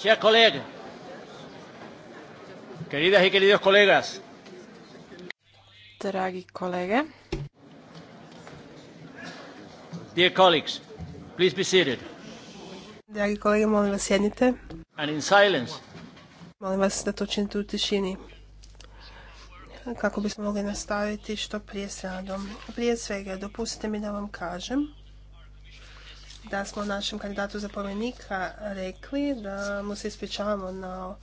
Chers collègues, queridas y queridos colegas, dragi kolege, dear colleagues, please be seated. Dragi kolege, molim vas sjednite. And in silence. Molim vas da to činite u tišini kako bismo mogli nastaviti što prije s radom. Prije svega, dopustite mi da vam kažem da smo našem kandidatu za rekli da mu se ispričavamo na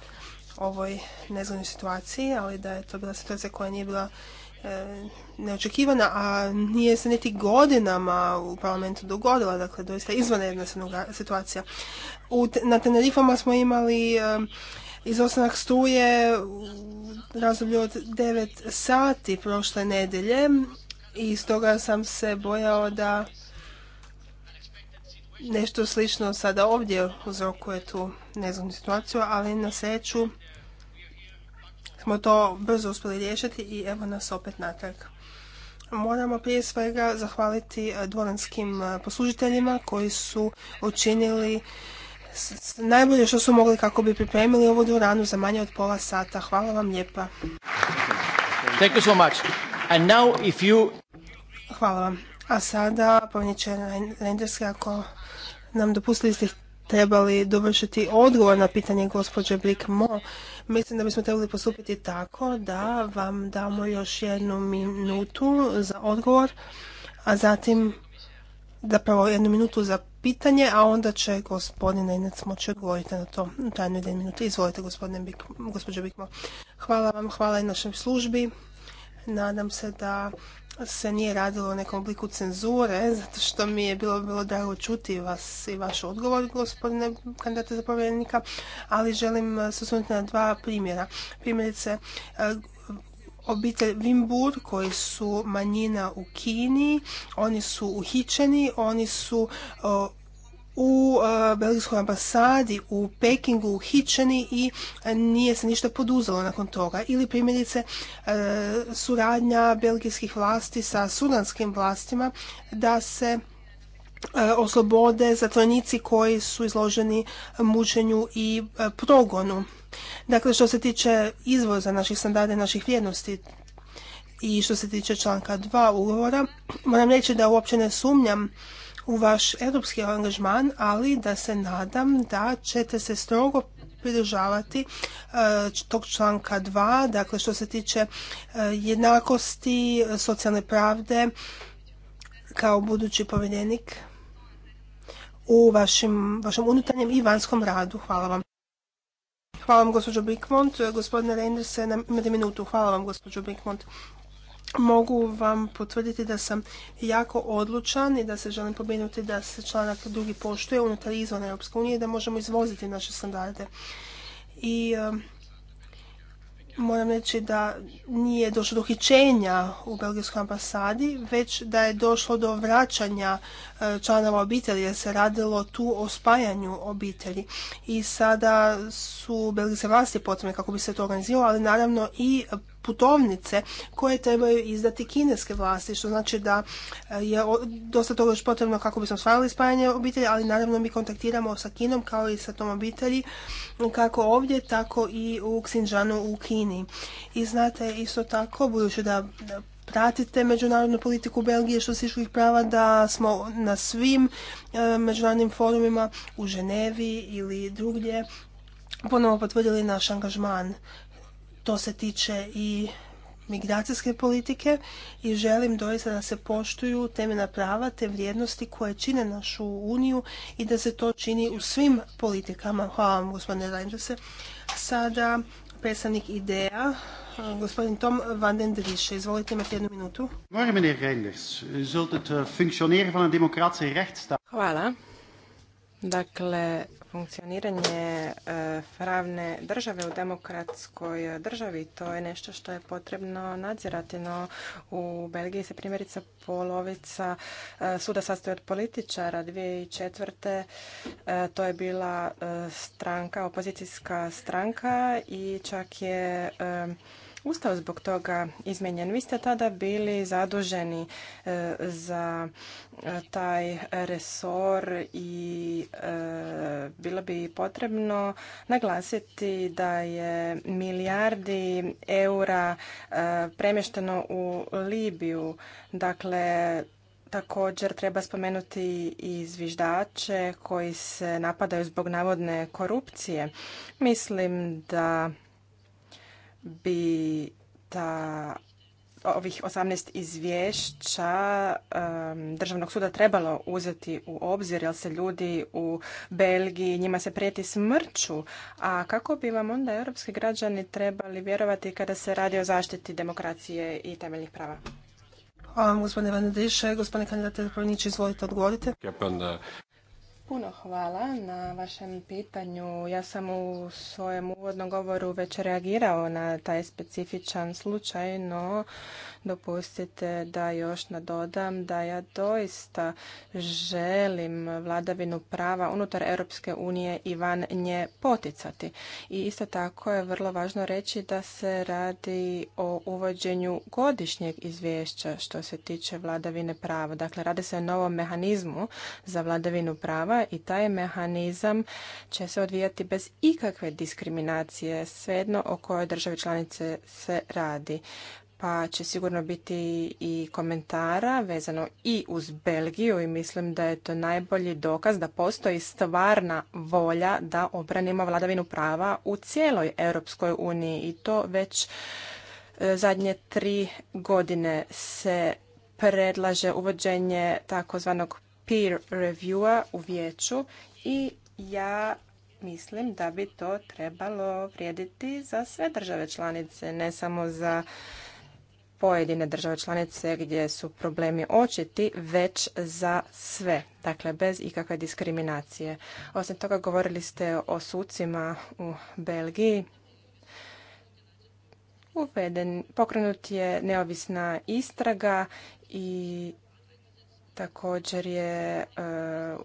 ovoj nezgodnoj situaciji, ali da je to bila situacija koja nije bila e, neočekivana, a nije se niti godinama u parlamentu dogodila, dakle doista izvanredna situacija. na Tenerifama smo imali e, izostanak struje u razdoblju od 9 sati prošle nedelje i stoga sam se bojao da nešto slično sada ovdje uzrokuje tu nezgodnu situaciju, ali na sreću smo to brzo uspjeli riješiti i evo nas opet natrag. Moramo prije svega zahvaliti e, dvoranskim e, poslužiteljima koji su učinili najbolje što su mogli kako bi pripremili ovu dvoranu za manje od pola sata. Hvala vam lijepa. Hvala vam. A sada, će Renderske, ako nam dopustili ste trebali dovršiti odgovor na pitanje gospođe Blikmo. Mislim da bismo trebali postupiti tako da vam damo još jednu minutu za odgovor, a zatim zapravo jednu minutu za pitanje, a onda će gospodin Inec moći odgovoriti na to u tajnoj jednu minutu. Izvolite gospodine Bik, gospođo Bikmo. Hvala vam, hvala i našoj službi. Nadam se da se nije radilo o nekom obliku cenzure, zato što mi je bilo, bilo drago čuti vas i vaš odgovor, gospodine kandidate za povjerenika, ali želim eh, se osvrnuti na dva primjera. Primjerice, eh, obitelj Vimbur koji su manjina u Kini, oni su uhičeni, oni su u uh, Belgijskoj ambasadi u Pekingu uhićeni i uh, nije se ništa poduzelo nakon toga. Ili primjerice uh, suradnja belgijskih vlasti sa sudanskim vlastima da se oslobode zatvornici koji su izloženi mučenju i progonu. Dakle, što se tiče izvoza naših standarda i naših vrijednosti i što se tiče članka 2 ugovora, moram reći da uopće ne sumnjam u vaš europski angažman, ali da se nadam da ćete se strogo pridržavati e, tog članka 2, dakle što se tiče e, jednakosti, socijalne pravde kao budući povjerenik u vašim, vašem unutarnjem i vanjskom radu. Hvala vam. Hvala vam gospođo Bikmont. Gospodine Reinders, imate minutu. Hvala vam gospođo Bikmont mogu vam potvrditi da sam jako odlučan i da se želim pobrinuti da se članak drugi poštuje unutar i izvan Europske unije i da možemo izvoziti naše standarde. I um, moram reći da nije došlo do hićenja u Belgijskoj ambasadi, već da je došlo do vraćanja uh, članova obitelji, jer se radilo tu o spajanju obitelji. I sada su belgijske vlasti potrebne kako bi se to organiziralo, ali naravno i putovnice koje trebaju izdati kineske vlasti, što znači da e, je dosta toga još potrebno kako bismo stvarali spajanje obitelji, ali naravno mi kontaktiramo sa Kinom kao i sa tom obitelji kako ovdje, tako i u Xinjiangu u Kini. I znate isto tako, budući da pratite međunarodnu politiku Belgije što se tiče prava da smo na svim e, međunarodnim forumima u Ženevi ili drugdje ponovo potvrdili naš angažman to se tiče i migracijske politike i želim doista da se poštuju temena prava te vrijednosti koje čine našu uniju i da se to čini u svim politikama. Hvala vam gospodine Reinderse. Sada predstavnik ideja, gospodin Tom van den Driesche. Izvolite, imate jednu minutu. Eh, Hvala. Dakle, funkcioniranje e, pravne države u demokratskoj državi. To je nešto što je potrebno nadzirati, no u Belgiji se primjerice polovica e, suda sastoji od političara. 2004. E, to je bila stranka, opozicijska stranka i čak je Ustav zbog toga izmijenjen. Vi ste tada bili zaduženi e, za e, taj resor i e, bilo bi potrebno naglasiti da je milijardi eura premješteno u Libiju. Dakle, Također treba spomenuti i zviždače koji se napadaju zbog navodne korupcije. Mislim da bi ta ovih 18 izvješća Državnog suda trebalo uzeti u obzir, jer se ljudi u Belgiji, njima se prijeti smrću, a kako bi vam onda europski građani trebali vjerovati kada se radi o zaštiti demokracije i temeljnih prava? Hvala vam, gospodine Vanadiše. Gospodine kandidate Zapravnić, izvolite, odgovorite. Puno hvala na vašem pitanju. Ja sam u svojem uvodnom govoru već reagirao na taj specifičan slučaj, no Dopustite da još nadodam da ja doista želim vladavinu prava unutar Europske unije i van nje poticati. I isto tako je vrlo važno reći da se radi o uvođenju godišnjeg izvješća što se tiče vladavine prava. Dakle, radi se o novom mehanizmu za vladavinu prava i taj mehanizam će se odvijati bez ikakve diskriminacije, svejedno o kojoj državi članice se radi pa će sigurno biti i komentara vezano i uz Belgiju i mislim da je to najbolji dokaz da postoji stvarna volja da obranimo vladavinu prava u cijeloj Europskoj uniji i to već e, zadnje tri godine se predlaže uvođenje takozvanog peer reviewa u vijeću i ja mislim da bi to trebalo vrijediti za sve države članice, ne samo za pojedine države članice gdje su problemi očiti, već za sve, dakle bez ikakve diskriminacije. Osim toga govorili ste o sucima u Belgiji. Uveden, pokrenut je neovisna istraga i također je uh,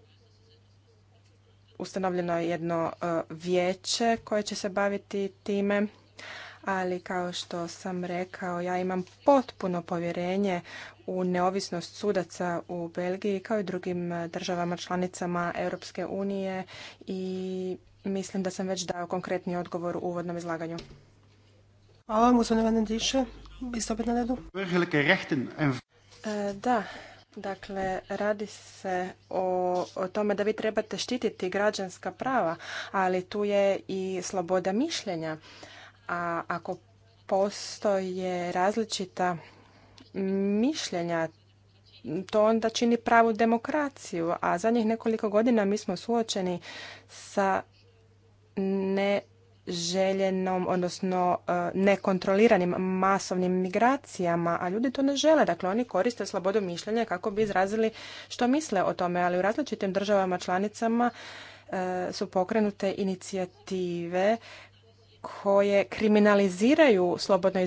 ustanovljeno jedno e, vijeće koje će se baviti time ali kao što sam rekao, ja imam potpuno povjerenje u neovisnost sudaca u Belgiji kao i drugim državama članicama Europske unije i mislim da sam već dao konkretni odgovor u uvodnom izlaganju. Hvala gospodine e, Da, Dakle, radi se o, o tome da vi trebate štititi građanska prava, ali tu je i sloboda mišljenja. A ako postoje različita mišljenja, to onda čini pravu demokraciju. A zadnjih nekoliko godina mi smo suočeni sa neželjenom, odnosno e, nekontroliranim masovnim migracijama, a ljudi to ne žele. Dakle, oni koriste slobodu mišljenja kako bi izrazili što misle o tome, ali u različitim državama članicama e, su pokrenute inicijative koje kriminaliziraju slobodno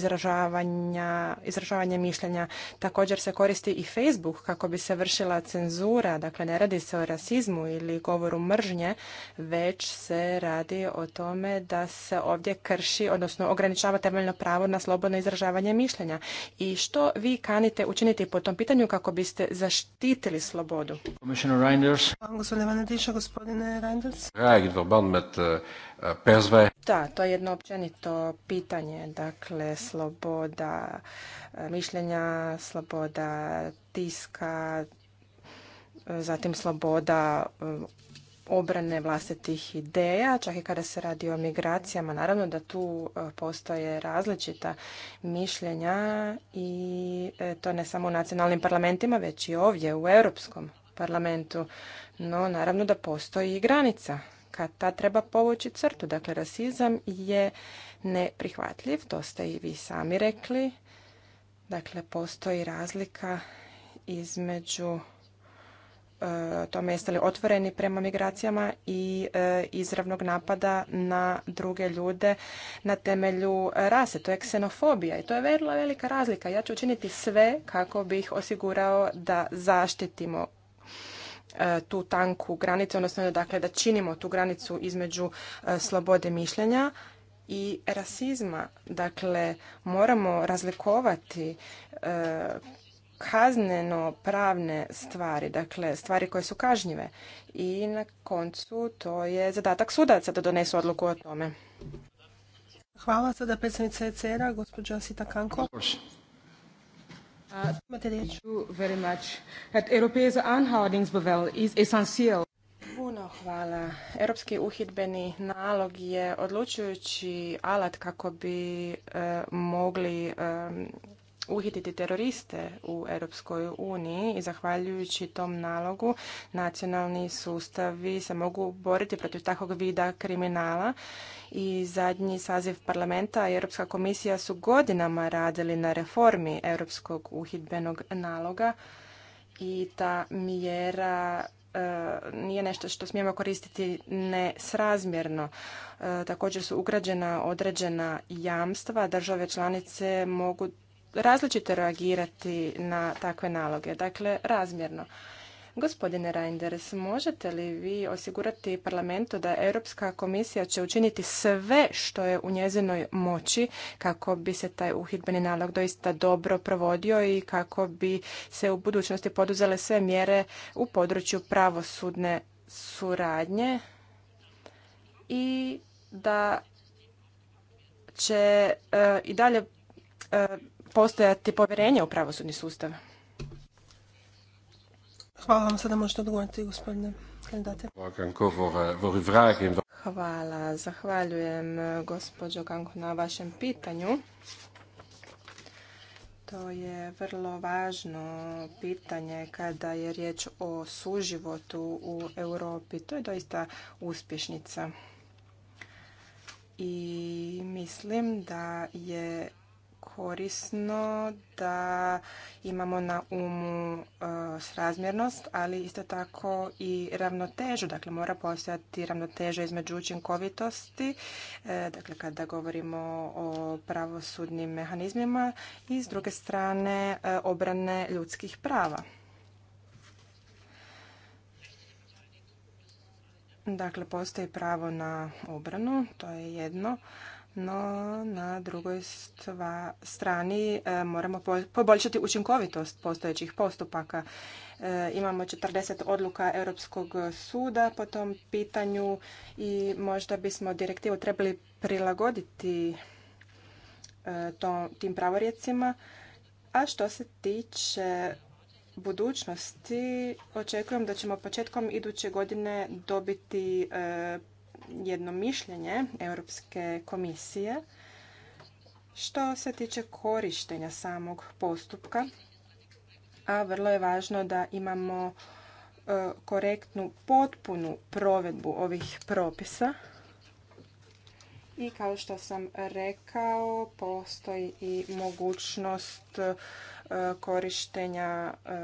izražavanje mišljenja. Također se koristi i Facebook kako bi se vršila cenzura, dakle ne radi se o rasizmu ili govoru mržnje, već se radi o tome da se ovdje krši, odnosno ograničava temeljno pravo na slobodno izražavanje mišljenja. I što vi kanite učiniti po tom pitanju kako biste zaštitili slobodu? Gospodine Reinders. gospodine Reinders. Eh, Pezve. Da, to je jedno općenito pitanje, dakle sloboda e, mišljenja, sloboda tiska, zatim sloboda e, obrane vlastitih ideja, čak i kada se radi o migracijama. Naravno da tu e, postoje različita mišljenja i to ne samo u nacionalnim parlamentima, već i ovdje u Europskom parlamentu. No, naravno da postoji i granica ta treba povući crtu. Dakle, rasizam je neprihvatljiv, to ste i vi sami rekli. Dakle, postoji razlika između e, tome jeste li otvoreni prema migracijama i e, izravnog napada na druge ljude na temelju rase. To je ksenofobija i to je vrlo velika razlika. Ja ću učiniti sve kako bih osigurao da zaštitimo E, tu tanku granicu, odnosno dakle, da činimo tu granicu između e, slobode mišljenja i rasizma. Dakle, moramo razlikovati e, kazneno pravne stvari, dakle stvari koje su kažnjive. I na koncu to je zadatak sudaca da donesu odluku o tome. Hvala sada predsjednica ECR-a, gospođa Sita Kanko. Uh, imate riječ. Very much. Het Europese aanhoudingsbevel is essentieel. Puno hvala. Europski uhidbeni nalog je odlučujući alat kako bi eh, mogli uhititi teroriste u Europskoj uniji i zahvaljujući tom nalogu nacionalni sustavi se mogu boriti protiv takvog vida kriminala i zadnji saziv parlamenta i Europska komisija su godinama radili na reformi Europskog uhidbenog naloga i ta mjera e, nije nešto što smijemo koristiti nesrazmjerno. E, također su ugrađena određena jamstva. Države članice mogu različito reagirati na takve naloge, dakle razmjerno. Gospodine Reinders, možete li vi osigurati parlamentu da Europska komisija će učiniti sve što je u njezinoj moći kako bi se taj uhidbeni nalog doista dobro provodio i kako bi se u budućnosti poduzele sve mjere u području pravosudne suradnje i da će e, i dalje e, postojati povjerenje u pravosudni sustav? Hvala vam, sada možete odgovoriti gospodine kandidate. Hvala, zahvaljujem gospođo Kanko na vašem pitanju. To je vrlo važno pitanje kada je riječ o suživotu u Europi. To je doista uspješnica. I mislim da je korisno da imamo na umu e, srazmjernost, ali isto tako i ravnotežu. Dakle, mora postojati ravnoteža između učinkovitosti, e, dakle, kada govorimo o pravosudnim mehanizmima i s druge strane e, obrane ljudskih prava. Dakle, postoji pravo na obranu, to je jedno, no na drugoj strani e, moramo poboljšati učinkovitost postojećih postupaka. E, imamo 40 odluka Europskog suda po tom pitanju i možda bismo direktivu trebali prilagoditi e, to, tim pravorjecima. A što se tiče budućnosti, očekujem da ćemo početkom iduće godine dobiti jedno mišljenje Europske komisije što se tiče korištenja samog postupka, a vrlo je važno da imamo e, korektnu, potpunu provedbu ovih propisa. I kao što sam rekao, postoji i mogućnost e, korištenja e,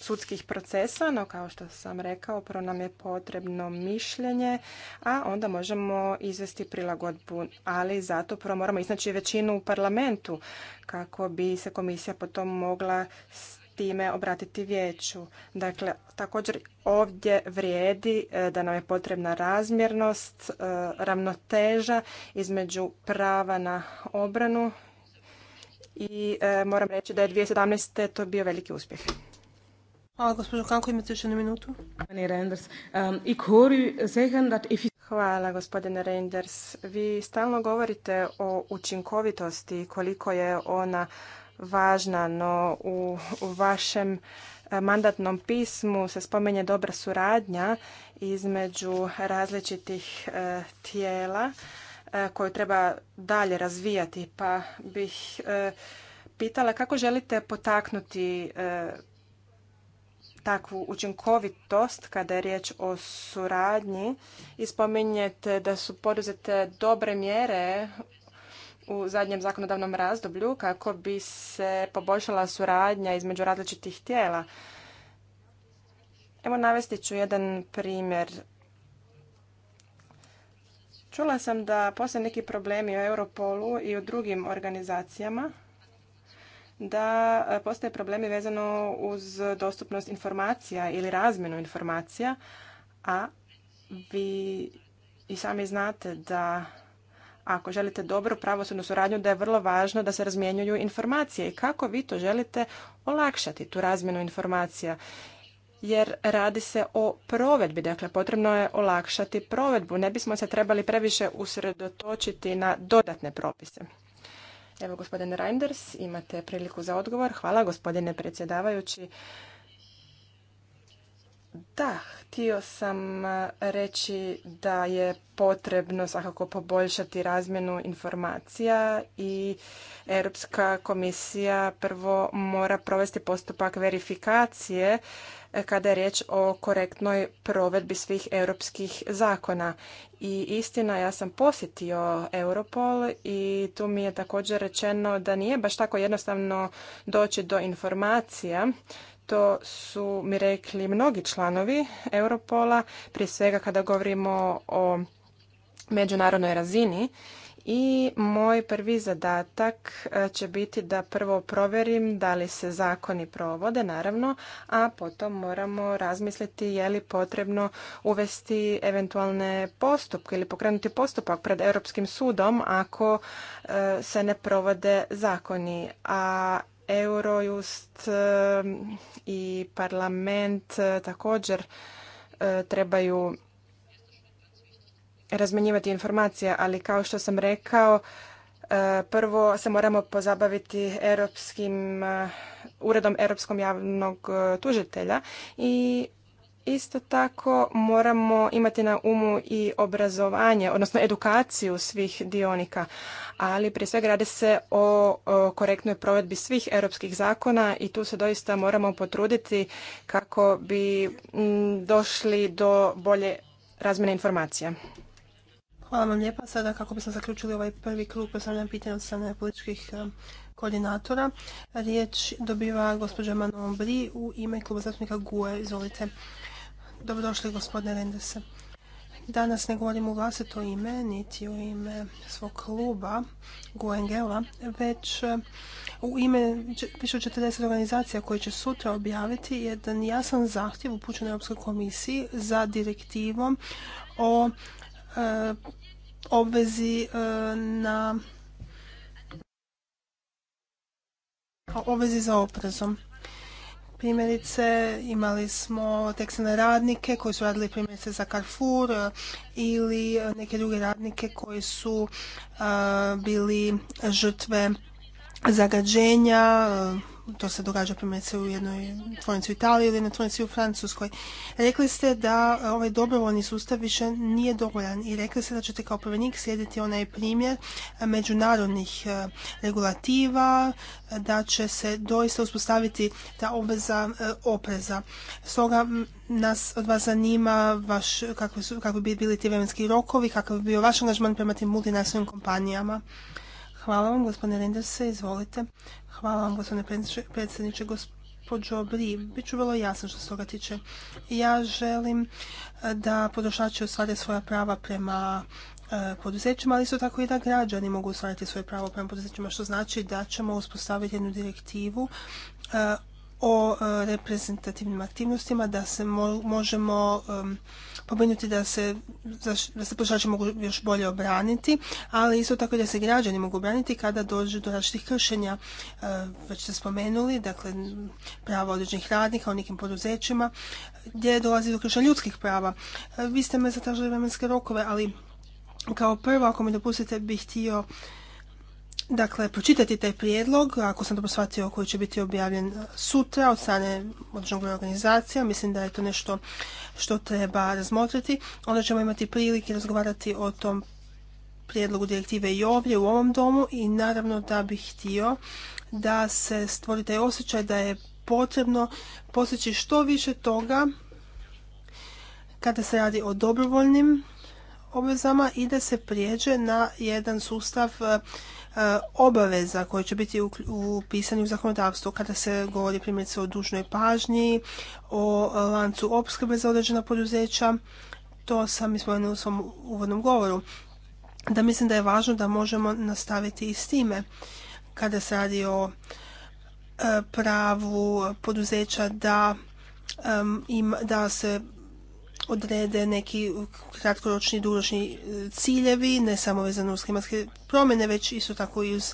sudskih procesa, no kao što sam rekao, prvo nam je potrebno mišljenje, a onda možemo izvesti prilagodbu, ali zato prvo moramo iznaći većinu u parlamentu kako bi se komisija potom mogla s time obratiti vijeću. Dakle, također ovdje vrijedi e, da nam je potrebna razmjernost, e, ravnoteža između prava na obranu i e, moram reći da je 2017. to bio veliki uspjeh. Hvala, gospođo Kanko, imate još jednu minutu. Um, Hvala, gospodine Reinders. Vi stalno govorite o učinkovitosti, koliko je ona važna, no u vašem eh, mandatnom pismu se spomenje dobra suradnja između različitih eh, tijela eh, koju treba dalje razvijati, pa bih pitala kako želite potaknuti takvu učinkovitost kada je riječ o suradnji i spominjete da su poduzete dobre mjere u zadnjem zakonodavnom razdoblju kako bi se poboljšala suradnja između različitih tijela. Evo navesti ću jedan primjer. Čula sam da postoje neki problemi u Europolu i u drugim organizacijama da postoje problemi vezano uz dostupnost informacija ili razmjenu informacija, a vi i sami znate da ako želite dobru pravosudnu suradnju da je vrlo važno da se razmjenjuju informacije i kako vi to želite olakšati tu razmjenu informacija jer radi se o provedbi, dakle potrebno je olakšati provedbu. Ne bismo se trebali previše usredotočiti na dodatne propise. Evo, gospodine Reinders, imate priliku za odgovor. Hvala, gospodine predsjedavajući. Da, htio sam e, reći da je potrebno svakako poboljšati razmjenu informacija i Europska komisija prvo mora provesti postupak verifikacije E, kada je riječ o korektnoj provedbi svih europskih zakona. I istina, ja sam posjetio Europol i tu mi je također rečeno da nije baš tako jednostavno doći do informacija to su mi rekli mnogi članovi Europola, prije svega kada govorimo o međunarodnoj razini i moj prvi zadatak e, će biti da prvo proverim da li se zakoni provode, naravno, a potom moramo razmisliti je li potrebno uvesti eventualne postupke ili pokrenuti postupak pred Europskim sudom ako e, se ne provode zakoni. A Eurojust e, i parlament također trebaju razmenjivati informacije, ali kao što sam rekao, e, prvo se moramo pozabaviti europskim e, uredom europskog javnog e, tužitelja i isto tako moramo imati na umu i obrazovanje, odnosno edukaciju svih dionika, ali prije svega radi se o korektnoj provedbi svih europskih zakona i tu se doista moramo potruditi kako bi došli do bolje razmjene informacija. Hvala vam lijepa. Sada kako bismo zaključili ovaj prvi klub postavljam pitanje od strane političkih e, koordinatora, riječ dobiva gospođa Manon Bri u ime kluba zastupnika GUE. Izvolite. Dobrodošli gospodine Rendese. Danas ne govorim u vlastito ime, niti u ime svog kluba Guengela, već e, u ime više od 40 organizacija koje će sutra objaviti jedan jasan zahtjev upućen Europskoj komisiji za direktivom o Eh, obvezi eh, na obvezi za oprezom. Primjerice, imali smo tekstilne radnike koji su radili primjerice za Carrefour eh, ili neke druge radnike koji su bili žrtve zagađenja, to se događa primjerice u jednoj tvornici u Italiji ili na tvornici u Francuskoj. Rekli ste da e, ovaj dobrovoljni sustav više nije dovoljan i rekli ste da ćete kao prvenik slijediti onaj primjer e, međunarodnih e, regulativa, da će se doista uspostaviti ta obveza opreza. Stoga nas od vas zanima vaš, kakvi, su, kakvi bi bili ti vremenski rokovi, kakav bi bio vaš angažman prema tim multinacionalnim kompanijama. Hvala vam, gospodine Renderse, izvolite. Hvala vam, gospodine predsjedniče, gospođo Bri. Biću vrlo jasno što se toga tiče. Ja želim e, da potrošači ostvare svoja prava prema e, poduzećima, ali isto tako i da građani mogu ostvariti svoje pravo prema poduzećima, što znači da ćemo uspostaviti jednu direktivu e, o e, reprezentativnim aktivnostima, da se možemo um, da se, da se potrošači mogu još bolje obraniti, ali isto tako da se građani mogu obraniti kada dođe do različitih kršenja. E, već ste spomenuli, dakle, prava određenih radnika u nekim poduzećima, gdje dolazi do kršenja ljudskih prava. vi ste me zatražili vremenske rokove, ali kao prvo, ako mi dopustite, bih htio dakle, pročitati taj prijedlog, ako sam dobro shvatio, koji će biti objavljen e, sutra od strane određenog organizacija. Mislim da je to nešto što treba razmotriti. Onda ćemo imati prilike razgovarati o tom prijedlogu direktive i ovdje u ovom domu i naravno da bih htio da se stvori taj osjećaj da je potrebno postići što više toga kada se radi o dobrovoljnim obvezama i da se prijeđe na jedan sustav e, E, obaveza koje će biti upisani u zakonodavstvu kada se govori primjerice o dužnoj pažnji, o lancu opskrbe za određena poduzeća. To sam ispomenula u svom uvodnom govoru. Da mislim da je važno da možemo nastaviti i s time kada se radi o e, pravu poduzeća da, da se odrede neki kratkoročni dugoročni e, ciljevi, ne samo vezano uz klimatske promjene, već isto tako i uz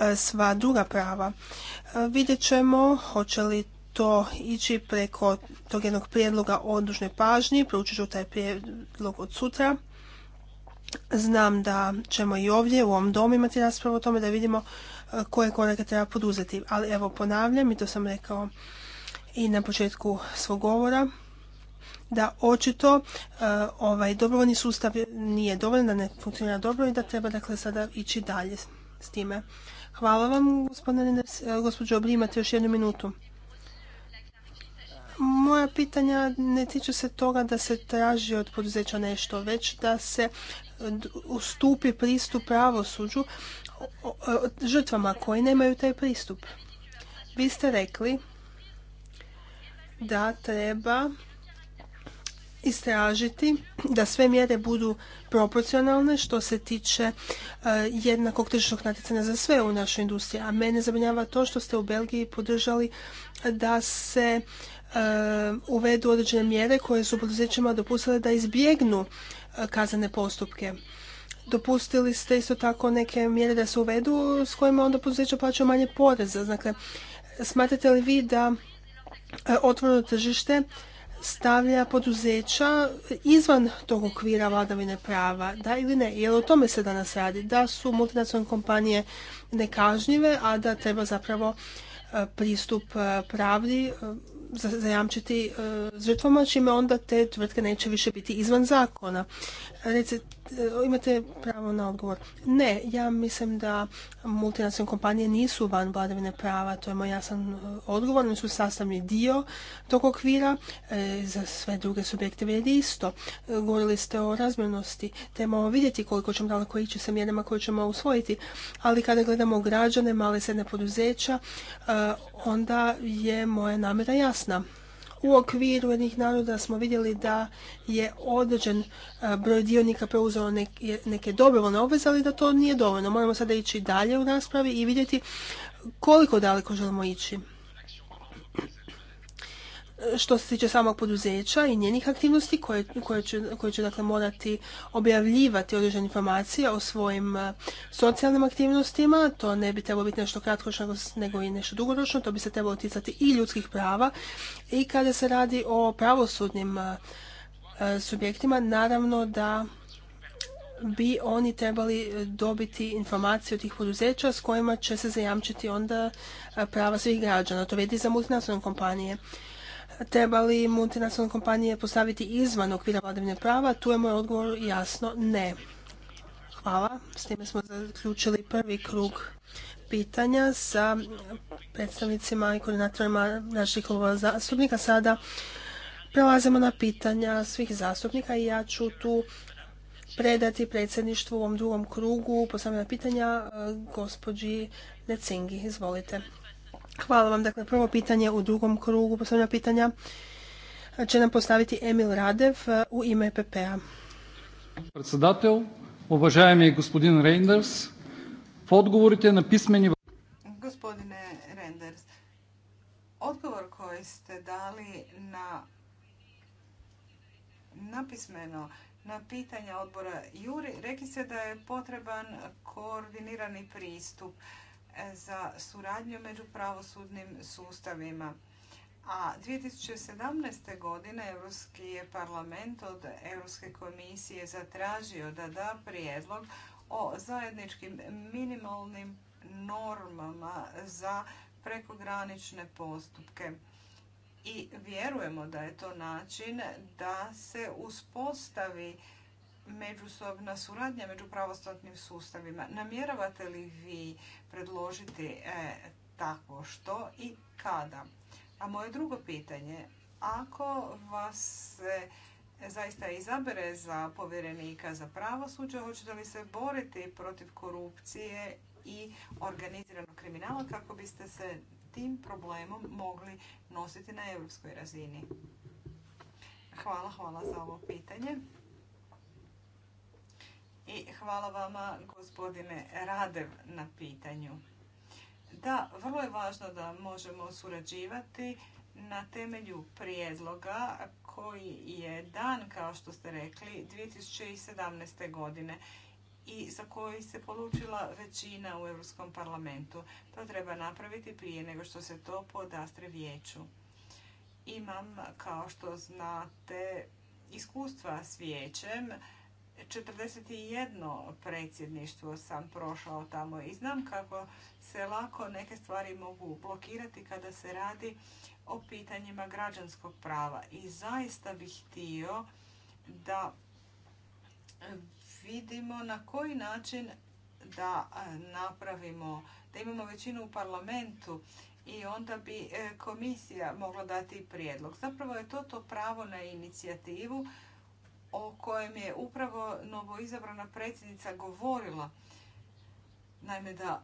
e, sva druga prava. E, vidjet ćemo hoće li to ići preko tog jednog prijedloga o dužnoj pažnji, proučit ću taj prijedlog od sutra. Znam da ćemo i ovdje u ovom domu imati raspravu o tome da vidimo koje korake treba poduzeti. Ali evo ponavljam i to sam rekao i na početku svog govora da očito e, ovaj dobrovoljni sustav nije dovoljan, da ne funkcionira dobro i da treba dakle sada ići dalje s time. Hvala vam, gospodine, e, gospođo Obri, imate još jednu minutu. Moja pitanja ne tiču se toga da se traži od poduzeća nešto, već da se e, ustupi pristup pravosuđu žrtvama koji nemaju taj pristup. Vi ste rekli da treba istražiti da sve mjere budu proporcionalne što se tiče e, jednakog tržišnog natjecanja za sve u našoj industriji. A mene zabrinjava to što ste u Belgiji podržali da se e, uvedu određene mjere koje su poduzećima dopustile da izbjegnu e, kazane postupke. Dopustili ste isto tako neke mjere da se uvedu s kojima onda poduzeća plaćaju manje poreza. Dakle, smatrate li vi da otvoreno tržište stavlja poduzeća izvan tog okvira vladavine prava, da ili ne? Jer o tome se danas radi, da su multinacionalne kompanije nekažnjive, a da treba zapravo e, pristup e, pravdi e, zajamčiti žrtvama, čime onda te tvrtke neće više biti izvan zakona recite, imate pravo na odgovor. Ne, ja mislim da multinacionalne kompanije nisu van vladavine prava, to je moj jasan e, odgovor, oni su sastavni dio tog okvira, e, za sve druge subjekte vrijedi isto. E, govorili ste o razmjernosti, trebamo vidjeti koliko ćemo daleko ići sa mjerama koje ćemo usvojiti, ali kada gledamo građane, male i sredne poduzeća, onda je moja namjera jasna. U okviru jednih naroda smo vidjeli da je određen e, broj dionika preuzeo neke, neke dobrovoljne obveze, ali da to nije dovoljno. Moramo sada ići dalje u raspravi i vidjeti koliko daleko želimo ići što se tiče samog poduzeća i njenih aktivnosti koje, će, dakle morati objavljivati određene informacije o svojim e, socijalnim aktivnostima, to ne bi trebalo biti nešto kratkoročno nego i nešto dugoročno, to bi se trebalo ticati i ljudskih prava i kada se radi o pravosudnim e, e, subjektima, naravno da bi oni trebali dobiti informacije od tih poduzeća s kojima će se zajamčiti onda prava svih građana. To vedi za multinacionalne kompanije Treba li multinacionalne kompanije postaviti izvan okvira vladavine prava? Tu je moj odgovor jasno ne. Hvala. S time smo zaključili prvi krug pitanja sa predstavnicima i koordinatorima naših klubova zastupnika. Sada prelazimo na pitanja svih zastupnika i ja ću tu predati predsjedništvu u ovom drugom krugu postavljena pitanja e, gospođi Necingi. Izvolite. Hvala vam. Dakle, prvo pitanje u drugom krugu postavljanja pitanja će nam postaviti Emil Radev e, u ime pp a Председател, gospodin na gospodine odgovor koji ste dali na napismeno na pitanja odbora Juri, rekli ste da je potreban koordinirani pristup za suradnju među pravosudnim sustavima. A 2017. godine Europski je parlament od Europske komisije zatražio da da prijedlog o zajedničkim minimalnim normama za prekogranične postupke. I vjerujemo da je to način da se uspostavi međusobna suradnja među pravostatnim sustavima. Namjeravate li vi predložiti e, tako što i kada? A moje drugo pitanje, ako vas se zaista izabere za povjerenika za pravosuđe, hoćete li se boriti protiv korupcije i organiziranog kriminala kako biste se tim problemom mogli nositi na europskoj razini? Hvala, hvala za ovo pitanje i hvala vama gospodine Radev na pitanju. Da, vrlo je važno da možemo surađivati na temelju prijedloga koji je dan, kao što ste rekli, 2017. godine i za koji se polučila većina u Europskom parlamentu. To treba napraviti prije nego što se to podastre vijeću. Imam, kao što znate, iskustva s vijećem 41 predsjedništvo sam prošao tamo i znam kako se lako neke stvari mogu blokirati kada se radi o pitanjima građanskog prava. I zaista bih htio da vidimo na koji način da napravimo, da imamo većinu u parlamentu i onda bi e, komisija mogla dati prijedlog. Zapravo je to to pravo na inicijativu o kojem je upravo novoizabrana predsjednica govorila. Naime, da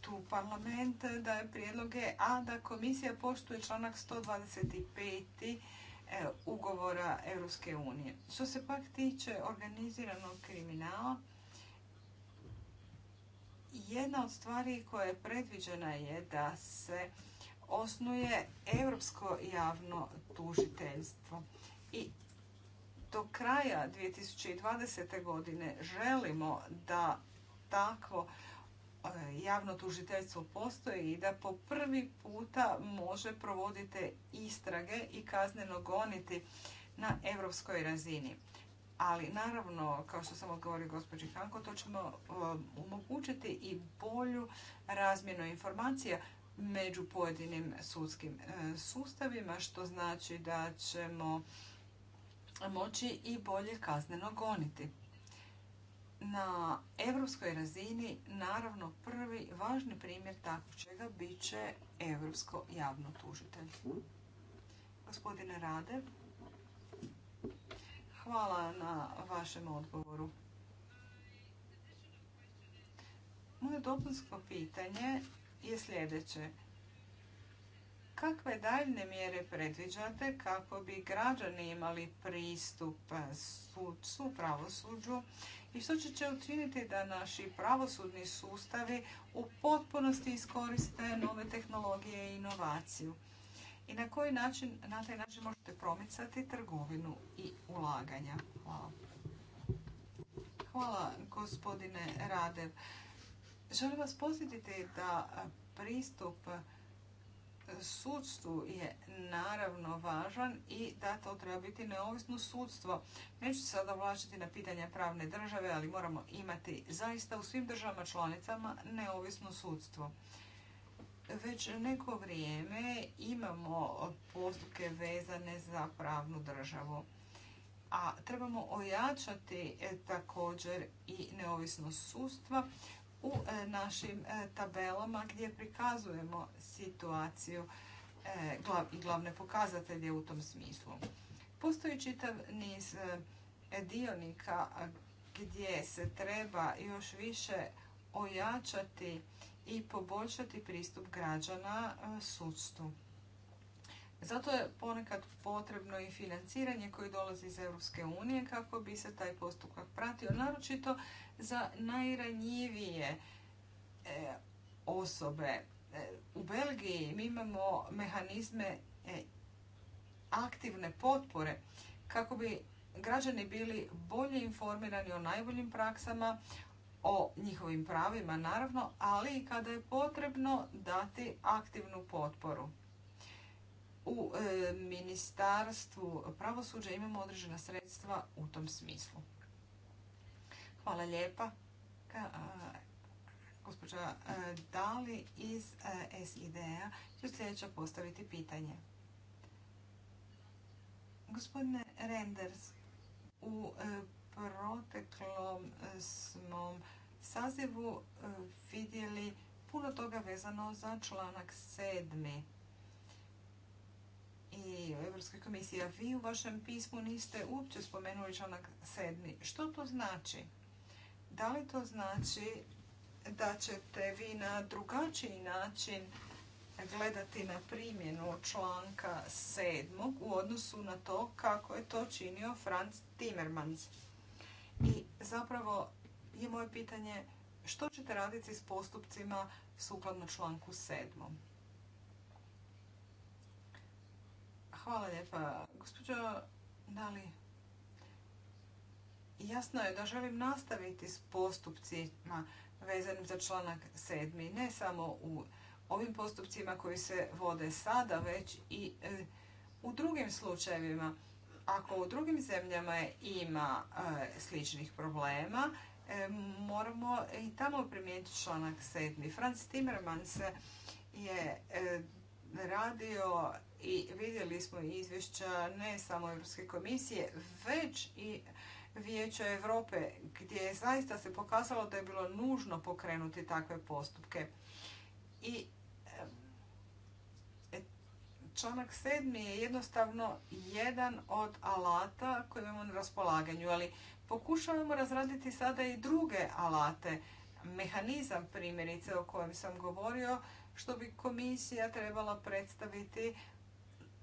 tu parlament daje prijedloge, a da komisija poštuje članak 125. E, ugovora Europske unije. Što se pak tiče organiziranog kriminala, jedna od stvari koja je predviđena je da se osnuje Europsko javno tužiteljstvo. I do kraja 2020. godine želimo da takvo e, javno tužiteljstvo postoji i da po prvi puta može provoditi istrage i kazneno goniti na europskoj razini. Ali naravno, kao što sam odgovorio gospođi Hanko, to ćemo e, omogućiti i bolju razmjenu informacija među pojedinim sudskim e, sustavima, što znači da ćemo moći i bolje kazneno goniti. Na europskoj razini, naravno, prvi važni primjer takvog čega bit će europsko javno tužiteljstvo. Gospodine Rade, hvala na vašem odgovoru. Moje dopunsko pitanje je sljedeće. Kakve daljne mjere predviđate kako bi građani imali pristup sudcu, pravosuđu i što će, će učiniti da naši pravosudni sustavi u potpunosti iskoriste nove tehnologije i inovaciju? I na koji način, na taj način možete promicati trgovinu i ulaganja? Hvala. Hvala gospodine Radev. Želim vas posjetiti da pristup sudstvu je naravno važan i da to treba biti neovisno sudstvo. Neću se sada vlačiti na pitanja pravne države, ali moramo imati zaista u svim državama članicama neovisno sudstvo. Već neko vrijeme imamo postupke vezane za pravnu državu. A trebamo ojačati također i neovisnost sudstva u e, našim e, tabelama gdje prikazujemo situaciju e, i glavne pokazatelje u tom smislu. Postoji čitav niz dionika gdje se treba još više ojačati i poboljšati pristup građana sudstvu. Zato je ponekad potrebno i financiranje koje dolazi iz EU kako bi se taj postupak pratio, naročito za najranjivije e, osobe. E, u Belgiji mi imamo mehanizme e, aktivne potpore kako bi građani bili bolje informirani o najboljim praksama, o njihovim pravima naravno, ali i kada je potrebno dati aktivnu potporu. U ministarstvu pravosuđa imamo određena sredstva u tom smislu. Hvala lijepa. Gospođa Dali iz SID-a ću sljedeće postaviti pitanje. Gospodine Renders, u e, proteklom e, smo sazivu e, vidjeli puno toga vezano za članak sedmi i Europskoj komisiji, a vi u vašem pismu niste uopće spomenuli članak sedmi. Što to znači? Da li to znači da ćete vi na drugačiji način gledati na primjenu članka sedmog u odnosu na to kako je to činio Franz Timmermans? I zapravo je moje pitanje što ćete raditi s postupcima sukladno članku 7. Hvala lijepa. Gospođo Dali, jasno je da želim nastaviti s postupcima vezanim za članak 7. Ne samo u ovim postupcima koji se vode sada, već i e, u drugim slučajevima. Ako u drugim zemljama ima e, sličnih problema, e, moramo i tamo primijeniti članak 7. Franz Timmermans je radio i vidjeli smo izvješća ne samo Europske komisije, već i Vijeća Europe gdje je zaista se pokazalo da je bilo nužno pokrenuti takve postupke. I e, članak sedmi je jednostavno jedan od alata koji imamo na raspolaganju, ali pokušavamo razraditi sada i druge alate. Mehanizam primjerice o kojem sam govorio, što bi komisija trebala predstaviti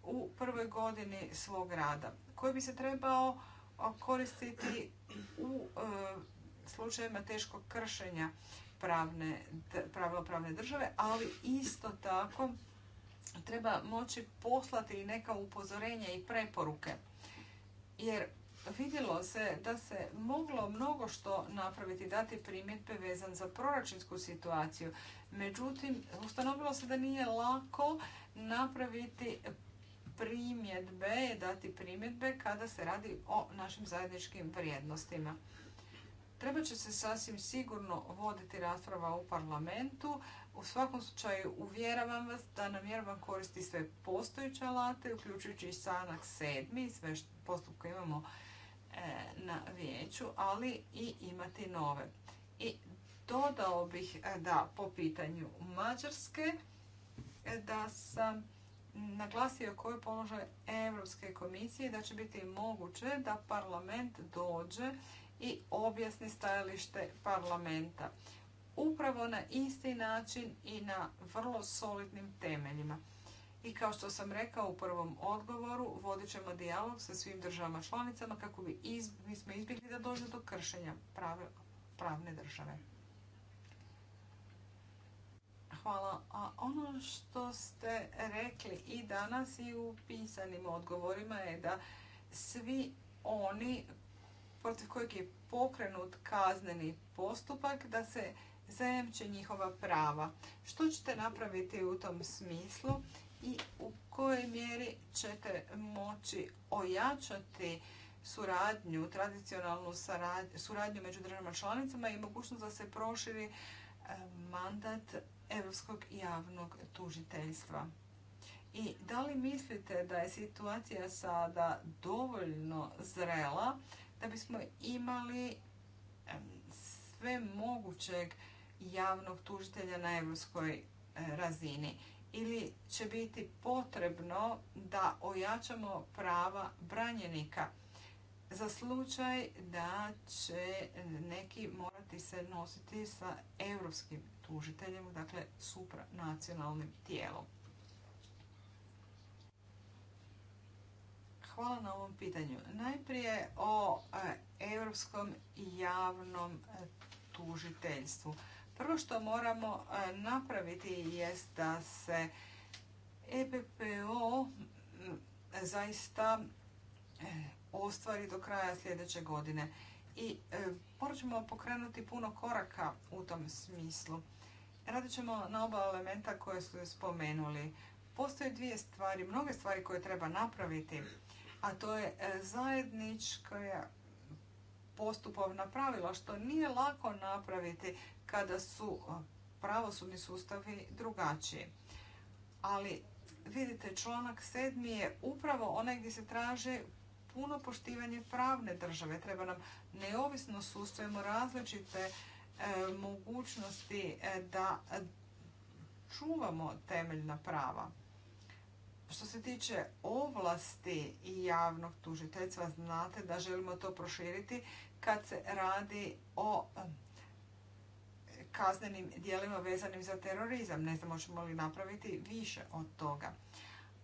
u prvoj godini svog rada, koji bi se trebao koristiti u e, slučajevima teškog kršenja pravne, pravne države, ali isto tako treba moći poslati i neka upozorenja i preporuke. Jer vidjelo se da se moglo mnogo što napraviti, dati primjetbe vezan za proračunsku situaciju. Međutim, ustanovilo se da nije lako napraviti primjedbe, dati primjedbe kada se radi o našim zajedničkim vrijednostima. Treba će se sasvim sigurno voditi rasprava u parlamentu. U svakom slučaju uvjeravam vas da namjeravam koristi sve postojeće alate, uključujući i sanak sedmi sve postupke imamo e, na vijeću, ali i imati nove. I dodao bih e, da po pitanju Mađarske e, da sam naglasio koji položaj Europske komisije da će biti moguće da parlament dođe i objasni stajalište parlamenta. Upravo na isti način i na vrlo solidnim temeljima. I kao što sam rekao u prvom odgovoru, vodit ćemo dijalog sa svim državama članicama kako bi smo izbjegli da dođe do kršenja pravne države. Hvala. A ono što ste rekli i danas i u pisanim odgovorima je da svi oni protiv kojeg je pokrenut kazneni postupak da se zajemče njihova prava. Što ćete napraviti u tom smislu i u kojoj mjeri ćete moći ojačati suradnju, tradicionalnu suradnju među državama članicama i mogućnost da se proširi eh, mandat Europskog javnog tužiteljstva. I da li mislite da je situacija sada dovoljno zrela da bismo imali sve mogućeg javnog tužitelja na europskoj e, razini? Ili će biti potrebno da ojačamo prava branjenika za slučaj da će e, neki morati se nositi sa europskim tužiteljem, dakle supranacionalnim tijelom. Hvala na ovom pitanju. Najprije o e, europskom javnom e, tužiteljstvu. Prvo što moramo e, napraviti jest da se EPPO zaista ostvari do kraja sljedeće godine. I morat ćemo pokrenuti puno koraka u tom smislu. Radit ćemo na oba elementa koje su spomenuli. Postoje dvije stvari, mnoge stvari koje treba napraviti, a to je e, zajednička postupovna pravila, što nije lako napraviti kada su e, pravosudni sustavi drugačiji. Ali vidite, članak sedmi je upravo onaj gdje se traže puno poštivanje pravne države. Treba nam neovisno sudstvo, različite različite E, mogućnosti e, da čuvamo temeljna prava. Što se tiče ovlasti i javnog tužiteljstva, znate da želimo to proširiti kad se radi o e, kaznenim dijelima vezanim za terorizam. Ne znam, možemo li napraviti više od toga.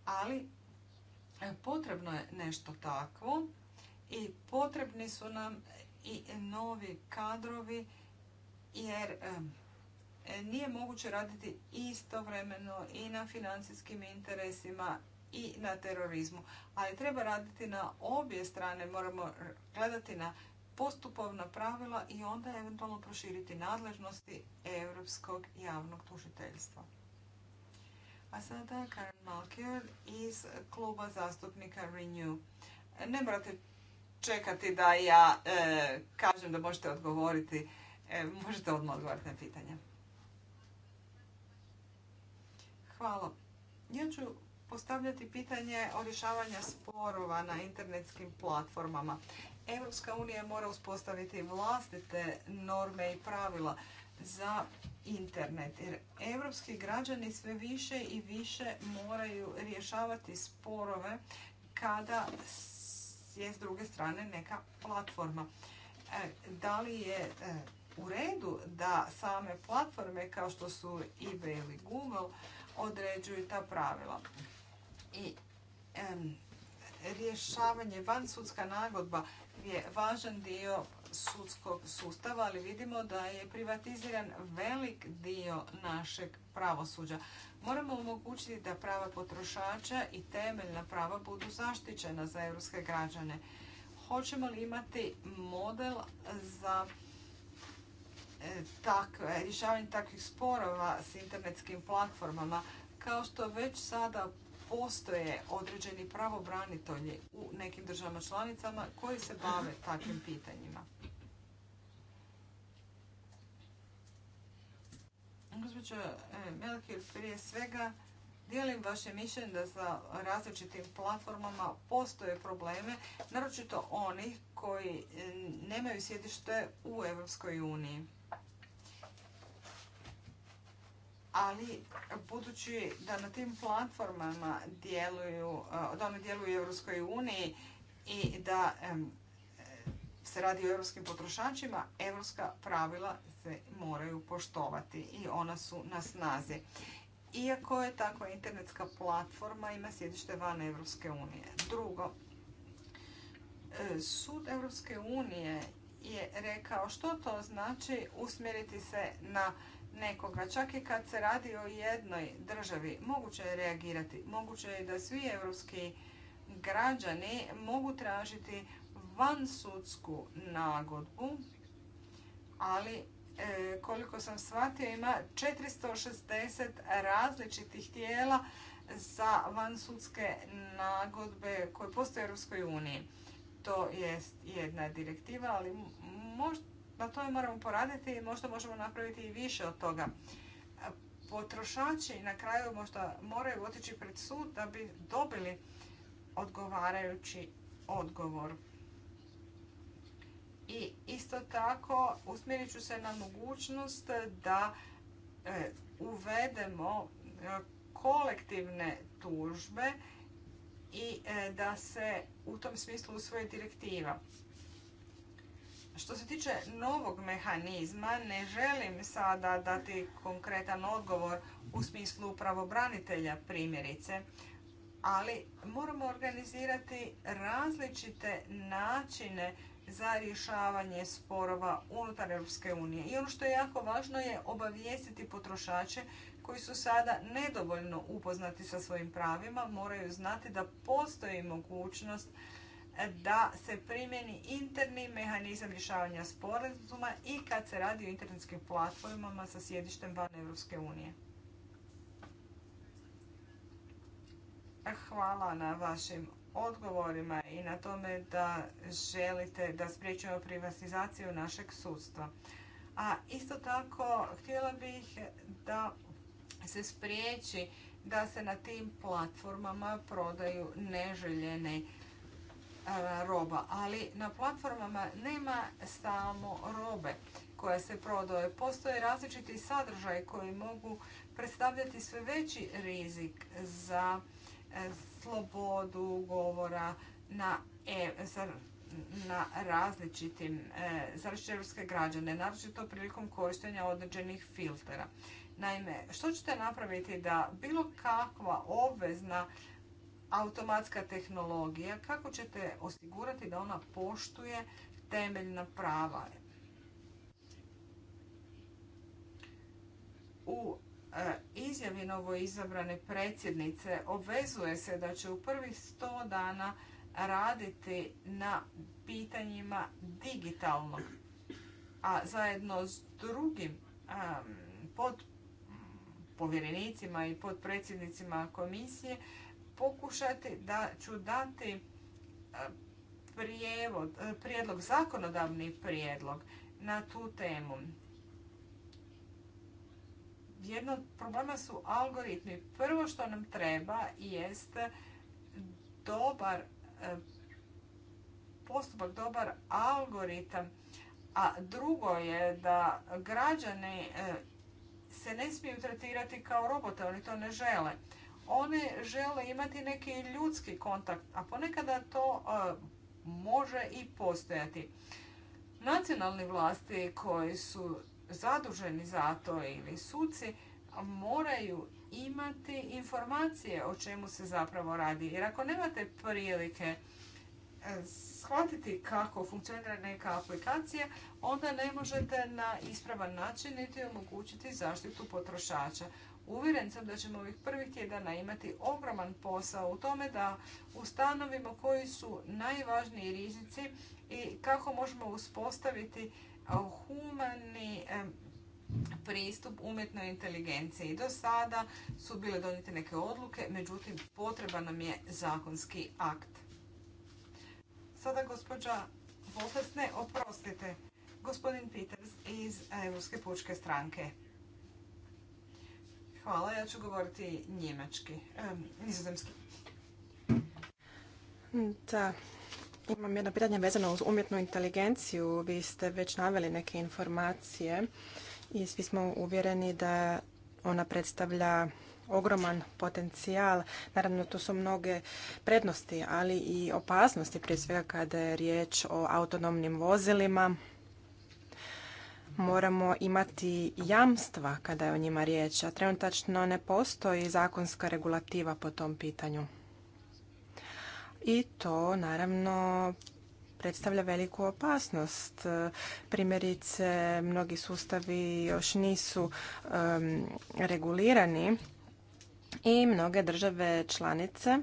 Ali potrebno je nešto takvo i potrebni su nam i novi kadrovi jer nije moguće raditi istovremeno i na financijskim interesima i na terorizmu. Ali treba raditi na obje strane, moramo gledati na postupovna pravila i onda eventualno proširiti nadležnosti Europskog javnog tužiteljstva. A sada Karen Malkier iz kluba zastupnika Renew. Ne morate čekati da ja e, kažem da možete odgovoriti E, možete odmah odgovoriti na pitanje. Hvala. Ja ću postavljati pitanje o rješavanju sporova na internetskim platformama. Europska unija mora uspostaviti vlastite norme i pravila za internet. Jer evropski građani sve više i više moraju rješavati sporove kada je s druge strane neka platforma. E, da li je e, u redu da same platforme kao što su eBay ili Google određuju ta pravila. I rješavanje van sudska nagodba je važan dio sudskog sustava, ali vidimo da je privatiziran velik dio našeg pravosuđa. Moramo omogućiti da prava potrošača i temeljna prava budu zaštićena za europske građane. Hoćemo li imati model za E, takve, rješavanje takvih sporova s internetskim platformama, kao što već sada postoje određeni pravobranitelji u nekim državama članicama koji se bave takvim pitanjima. Gospođo e, Melkir, prije svega dijelim vaše mišljenje da za različitim platformama postoje probleme, naročito onih koji e, nemaju sjedište u Europskoj uniji. ali budući da na tim platformama djeluju, e, da one djeluju u Europskoj uniji i da se radi o europskim potrošačima, europska pravila se moraju poštovati i ona su na snazi. Iako je takva internetska platforma ima sjedište van Europske unije. Drugo, e, Sud Europske unije je rekao što to znači usmjeriti se na nekoga. Čak i kad se radi o jednoj državi, moguće je reagirati. Moguće je da svi evropski građani mogu tražiti vansudsku nagodbu, ali e, koliko sam shvatio ima 460 različitih tijela za vansudske nagodbe koje postoje u Europskoj uniji. To je jedna direktiva, ali možda na tome moramo poraditi i možda možemo napraviti i više od toga. Potrošači na kraju možda moraju otići pred sud da bi dobili odgovarajući odgovor. I isto tako usmjerit ću se na mogućnost da e, uvedemo e, kolektivne tužbe i e, da se u tom smislu usvoje direktiva. Što se tiče novog mehanizma, ne želim sada dati konkretan odgovor u smislu pravobranitelja primjerice, ali moramo organizirati različite načine za rješavanje sporova unutar EU. I ono što je jako važno je obavijestiti potrošače koji su sada nedovoljno upoznati sa svojim pravima moraju znati da postoji mogućnost e, da se primjeni interni mehanizam rješavanja sporazuma i kad se radi o internetskim platformama sa sjedištem van Europske unije. E, hvala na vašim odgovorima i na tome da želite da spriječimo privatizaciju našeg sudstva. A isto tako htjela bih da se spriječi da se na tim platformama prodaju neželjene e, roba. Ali na platformama nema samo robe koja se prodaje. Postoje različiti sadržaj koji mogu predstavljati sve veći rizik za e, slobodu govora na, e, na različitim, različite građane, naročito prilikom korištenja određenih filtera. Naime, što ćete napraviti da bilo kakva obvezna automatska tehnologija, kako ćete osigurati da ona poštuje temeljna prava? U e, izjavi novo izabrane predsjednice obvezuje se da će u prvih 100 dana raditi na pitanjima digitalnog, a zajedno s drugim e, pod povjerenicima i podpredsjednicima komisije pokušati da ću dati e, prijevod, e, prijedlog, zakonodavni prijedlog na tu temu. Jedno od problema su algoritmi. Prvo što nam treba jest dobar e, postupak, dobar algoritam. A drugo je da građani se ne smiju tretirati kao robote, oni to ne žele. Oni žele imati neki ljudski kontakt, a ponekada to e, može i postojati. Nacionalni vlasti koji su zaduženi za to ili suci moraju imati informacije o čemu se zapravo radi. Jer ako nemate prilike shvatiti kako funkcionira neka aplikacija, onda ne možete na ispravan način niti omogućiti zaštitu potrošača. Uvjeren sam da ćemo ovih prvih tjedana imati ogroman posao u tome da ustanovimo koji su najvažniji rizici i kako možemo uspostaviti humani pristup umjetnoj inteligenciji. Do sada su bile donijete neke odluke, međutim potreban nam je zakonski akt. Sada gospođa Bosec, oprostite, gospodin Peters iz Europske pučke stranke. Hvala, ja ću govoriti njemački, e, nizozemski. Da, imam jedno pitanje vezano uz umjetnu inteligenciju. Vi ste već naveli neke informacije i svi smo uvjereni da ona predstavlja ogroman potencijal. Naravno, tu su mnoge prednosti, ali i opasnosti, prije svega kada je riječ o autonomnim vozilima. Moramo imati jamstva kada je o njima riječ, a trenutačno ne postoji zakonska regulativa po tom pitanju. I to, naravno, predstavlja veliku opasnost. Primjerice, mnogi sustavi još nisu regulirani i mnoge države članice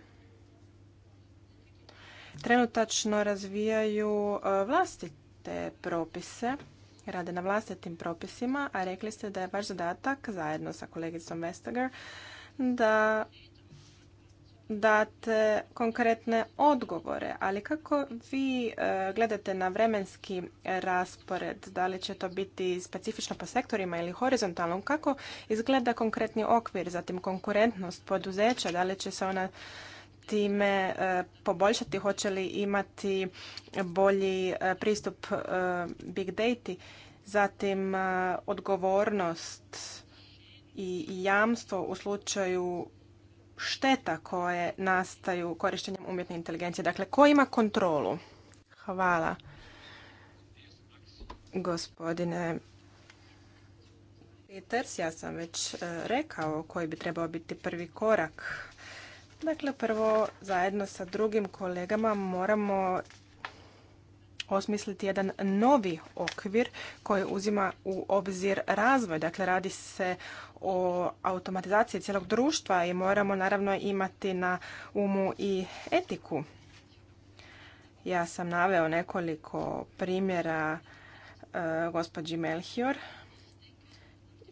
trenutačno razvijaju e, vlastite propise, rade na vlastitim propisima, a rekli ste da je vaš zadatak zajedno sa kolegicom Vestager da date konkretne odgovore, ali kako vi e, gledate na vremenski raspored, da li će to biti specifično po sektorima ili horizontalno, kako izgleda konkretni okvir, zatim konkurentnost poduzeća, da li će se ona time e, poboljšati, hoće li imati bolji e, pristup big data, zatim odgovornost i jamstvo u slučaju šteta koje nastaju korištenjem umjetne inteligencije. Dakle, ko ima kontrolu? Hvala, gospodine Peters. Ja sam već e, rekao koji bi trebao biti prvi korak. Dakle, prvo zajedno sa drugim kolegama moramo osmisliti jedan novi okvir koji uzima u obzir razvoj. Dakle, radi se o automatizaciji cijelog društva i moramo naravno imati na umu i etiku. Ja sam naveo nekoliko primjera e, gospođi Melchior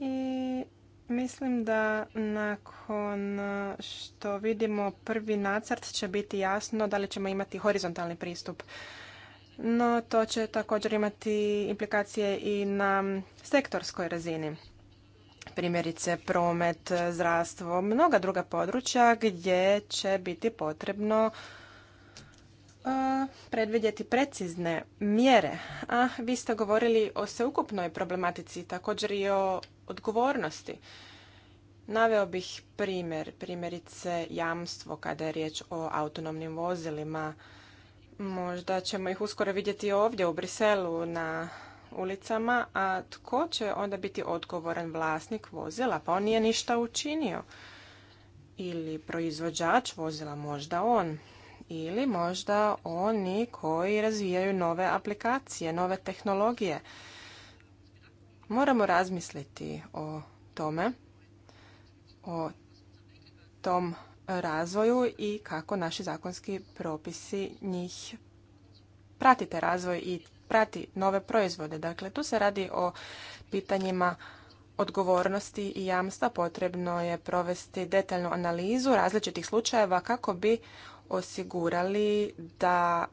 i Mislim da nakon što vidimo prvi nacrt će biti jasno da li ćemo imati horizontalni pristup no to će također imati implikacije i na sektorskoj razini. Primjerice promet, zdravstvo, mnoga druga područja gdje će biti potrebno predvidjeti precizne mjere. A vi ste govorili o sveukupnoj problematici, također i o odgovornosti. Naveo bih primjer, primjerice jamstvo kada je riječ o autonomnim vozilima, Možda ćemo ih uskoro vidjeti ovdje u Briselu na ulicama, a tko će onda biti odgovoran vlasnik vozila? Pa on nije ništa učinio. Ili proizvođač vozila, možda on. Ili možda oni koji razvijaju nove aplikacije, nove tehnologije. Moramo razmisliti o tome, o tom razvoju i kako naši zakonski propisi njih pratite razvoj i prati nove proizvode. Dakle, tu se radi o pitanjima odgovornosti i jamstva. Potrebno je provesti detaljnu analizu različitih slučajeva kako bi osigurali da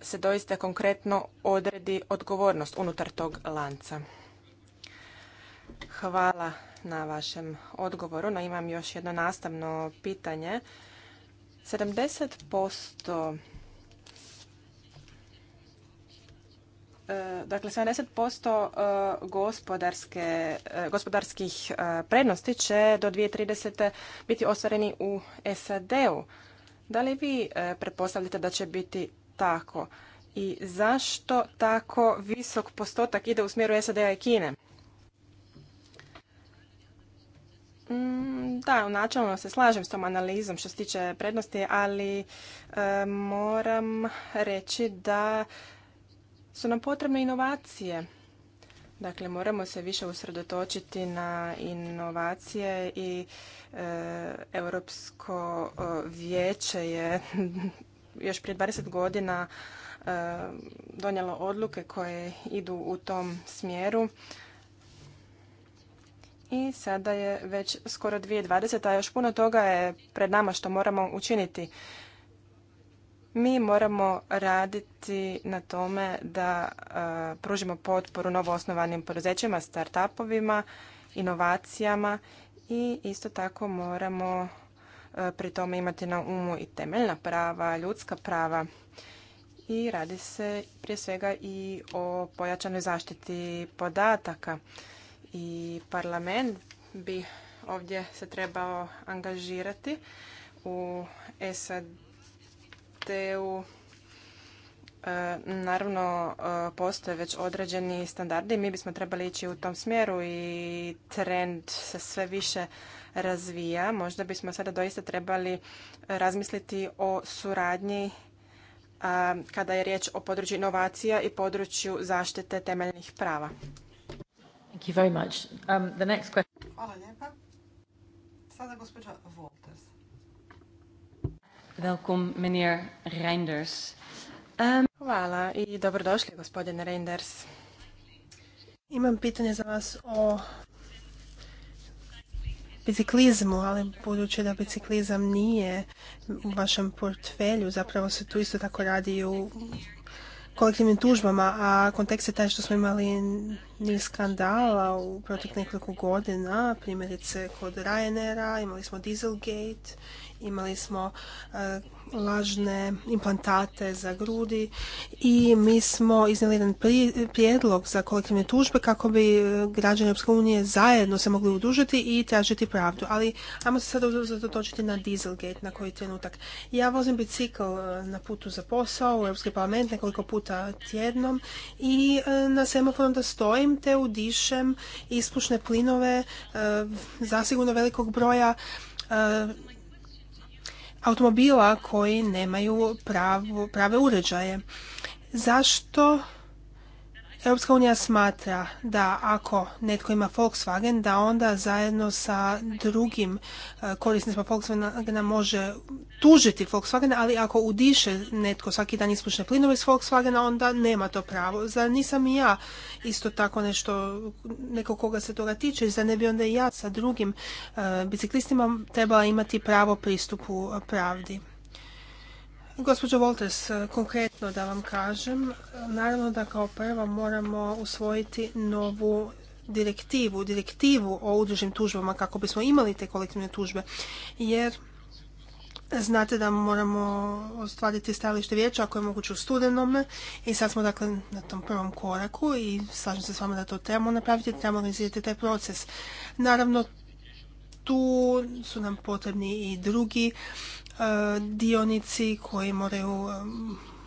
se doista konkretno odredi odgovornost unutar tog lanca. Hvala na vašem odgovoru, no imam još jedno nastavno pitanje. 70% e, dakle 70% e, gospodarske, e, gospodarskih prednosti će do 2030. biti ostvareni u SAD-u. Da li vi pretpostavljate da će biti tako? I zašto tako visok postotak ide u smjeru SAD-a i Kine? Mm, da, načelno se slažem s tom analizom što se tiče prednosti, ali e, moram reći da su nam potrebne inovacije. Dakle, moramo se više usredotočiti na inovacije i e, Europsko e, vijeće je još prije 20 godina donijelo odluke koje idu u tom smjeru i sada je već skoro 2020, a još puno toga je pred nama što moramo učiniti. Mi moramo raditi na tome da e, pružimo potporu novoosnovanim poduzećima, startupovima, inovacijama i isto tako moramo e, pri tome imati na umu i temeljna prava, ljudska prava i radi se prije svega i o pojačanoj zaštiti podataka i parlament bi ovdje se trebao angažirati u SAD-u. E, naravno, e, postoje već određeni standardi. Mi bismo trebali ići u tom smjeru i trend se sve više razvija. Možda bismo sada doista trebali razmisliti o suradnji e, kada je riječ o području inovacija i području zaštite temeljnih prava. Thank you very much. Um, the next question. Hvala lijepa. Sada gospođa Wolters. Welkom, meneer Reinders. Um... Hvala i dobrodošli, gospodine Reinders. Imam pitanje za vas o biciklizmu, ali budući da biciklizam nije u vašem portfelju, zapravo se tu isto tako radi u kolektivnim tužbama, a kontekst je taj što smo imali ni skandala u proteklih nekoliko godina, primjerice kod Ryanaira, imali smo Dieselgate imali smo e, lažne implantate za grudi i mi smo iznijeli jedan prijedlog za kolektivne tužbe kako bi e, građani Europske unije zajedno se mogli udužiti i tražiti pravdu. Ali ajmo se sada zatočiti na Dieselgate na koji trenutak. Ja vozim bicikl e, na putu za posao u Europski parlament nekoliko puta tjednom i na semaforu da stojim te udišem ispušne plinove zasigurno velikog broja automobila koji nemaju prave uređaje. Zašto Europska unija smatra da ako netko ima Volkswagen, da onda zajedno sa drugim e, korisnicima Volkswagena može tužiti Volkswagen, ali ako udiše netko svaki dan ispušne plinove iz Volkswagena, onda nema to pravo. Zar nisam i ja isto tako nešto, neko koga se toga tiče, zar ne bi onda i ja sa drugim e, biciklistima trebala imati pravo pristupu e, pravdi? Gospođo Voltes, konkretno da vam kažem, naravno da kao prvo moramo usvojiti novu direktivu, direktivu o udruženim tužbama kako bismo imali te kolektivne tužbe, jer Znate da moramo ostvariti stajalište vijeća ako je moguće u studenome i sad smo dakle na tom prvom koraku i slažem se s vama da to trebamo napraviti, trebamo organizirati taj proces. Naravno, tu su nam potrebni i drugi dionici koji moraju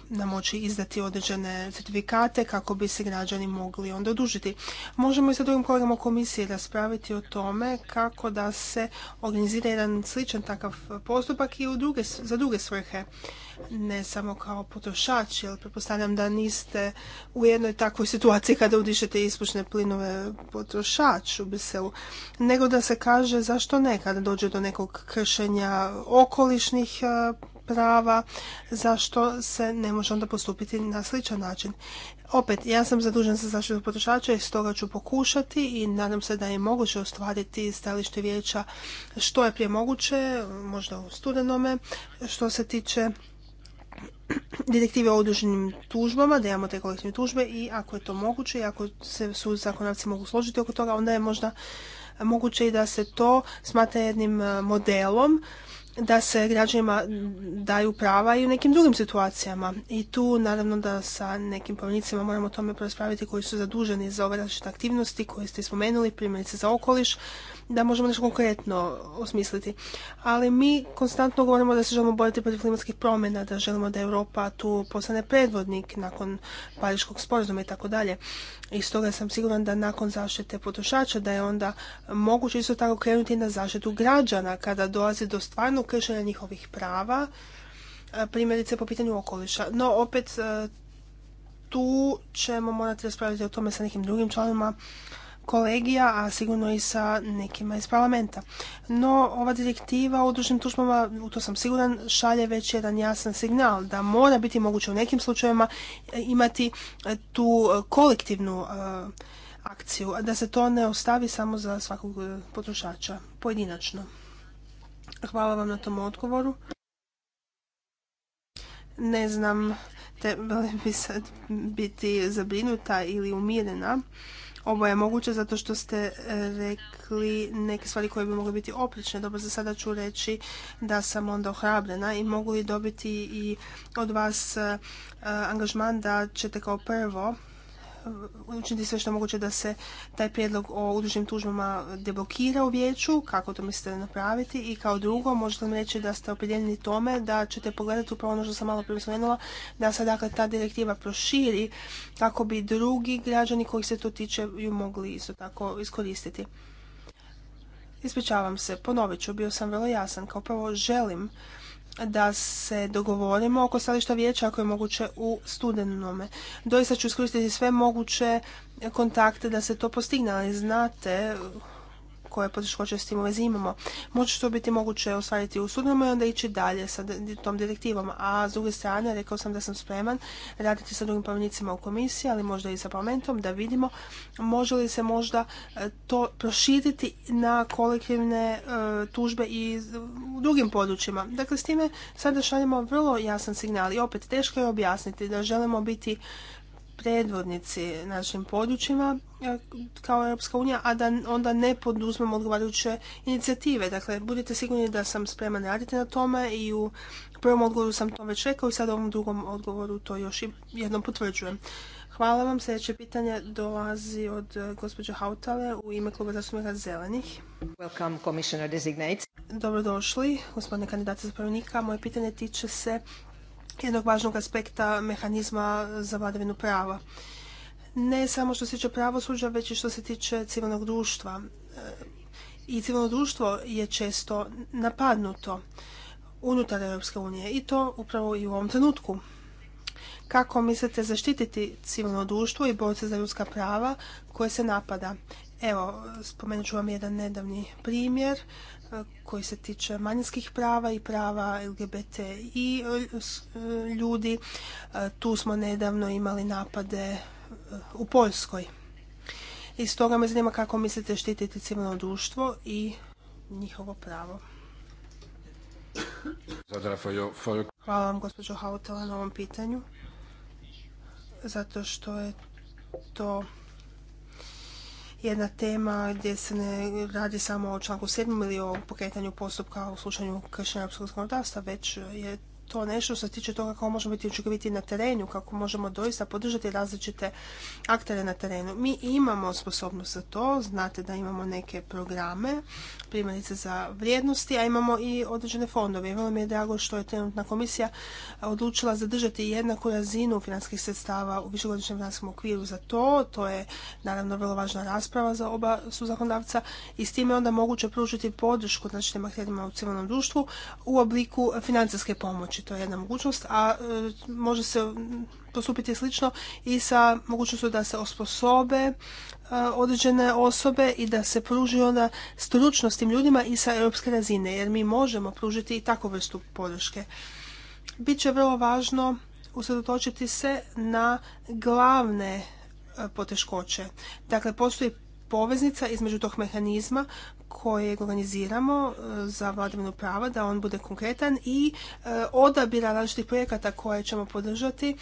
nam moći izdati određene certifikate kako bi se građani mogli onda odužiti. Možemo i sa drugim kolegama komisije raspraviti o tome kako da se organizira jedan sličan takav postupak i za druge svrhe. Ne samo kao potrošač, jer pretpostavljam da niste u jednoj takvoj situaciji kada udišete ispušne plinove potrošač u Briselu, nego da se kaže zašto ne kada dođe do nekog kršenja okolišnih eh, prava, zašto se ne može onda postupiti na sličan način. Opet, ja sam zadužen za zaštitu potrošača i stoga ću pokušati i nadam se da je moguće ostvariti stajalište vijeća što je prije moguće, možda u studenome, što se tiče direktive o udruženim tužbama, da imamo te kolektivne tužbe i ako je to moguće i ako se su zakonavci mogu složiti oko toga, onda je možda moguće i da se to smatra jednim eh, modelom da se građanima daju prava i u nekim drugim situacijama. I tu naravno da sa nekim povjenicima moramo o tome prospraviti koji su zaduženi za ove različite aktivnosti koje ste spomenuli, primjerice za okoliš, da možemo nešto konkretno osmisliti. Ali mi konstantno govorimo da se želimo boriti protiv klimatskih promjena, da želimo da Europa tu postane predvodnik nakon Pariškog sporazuma i tako dalje. I stoga sam siguran da nakon zaštite potrošača da je onda moguće isto tako krenuti na zaštitu građana kada dolazi do stvarnog kršenja njihovih prava, e, primjerice po pitanju okoliša. No opet e, tu ćemo morati raspravljati o tome sa nekim drugim članovima kolegija, a sigurno i sa nekima iz parlamenta. No, ova direktiva o dužnim tužbama, u to sam siguran, šalje već jedan jasan signal da mora biti moguće u nekim slučajevima imati tu kolektivnu e, akciju, a da se to ne ostavi samo za svakog e, potrošača, pojedinačno. Hvala vam na tom odgovoru. Ne znam, trebali bi sad biti zabrinuta ili umirena ovo je moguće zato što ste e, rekli neke stvari koje bi mogle biti oprične. Dobro, za sada ću reći da sam onda ohrabljena i mogu li dobiti i od vas e, angažman da ćete kao prvo učiniti sve što je moguće da se taj prijedlog o udruženim tužbama deblokira u vijeću, kako to mislite napraviti i kao drugo možete nam reći da ste opredjeljeni tome da ćete pogledati upravo ono što sam malo da se dakle ta direktiva proširi kako bi drugi građani koji se to tiče ju mogli isto tako iskoristiti. Ispričavam se, ponovit ću, bio sam vrlo jasan. Kao prvo želim da se dogovorimo oko stališta vijeća ako je moguće u studenome. Doista ću iskoristiti sve moguće kontakte da se to postigne, ali znate koje poteškoće s tim uvezi imamo. Može to biti moguće ostvariti u sudovima i onda ići dalje sa tom direktivom. A s druge strane, rekao sam da sam spreman raditi sa drugim pravnicima u komisiji, ali možda i sa parlamentom, da vidimo može li se možda e, to proširiti na kolektivne e, tužbe i u drugim područjima. Dakle, s time sada šaljemo vrlo jasan signal i opet teško je objasniti da želimo biti predvodnici našim područjima e, kao Europska unija, a da onda ne poduzmemo odgovarajuće inicijative. Dakle, budite sigurni da sam spreman raditi na tome i u prvom odgovoru sam to već rekao i sad u ovom drugom odgovoru to još jednom potvrđujem. Hvala vam. Sljedeće pitanje dolazi od e, gospođe Hautale u ime Kluba zastupnika Zelenih. Welcome, Commissioner Dobrodošli, gospodine kandidate za Moje pitanje tiče se jednog važnog aspekta mehanizma za vladavinu prava. Ne samo što se tiče pravosuđa, već i što se tiče civilnog društva. E, I civilno društvo je često napadnuto unutar Europske unije i to upravo i u ovom trenutku. Kako mislite zaštititi civilno društvo i borce za ljudska prava koje se napada? Evo, spomenut ću vam jedan nedavni primjer koji se tiče manjinskih prava i prava LGBT i ljudi. E, tu smo nedavno imali napade e, u Poljskoj. I stoga me zanima kako mislite štititi civilno društvo i njihovo pravo. Hvala vam gospođo Hautala na ovom pitanju. Zato što je to jedna tema gdje se ne radi samo o članku 7. ili o pokretanju postupka u slučaju kršenja europskog zakonodavstva, već je to nešto što se tiče toga kako možemo biti učinkoviti na terenu, kako možemo doista podržati različite aktere na terenu. Mi imamo sposobnost za to, znate da imamo neke programe, primjerice za vrijednosti, a imamo i određene fondove. Vrlo mi je drago što je trenutna komisija odlučila zadržati jednaku razinu financijskih sredstava u višegodišnjem financijskom okviru za to. To je naravno vrlo važna rasprava za oba su i s time onda moguće pružiti podršku različitim akterima u civilnom društvu u obliku financijske pomoći je jedna mogućnost, a e, može se postupiti slično i sa mogućnošću da se osposobe e, određene osobe i da se pruži onda stručnost tim ljudima i sa europske razine, jer mi možemo pružiti i takvu vrstu podrške. Biće vrlo važno usredotočiti se na glavne e, poteškoće. Dakle, postoji poveznica između tog mehanizma koje organiziramo e, za vladavinu prava, da on bude konkretan i e, odabira različitih projekata koje ćemo podržati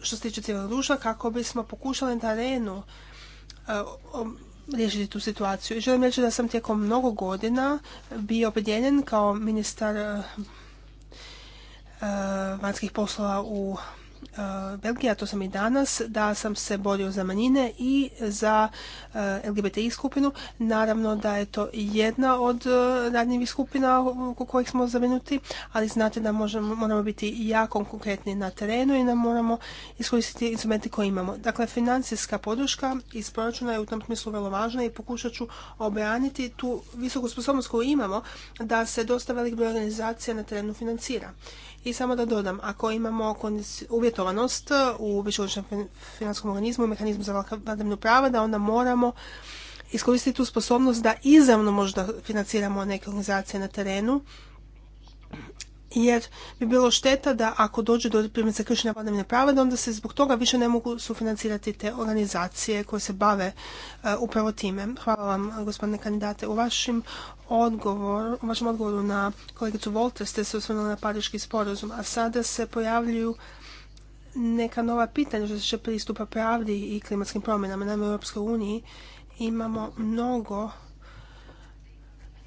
što se tiče cijelog društva kako bismo pokušali na terenu e, riješiti tu situaciju. I želim reći da sam tijekom mnogo godina bio opredjeljen kao ministar vanjskih poslova u Eh, Belgija, a to sam i danas, da sam se borio za manjine i za eh, LGBTI skupinu. Naravno da je to jedna od eh, radnjivih skupina oko kojih smo zamenuti, ali znate da moramo biti jako konkretni na terenu i da moramo iskoristiti instrumenti koje imamo. Dakle, financijska podrška iz proračuna je u tom smislu vrlo važna i pokušat ću obraniti tu visoku sposobnost koju imamo da se dosta velik broj organizacija na terenu financira. I samo da dodam, ako imamo uvjetovanost u višegodišnjem financijskom organizmu i mehanizmu za vladavnu prava, da onda moramo iskoristiti tu sposobnost da izravno možda financiramo neke organizacije na terenu jer bi bilo šteta da ako dođe do primjerice kršenja vladavine prava da onda se zbog toga više ne mogu sufinancirati te organizacije koje se bave eh, upravo time. Hvala vam eh, gospodine kandidate. U vašim odgovor, u vašem odgovoru na kolegicu Volter ste se osvrnuli na pariški sporazum, a sada se pojavljuju neka nova pitanja što se tiče pristupa pravdi i klimatskim promjenama. na u Europskoj uniji imamo mnogo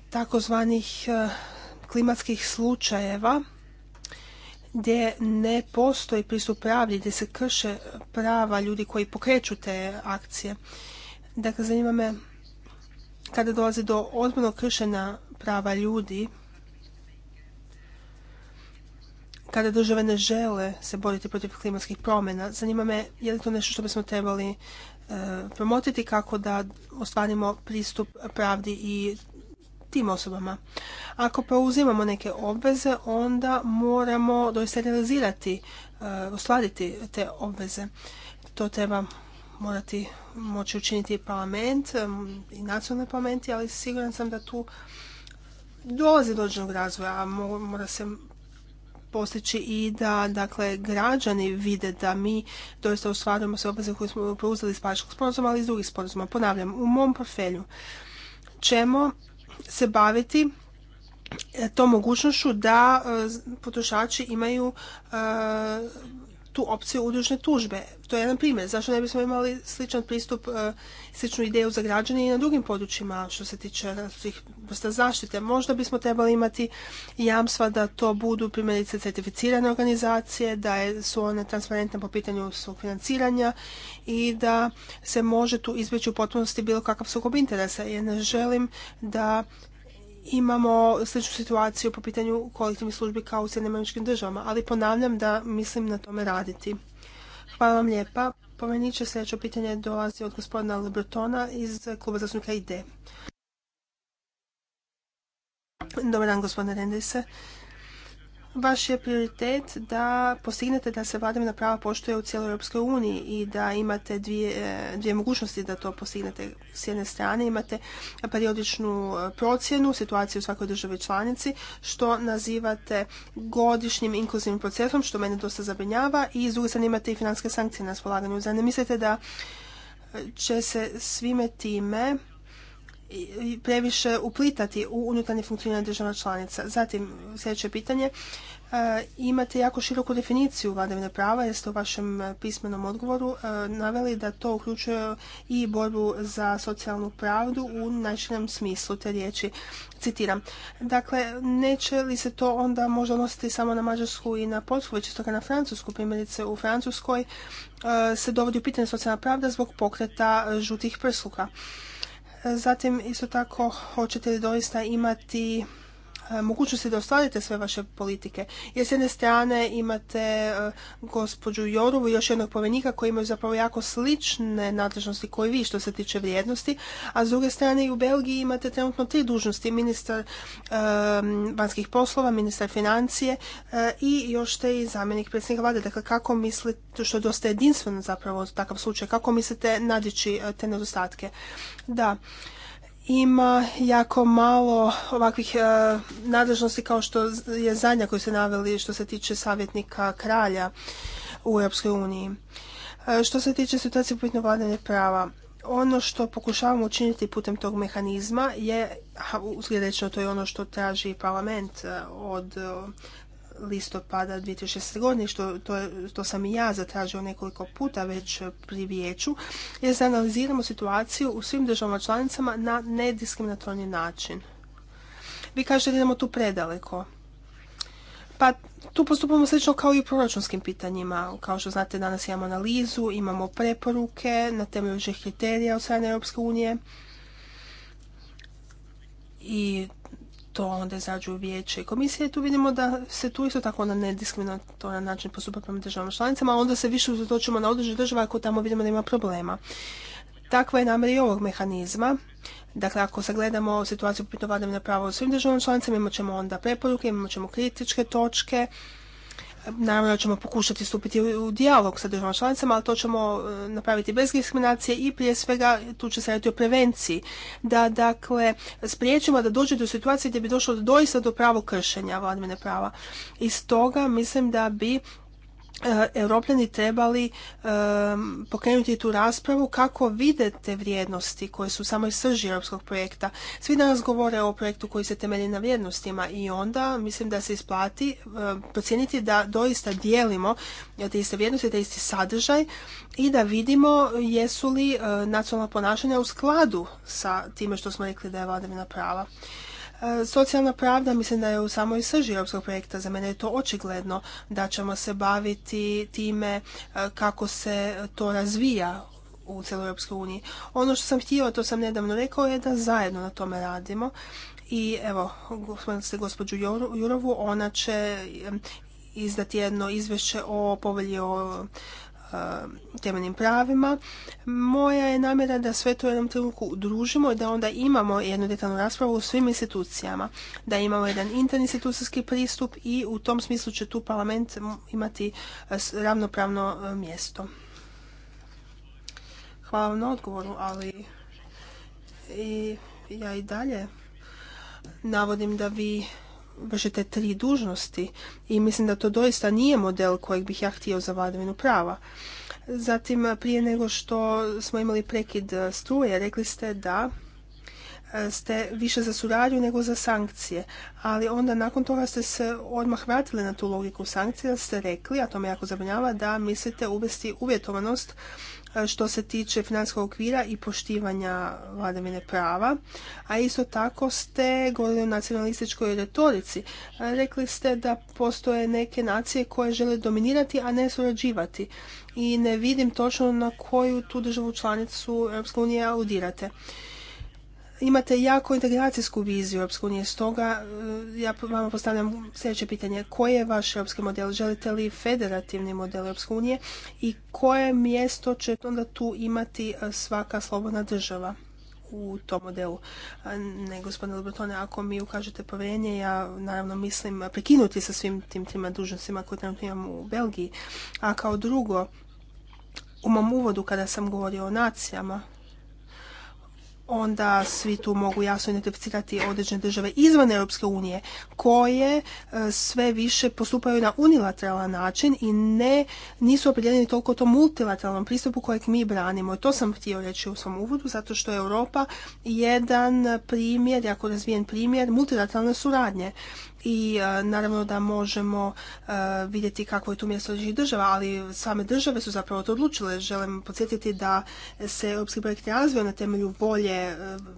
takozvanih eh, klimatskih slučajeva gdje ne postoji pristup pravdi, gdje se krše prava ljudi koji pokreću te akcije. Dakle, zanima me kada dolazi do ozbiljnog kršena prava ljudi, kada države ne žele se boriti protiv klimatskih promjena. Zanima me je li to nešto što bismo trebali e, promotiti kako da ostvarimo pristup pravdi i tim osobama. Ako preuzimamo neke obveze, onda moramo doista realizirati, uskladiti e, te obveze. To treba morati moći učiniti i parlament e, i nacionalni parlamenti, ali siguran sam da tu dolazi dođenog razvoja, a mora se postići i da dakle građani vide da mi doista ostvarujemo sve obveze koje smo preuzeli iz pačkog sporazuma, ali i iz drugih sporazuma. Ponavljam, u mom portfelju ćemo se baviti e, tom mogućnošću da e, potrošači imaju e, tu opciju udružne tužbe. To je jedan primjer. Zašto ne bismo imali sličan pristup, e, sličnu ideju za građane i na drugim područjima što se tiče različitih vrsta zaštite? Možda bismo trebali imati jamstva da to budu primjerice certificirane organizacije, da su one transparentne po pitanju svog financiranja i da se može tu izbjeći u potpunosti bilo kakav sukob interesa. Jer ne želim da imamo sličnu situaciju po pitanju kolektivnih službi kao u Sjedinjeničkim državama, ali ponavljam da mislim na tome raditi. Hvala vam lijepa. će sljedeće pitanje dolazi od gospodina Lebrotona iz kluba zastupnika IDE. Dobar dan, gospodine Rendese vaš je prioritet da postignete da se vladavina prava poštuje u cijeloj Europskoj uniji i da imate dvije, e, dvije mogućnosti da to postignete. S jedne strane imate periodičnu e, procjenu situacije u svakoj državi članici, što nazivate godišnjim inkluzivnim procesom, što mene dosta zabrinjava i s druge strane imate i financijske sankcije na spolaganju. Zar ne mislite da e, će se svime time previše uplitati u unutarnje funkcioniranje država članica. Zatim, sljedeće pitanje, e, imate jako široku definiciju vladavine prava jer ste u vašem e, pismenom odgovoru e, naveli da to uključuje i borbu za socijalnu pravdu u najširem smislu te riječi. Citiram. Dakle, neće li se to onda možda odnositi samo na Mađarsku i na Poljsku, već istoga na Francusku, primjerice u Francuskoj se dovodi u pitanje socijalna pravda zbog pokreta žutih prsluka. Zatim isto tako hoćete li doista imati Eh, mogućnosti da ostvarite sve vaše politike. Jer s jedne strane imate eh, gospođu Jorovu i još jednog povenika koji imaju zapravo jako slične nadležnosti koji vi što se tiče vrijednosti, a s druge strane i u Belgiji imate trenutno tri dužnosti, ministar eh, vanjskih poslova, ministar financije i još te i zamjenik predsjednika vlade. Dakle, kako mislite, što je dosta jedinstveno zapravo takav slučaj, kako mislite nadići te nedostatke? Da, ima jako malo ovakvih e, nadležnosti kao što je zadnja koju ste naveli što se tiče savjetnika kralja u Europskoj uniji. E, što se tiče situacije po vladanje prava, ono što pokušavamo učiniti putem tog mehanizma je, a sljedeće to je ono što traži parlament e, od listopada 2006. godine, što to, to sam i ja zatražio nekoliko puta već pri vijeću, je da analiziramo situaciju u svim državama članicama na nediskriminatorni način. Vi kažete da idemo tu predaleko. Pa tu postupamo slično kao i u proračunskim pitanjima. Kao što znate, danas imamo analizu, imamo preporuke na temelju kriterija od strane Europske unije i to onda izrađuju vijeće i komisije. Tu vidimo da se tu isto tako na nediskriminatoran način postupa prema državama članicama, a onda se više uzatočimo na određene države ako tamo vidimo da ima problema. Takva je namjer i ovog mehanizma. Dakle, ako sagledamo situaciju po pitanju prava u svim državama članicama, imat ćemo onda preporuke, imat ćemo kritičke točke, Naravno da ćemo pokušati stupiti u dijalog sa državama članicama, ali to ćemo e, napraviti bez diskriminacije i prije svega tu će se raditi o prevenciji. Da, dakle, spriječimo da dođe do situacije gdje bi došlo doista do pravog kršenja vladmine prava. I stoga mislim da bi Eh, europljani trebali eh, pokrenuti tu raspravu kako vide te vrijednosti koje su u samoj srži europskog projekta. Svi danas govore o projektu koji se temelji na vrijednostima i onda mislim da se isplati eh, procijeniti da doista dijelimo te iste vrijednosti, te isti sadržaj i da vidimo jesu li nacionalna ponašanja u skladu sa time što smo rekli da je vladavina prava. Socijalna pravda mislim da je u samoj srži europskog projekta. Za mene je to očigledno da ćemo se baviti time e, kako se to razvija u cijeloj Europskoj uniji. Ono što sam htio, to sam nedavno rekao, je da zajedno na tome radimo. I evo, se gospođu Jurovu, ona će izdati jedno izvješće o povelji o temeljnim pravima. Moja je namjera da sve to u jednom trenutku udružimo i da onda imamo jednu detaljnu raspravu u svim institucijama, da imamo jedan interinstitucijski pristup i u tom smislu će tu parlament imati ravnopravno mjesto. Hvala vam na odgovoru, ali i ja i dalje navodim da vi vršite tri dužnosti i mislim da to doista nije model kojeg bih ja htio za vladavinu prava. Zatim, prije nego što smo imali prekid e, struje, rekli ste da e, ste više za suradnju nego za sankcije, ali onda nakon toga ste se odmah vratili na tu logiku sankcija, ste rekli, a to me jako zabrinjava, da mislite uvesti uvjetovanost što se tiče financijskog okvira i poštivanja vladavine prava, a isto tako ste govorili o nacionalističkoj retorici. Rekli ste da postoje neke nacije koje žele dominirati, a ne surađivati. I ne vidim točno na koju tu državu članicu EU udirate imate jako integracijsku viziju Europske unije, stoga e, ja vam postavljam sljedeće pitanje. Koji je vaš europski model? Želite li federativni model Europske unije i koje mjesto će onda tu imati e, svaka slobodna država? u tom modelu. E, ne, gospodine Lobotone, ako mi ukažete povjerenje, ja naravno mislim prekinuti sa svim tim trima dužnostima koje trenutno imam u Belgiji. A kao drugo, u mom uvodu kada sam govorio o nacijama, onda svi tu mogu jasno identificirati određene države izvan Europske unije koje e, sve više postupaju na unilateralan način i ne, nisu opredjeljeni toliko tom multilateralnom pristupu kojeg mi branimo. To sam htio reći u svom uvodu zato što je Europa jedan primjer, jako razvijen primjer multilateralne suradnje i e, naravno da možemo e, vidjeti kako je tu mjesto određenih država, ali same države su zapravo to odlučile. Želim podsjetiti da se europski projekt razvio na temelju volje e,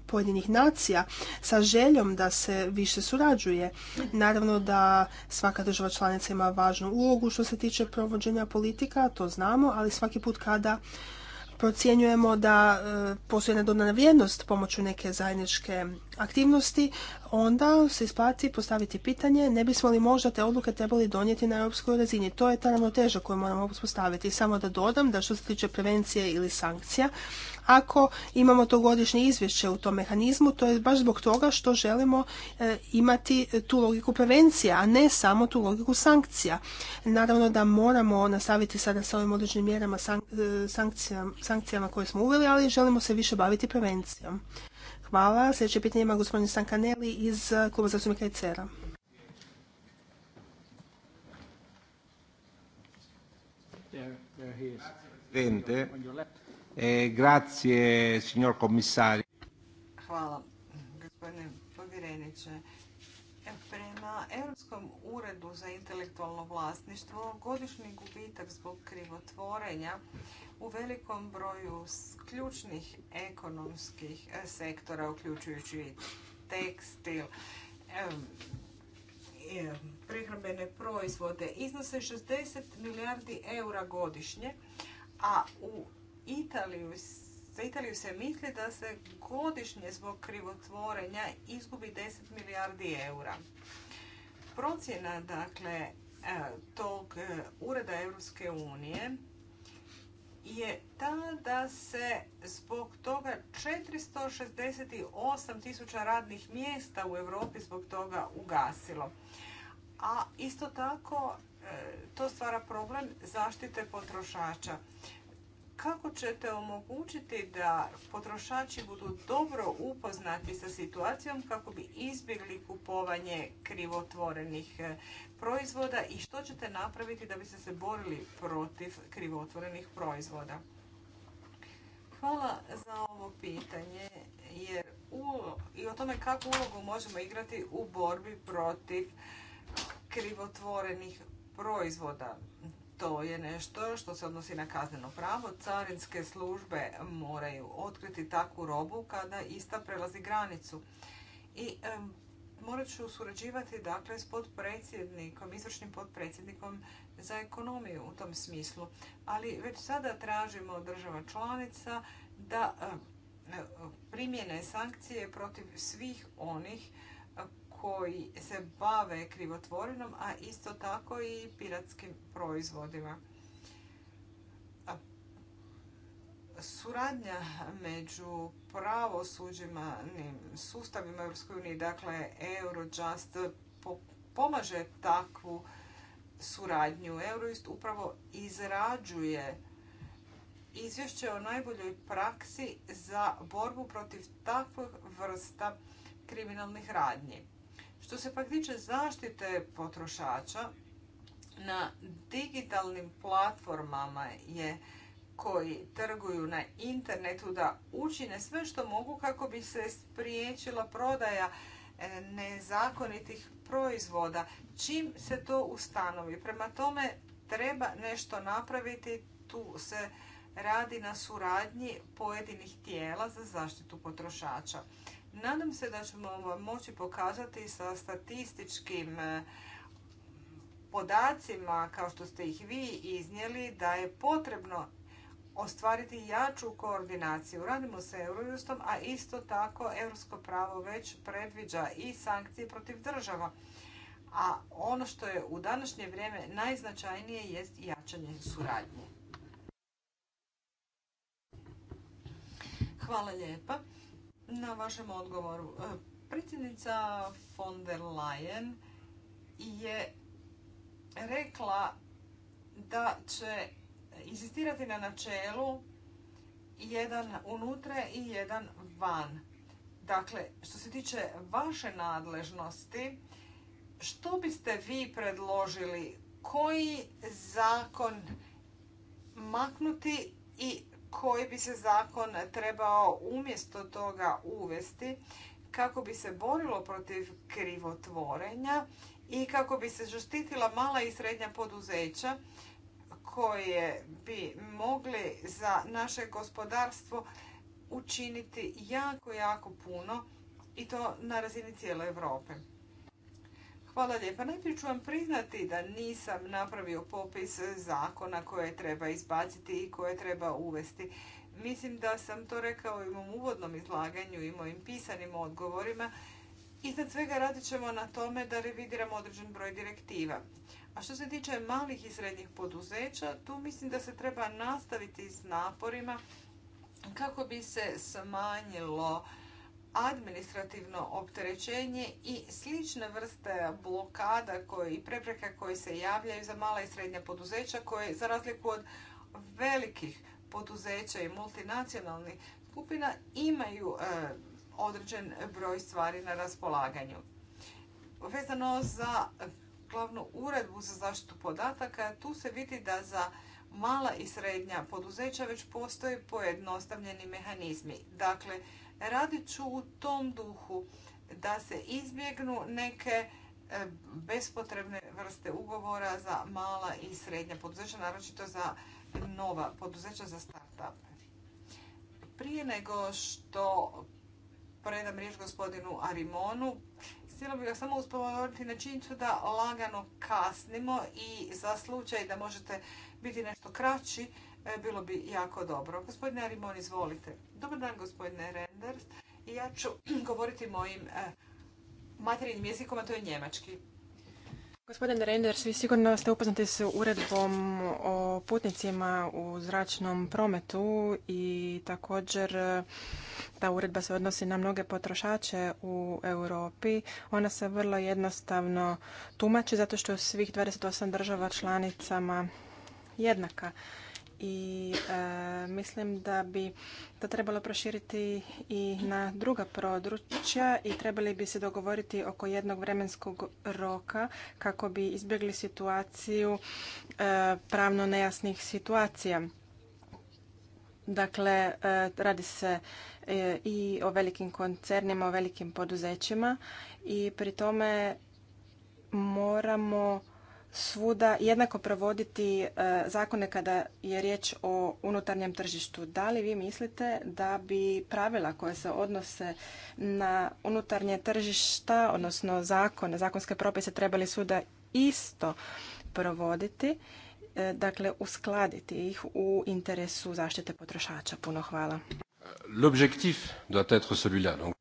pojedinih nacija sa željom da se više surađuje. Naravno da svaka država članica ima važnu ulogu što se tiče provođenja politika, to znamo, ali svaki put kada procjenjujemo da e, postoji jedna dodana vrijednost pomoću neke zajedničke aktivnosti, onda se isplati postaviti pitanje ne bismo li možda te odluke trebali donijeti na europskoj razini. To je ta ravnoteža koju moramo postaviti. Samo da dodam da što se tiče prevencije ili sankcija, ako imamo to godišnje izvješće u tom mehanizmu, to je baš zbog toga što želimo e, imati tu logiku prevencija, a ne samo tu logiku sankcija. Naravno da moramo nastaviti sada sa ovim određenim mjerama e, sankcijama, koje smo uveli, ali želimo se više baviti prevencijom. Hvala. Sljedeće pitanje ima gospodin Stankaneli iz e, Kluba zastupnika i a There, there E, grazie, signor Hvala, gospodine povjereniče. E, prema Europskom uredu za intelektualno vlasništvo godišnji gubitak zbog krivotvorenja u velikom broju ključnih ekonomskih e, sektora, uključujući tekstil, prehrambene proizvode, iznose 60 milijardi eura godišnje, a u Italiju, za Italiju se misli da se godišnje zbog krivotvorenja izgubi 10 milijardi eura. Procjena dakle e, tog e, ureda Europske unije je ta da se zbog toga 468 tisuća radnih mjesta u Europi zbog toga ugasilo. A isto tako e, to stvara problem zaštite potrošača kako ćete omogućiti da potrošači budu dobro upoznati sa situacijom kako bi izbjegli kupovanje krivotvorenih e, proizvoda i što ćete napraviti da biste se borili protiv krivotvorenih proizvoda? Hvala za ovo pitanje jer i o tome kakvu ulogu možemo igrati u borbi protiv krivotvorenih proizvoda to je nešto što se odnosi na kazneno pravo. Carinske službe moraju otkriti takvu robu kada ista prelazi granicu. I morat ću surađivati dakle, s podpredsjednikom, izvršnim podpredsjednikom za ekonomiju u tom smislu. Ali već sada tražimo od država članica da primjene sankcije protiv svih onih koji se bave krivotvorinom, a isto tako i piratskim proizvodima. Suradnja među pravosuđima, sustavima EU, dakle Eurojust, pomaže takvu suradnju. Eurojust upravo izrađuje izvješće o najboljoj praksi za borbu protiv takvih vrsta kriminalnih radnji. Što se pak tiče zaštite potrošača, na digitalnim platformama je koji trguju na internetu da učine sve što mogu kako bi se spriječila prodaja e, nezakonitih proizvoda. Čim se to ustanovi? Prema tome treba nešto napraviti. Tu se radi na suradnji pojedinih tijela za zaštitu potrošača. Nadam se da ćemo vam moći pokazati sa statističkim e, podacima, kao što ste ih vi iznijeli, da je potrebno ostvariti jaču koordinaciju. Radimo sa Eurojustom, a isto tako europsko pravo već predviđa i sankcije protiv država. A ono što je u današnje vrijeme najznačajnije jest jačanje suradnje. Hvala lijepa na vašem odgovoru. E, predsjednica von der Leyen je rekla da će insistirati na načelu jedan unutra i jedan van. Dakle, što se tiče vaše nadležnosti, što biste vi predložili? Koji zakon maknuti i koji bi se zakon trebao umjesto toga uvesti kako bi se borilo protiv krivotvorenja i kako bi se zaštitila mala i srednja poduzeća koje bi mogli za naše gospodarstvo učiniti jako, jako puno i to na razini cijele Europe. Hvala lijepa. Najprije ću vam priznati da nisam napravio popis zakona koje treba izbaciti i koje treba uvesti. Mislim da sam to rekao i u mom uvodnom izlaganju i mojim pisanim odgovorima. Iznad svega radit ćemo na tome da revidiramo određen broj direktiva. A što se tiče malih i srednjih poduzeća, tu mislim da se treba nastaviti s naporima kako bi se smanjilo administrativno opterećenje i slične vrste blokada i prepreka koje se javljaju za mala i srednja poduzeća koje za razliku od velikih poduzeća i multinacionalnih skupina imaju e, određen broj stvari na raspolaganju. Vezano za glavnu uredbu za zaštitu podataka, tu se vidi da za mala i srednja poduzeća već postoje pojednostavljeni mehanizmi. Dakle, Radit ću u tom duhu da se izbjegnu neke e, bespotrebne vrste ugovora za mala i srednja poduzeća, naročito za nova poduzeća za start-up. Prije nego što predam riječ gospodinu Arimonu, htjela bih ga samo uspomenuti na činjenicu da lagano kasnimo i za slučaj da možete biti nešto kraći, e, bilo bi jako dobro. Gospodine Arimon, izvolite. Dobar dan, gospodine i ja ću govoriti mojim eh, materijnim jezikom, a to je njemački. Gospodine Reinders, vi sigurno ste upoznati s uredbom o putnicima u zračnom prometu i također eh, ta uredba se odnosi na mnoge potrošače u Europi. Ona se vrlo jednostavno tumači zato što je svih 28 država članicama jednaka i e, mislim da bi to trebalo proširiti i na druga područja i trebali bi se dogovoriti oko jednog vremenskog roka kako bi izbjegli situaciju e, pravno nejasnih situacija. Dakle, e, radi se i o velikim koncernima, o velikim poduzećima i pri tome moramo svuda jednako provoditi e, zakone kada je riječ o unutarnjem tržištu. Da li vi mislite da bi pravila koje se odnose na unutarnje tržišta, odnosno zakone, zakonske propise trebali svuda isto provoditi, e, dakle uskladiti ih u interesu zaštite potrošača? Puno hvala. doit être celui-là.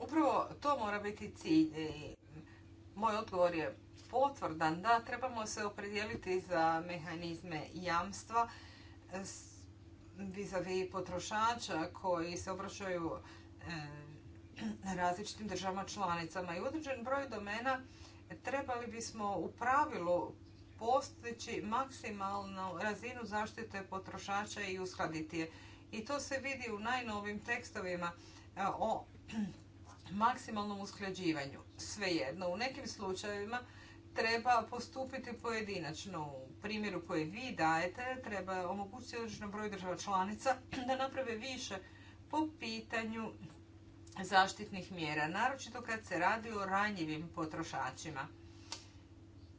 Upravo to mora biti cilj. Moj odgovor je potvrdan. Da, trebamo se opredijeliti za mehanizme jamstva vis-a-vis potrošača koji se obraćaju eh, različitim državama članicama i određen broj domena trebali bismo u pravilu postići maksimalnu razinu zaštite potrošača i uskladiti je. I to se vidi u najnovim tekstovima eh, o maksimalnom usklađivanju. Svejedno, u nekim slučajevima treba postupiti pojedinačno. U primjeru koji vi dajete treba omogućiti određenom broj država članica da naprave više po pitanju zaštitnih mjera, naročito kad se radi o ranjivim potrošačima.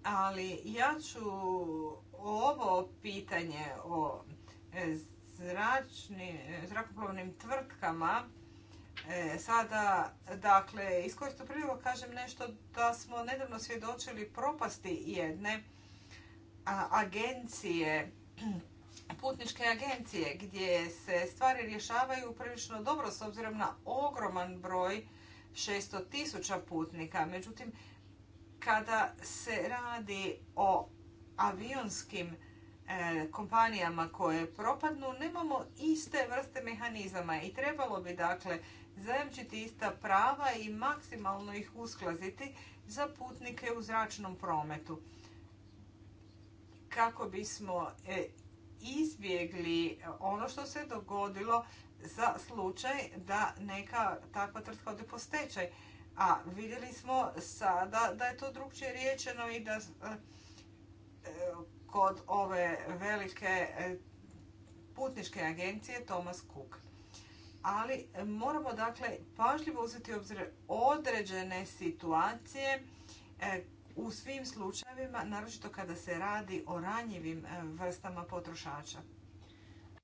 Ali ja ću ovo pitanje o e, zrakoplovnim tvrtkama E, sada, dakle, iskoristno priliku kažem nešto da smo nedavno svjedočili propasti jedne agencije, putničke agencije, gdje se stvari rješavaju prilično dobro s obzirom na ogroman broj 600.000 putnika. Međutim, kada se radi o avionskim e, kompanijama koje propadnu, nemamo iste vrste mehanizama i trebalo bi dakle zajamčiti ista prava i maksimalno ih usklaziti za putnike u zračnom prometu. Kako bismo e, izbjegli ono što se dogodilo za slučaj da neka takva tvrtka ode po stečaj. A vidjeli smo sada da je to drugčije riječeno i da e, kod ove velike e, putničke agencije Thomas Cook ali e, moramo dakle pažljivo uzeti u obzir određene situacije e, u svim slučajevima, naročito kada se radi o ranjivim e, vrstama potrošača.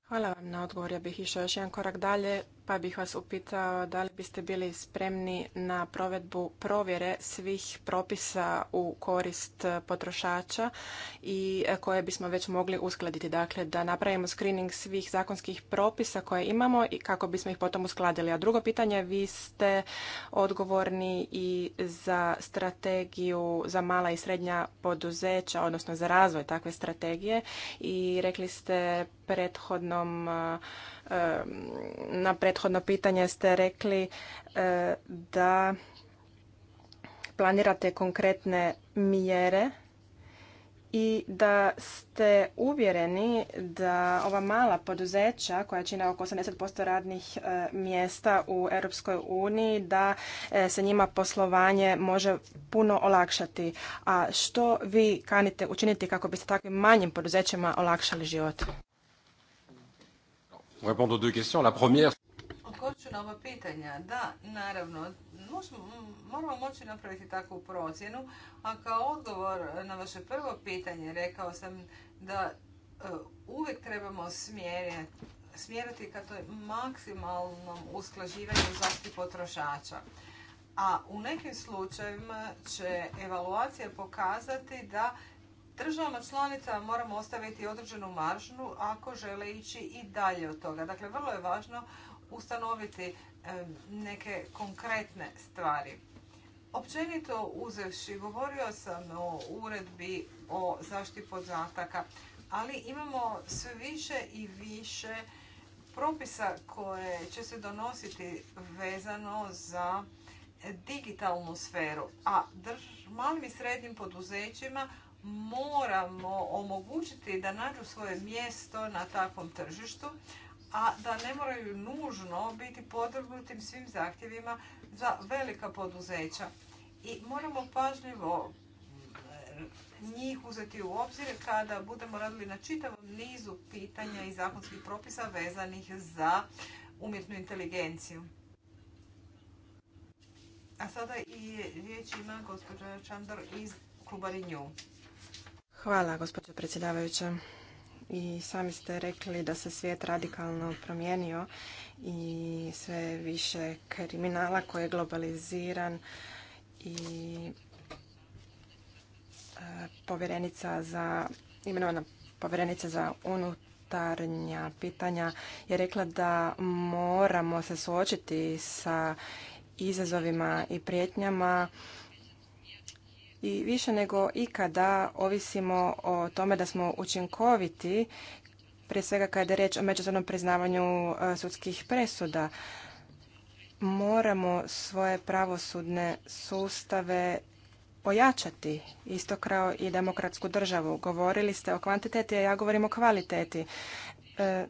Hvala vam na odgovor. Ja bih išao još jedan korak dalje pa bih vas upitao da li biste bili spremni na provedbu provjere svih propisa u korist potrošača i koje bismo već mogli uskladiti. Dakle, da napravimo screening svih zakonskih propisa koje imamo i kako bismo ih potom uskladili. A drugo pitanje, vi ste odgovorni i za strategiju za mala i srednja poduzeća, odnosno za razvoj takve strategije i rekli ste prethodnom na prethodno pitanje ste rekli e, da planirate konkretne mjere i da ste uvjereni da ova mala poduzeća koja čine oko 80% radnih e, mjesta u Europskoj uniji da e, se njima poslovanje može puno olakšati. A što vi kanite učiniti kako biste takvim manjim poduzećima olakšali život? répondre aux deux questions. La première... na pitanja. Da, naravno, moramo moći napraviti takvu procjenu, a kao odgovor na vaše prvo pitanje rekao sam da e, uvijek trebamo smjeriti smjeriti ka toj maksimalnom usklaživanju zaštiti potrošača. A u nekim slučajevima će evaluacija pokazati da državama članica moramo ostaviti određenu maržnu ako žele ići i dalje od toga. Dakle, vrlo je važno ustanoviti neke konkretne stvari. Općenito uzevši, govorio sam o uredbi o zaštiti podataka, ali imamo sve više i više propisa koje će se donositi vezano za digitalnu sferu, a malim i srednjim poduzećima moramo omogućiti da nađu svoje mjesto na takvom tržištu, a da ne moraju nužno biti podvrgnutim svim zahtjevima za velika poduzeća. I moramo pažljivo mm, njih uzeti u obzir kada budemo radili na čitavom nizu pitanja i zakonskih propisa vezanih za umjetnu inteligenciju. A sada i riječ ima gospođa Čandor iz Kluba Hvala, gospođo predsjedavajuća. I sami ste rekli da se svijet radikalno promijenio i sve više kriminala koji je globaliziran i e, povjerenica za, imenovana povjerenica za unutarnja pitanja je rekla da moramo se suočiti sa izazovima i prijetnjama i više nego ikada ovisimo o tome da smo učinkoviti, prije svega kada je riječ o međusobnom priznavanju e, sudskih presuda. Moramo svoje pravosudne sustave ojačati, isto kao i demokratsku državu. Govorili ste o kvantiteti, a ja govorim o kvaliteti. E,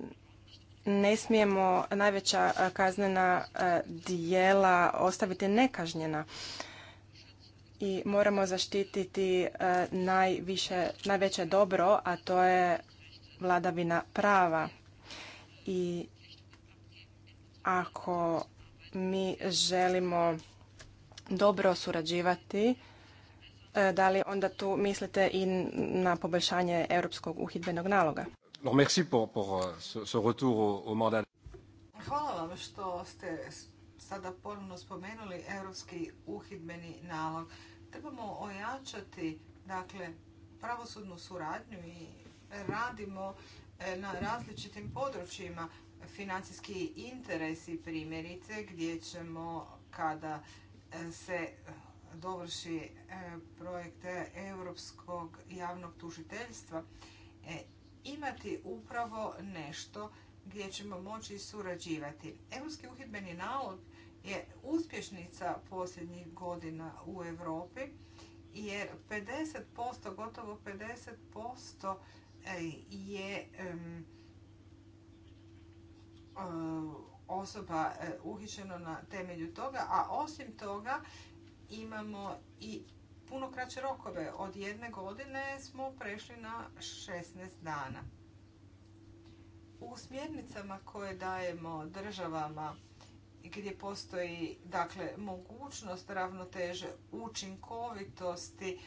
ne smijemo najveća e, kaznena dijela ostaviti nekažnjena i moramo zaštititi e, najviše, najveće dobro, a to je vladavina prava. I ako mi želimo dobro surađivati, e, da li onda tu mislite i na poboljšanje europskog uhidbenog naloga? Euh, Hvala vam što ste sada ponovno spomenuli europski uhidbeni nalog. Trebamo ojačati dakle, pravosudnu suradnju i radimo e, na različitim područjima financijski interesi primjerice gdje ćemo kada e, se dovrši e, projekt Europskog javnog tužiteljstva imati upravo nešto gdje ćemo moći surađivati. Europski uhidbeni nalog je uspješnica posljednjih godina u Europi jer 50%, gotovo 50% eh, je eh, osoba eh, uhičena na temelju toga, a osim toga imamo i puno kraće rokove. Od jedne godine smo prešli na 16 dana. U smjernicama koje dajemo državama gdje postoji dakle mogućnost ravnoteže učinkovitosti e,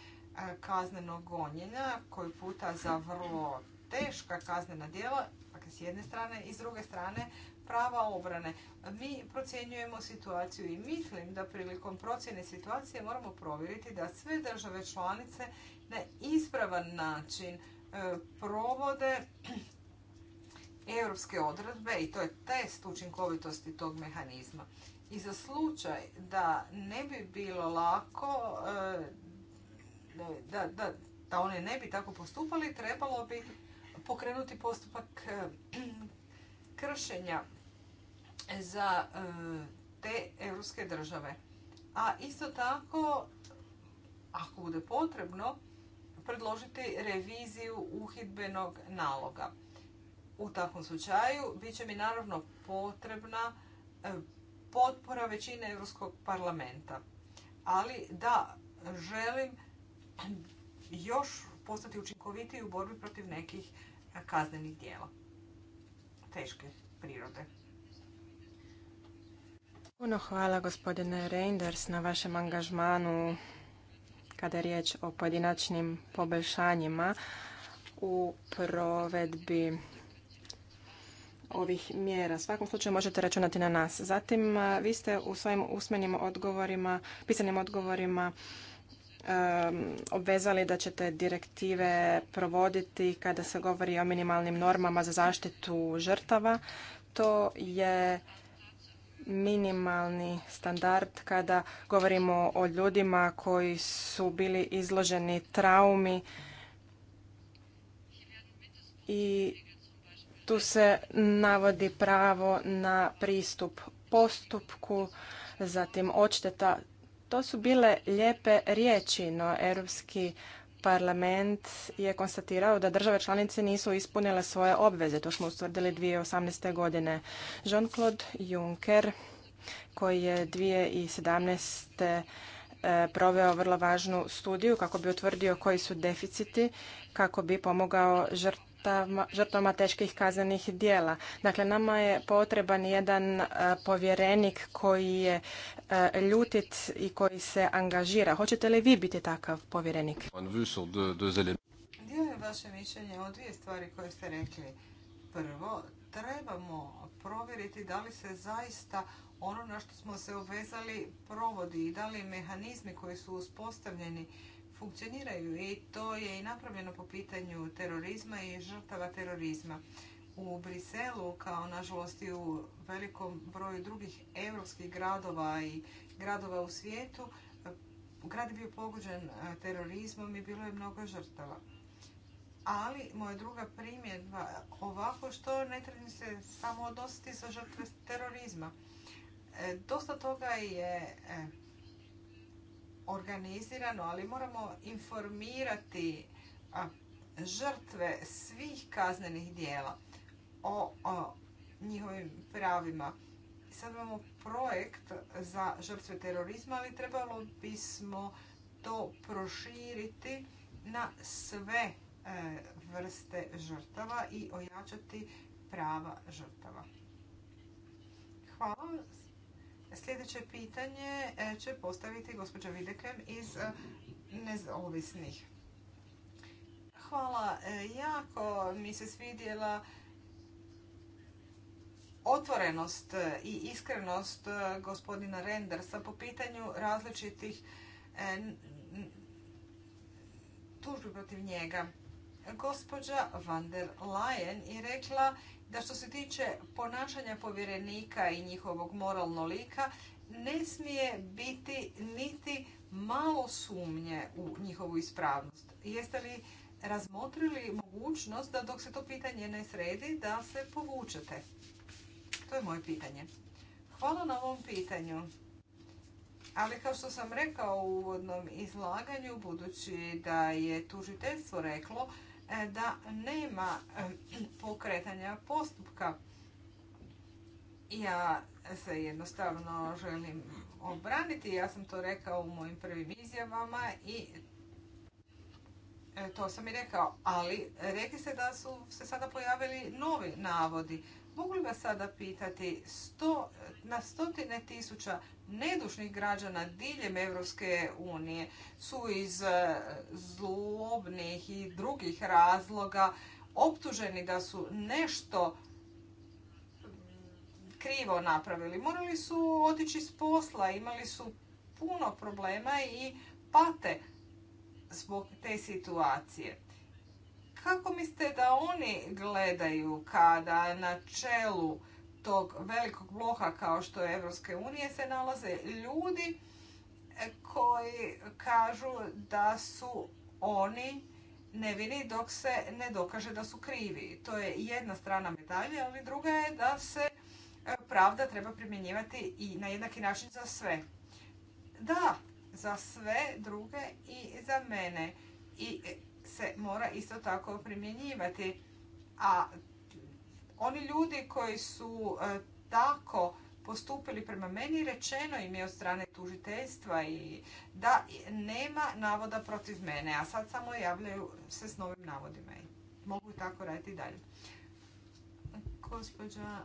kaznenog gonjenja koji puta za vrlo teška kaznena djela dakle, s jedne strane i s druge strane prava obrane. Mi procjenjujemo situaciju i mislim da prilikom procjene situacije moramo provjeriti da sve države članice na ispravan način e, provode europske odredbe i to je test učinkovitosti tog mehanizma. I za slučaj da ne bi bilo lako, e, da, da, da one ne bi tako postupali, trebalo bi pokrenuti postupak e, kršenja za e, te europske države. A isto tako, ako bude potrebno, predložiti reviziju uhidbenog naloga. U takvom slučaju bit će mi naravno potrebna e, potpora većine Europskog parlamenta. Ali da, želim još postati učinkovitiji u borbi protiv nekih kaznenih dijela. Teške prirode. Puno hvala gospodine Reinders na vašem angažmanu kada je riječ o pojedinačnim poboljšanjima u provedbi ovih mjera. svakom slučaju možete računati na nas. Zatim, e, vi ste u svojim usmenim odgovorima, pisanim odgovorima e, obvezali da ćete direktive provoditi kada se govori o minimalnim normama za zaštitu žrtava. To je minimalni standard kada govorimo o ljudima koji su bili izloženi traumi i tu se navodi pravo na pristup postupku, zatim odšteta. To su bile lijepe riječi, no Europski parlament je konstatirao da države članice nisu ispunile svoje obveze. To smo ustvrdili 2018. godine. Jean-Claude Juncker, koji je 2017 e, proveo vrlo važnu studiju kako bi utvrdio koji su deficiti, kako bi pomogao žrtvu žrtvama teških kaznenih dijela. Dakle, nama je potreban jedan e, povjerenik koji je e, ljutit i koji se angažira. Hoćete li vi biti takav povjerenik? Dijelim vaše mišljenje o dvije stvari koje ste rekli. Prvo, trebamo provjeriti da li se zaista ono na što smo se obvezali provodi i da li mehanizmi koji su uspostavljeni funkcioniraju i to je i napravljeno po pitanju terorizma i žrtava terorizma. U Briselu, kao nažalost i u velikom broju drugih europskih gradova i gradova u svijetu, grad je bio pogođen terorizmom i bilo je mnogo žrtava. Ali moja druga primjedba ovako što ne treba se samo odnositi sa žrtve terorizma. E, dosta toga je e, organizirano, ali moramo informirati žrtve svih kaznenih dijela o, njihovim pravima. Sad imamo projekt za žrtve terorizma, ali trebalo bismo to proširiti na sve e, vrste žrtava i ojačati prava žrtava. Hvala. Sljedeće pitanje e, će postaviti gospođa Videkem iz e, nezovisnih. Hvala e, jako. Mi se svidjela otvorenost i iskrenost gospodina Rendersa po pitanju različitih tužbi protiv njega. Gospođa van der Leyen je rekla da što se tiče ponašanja povjerenika i njihovog moralno lika, ne smije biti niti malo sumnje u njihovu ispravnost. Jeste li razmotrili mogućnost da dok se to pitanje ne sredi, da se povučete? To je moje pitanje. Hvala na ovom pitanju. Ali kao što sam rekao u uvodnom izlaganju, budući da je tužiteljstvo reklo E, da nema pokretanja postupka. Ja se jednostavno želim obraniti, ja sam to rekao u mojim prvim izjavama i e, to sam i rekao, ali rekli se da su se sada pojavili novi navodi. Mogu li vas sada pitati, na stotine tisuća nedušnih građana diljem Europske unije su iz e, zlobnih i drugih razloga optuženi da su nešto krivo napravili. Morali su otići s posla, imali su puno problema i pate zbog te situacije. Kako mislite da oni gledaju kada na čelu tog velikog bloha kao što je Evropske unije se nalaze ljudi e, koji kažu da su oni nevini dok se ne dokaže da su krivi. To je jedna strana medalje, ali druga je da se e, pravda treba primjenjivati i na jednaki način za sve. Da, za sve druge i za mene. I e, se mora isto tako primjenjivati. A oni ljudi koji su e, tako postupili prema meni, rečeno im je od strane tužiteljstva i da nema navoda protiv mene, a sad samo javljaju se s novim navodima i mogu tako raditi dalje. Gospođa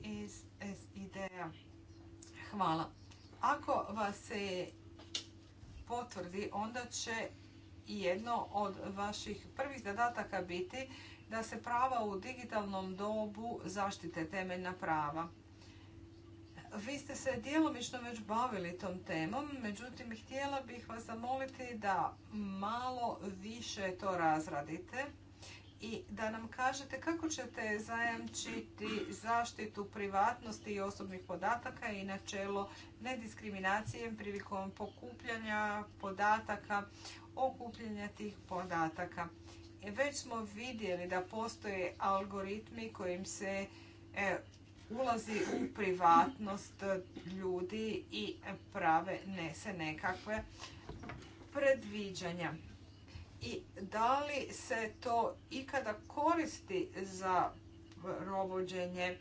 iz sid hvala. Ako vas se potvrdi, onda će jedno od vaših prvih zadataka biti da se prava u digitalnom dobu zaštite temeljna prava. Vi ste se djelomično već bavili tom temom, međutim htjela bih vas zamoliti da malo više to razradite i da nam kažete kako ćete zajamčiti zaštitu privatnosti i osobnih podataka i načelo nediskriminacije prilikom pokupljanja podataka okupljanja tih podataka. E, već smo vidjeli da postoje algoritmi kojim se e, ulazi u privatnost ljudi i prave nese nekakve predviđanja. I da li se to ikada koristi za provođenje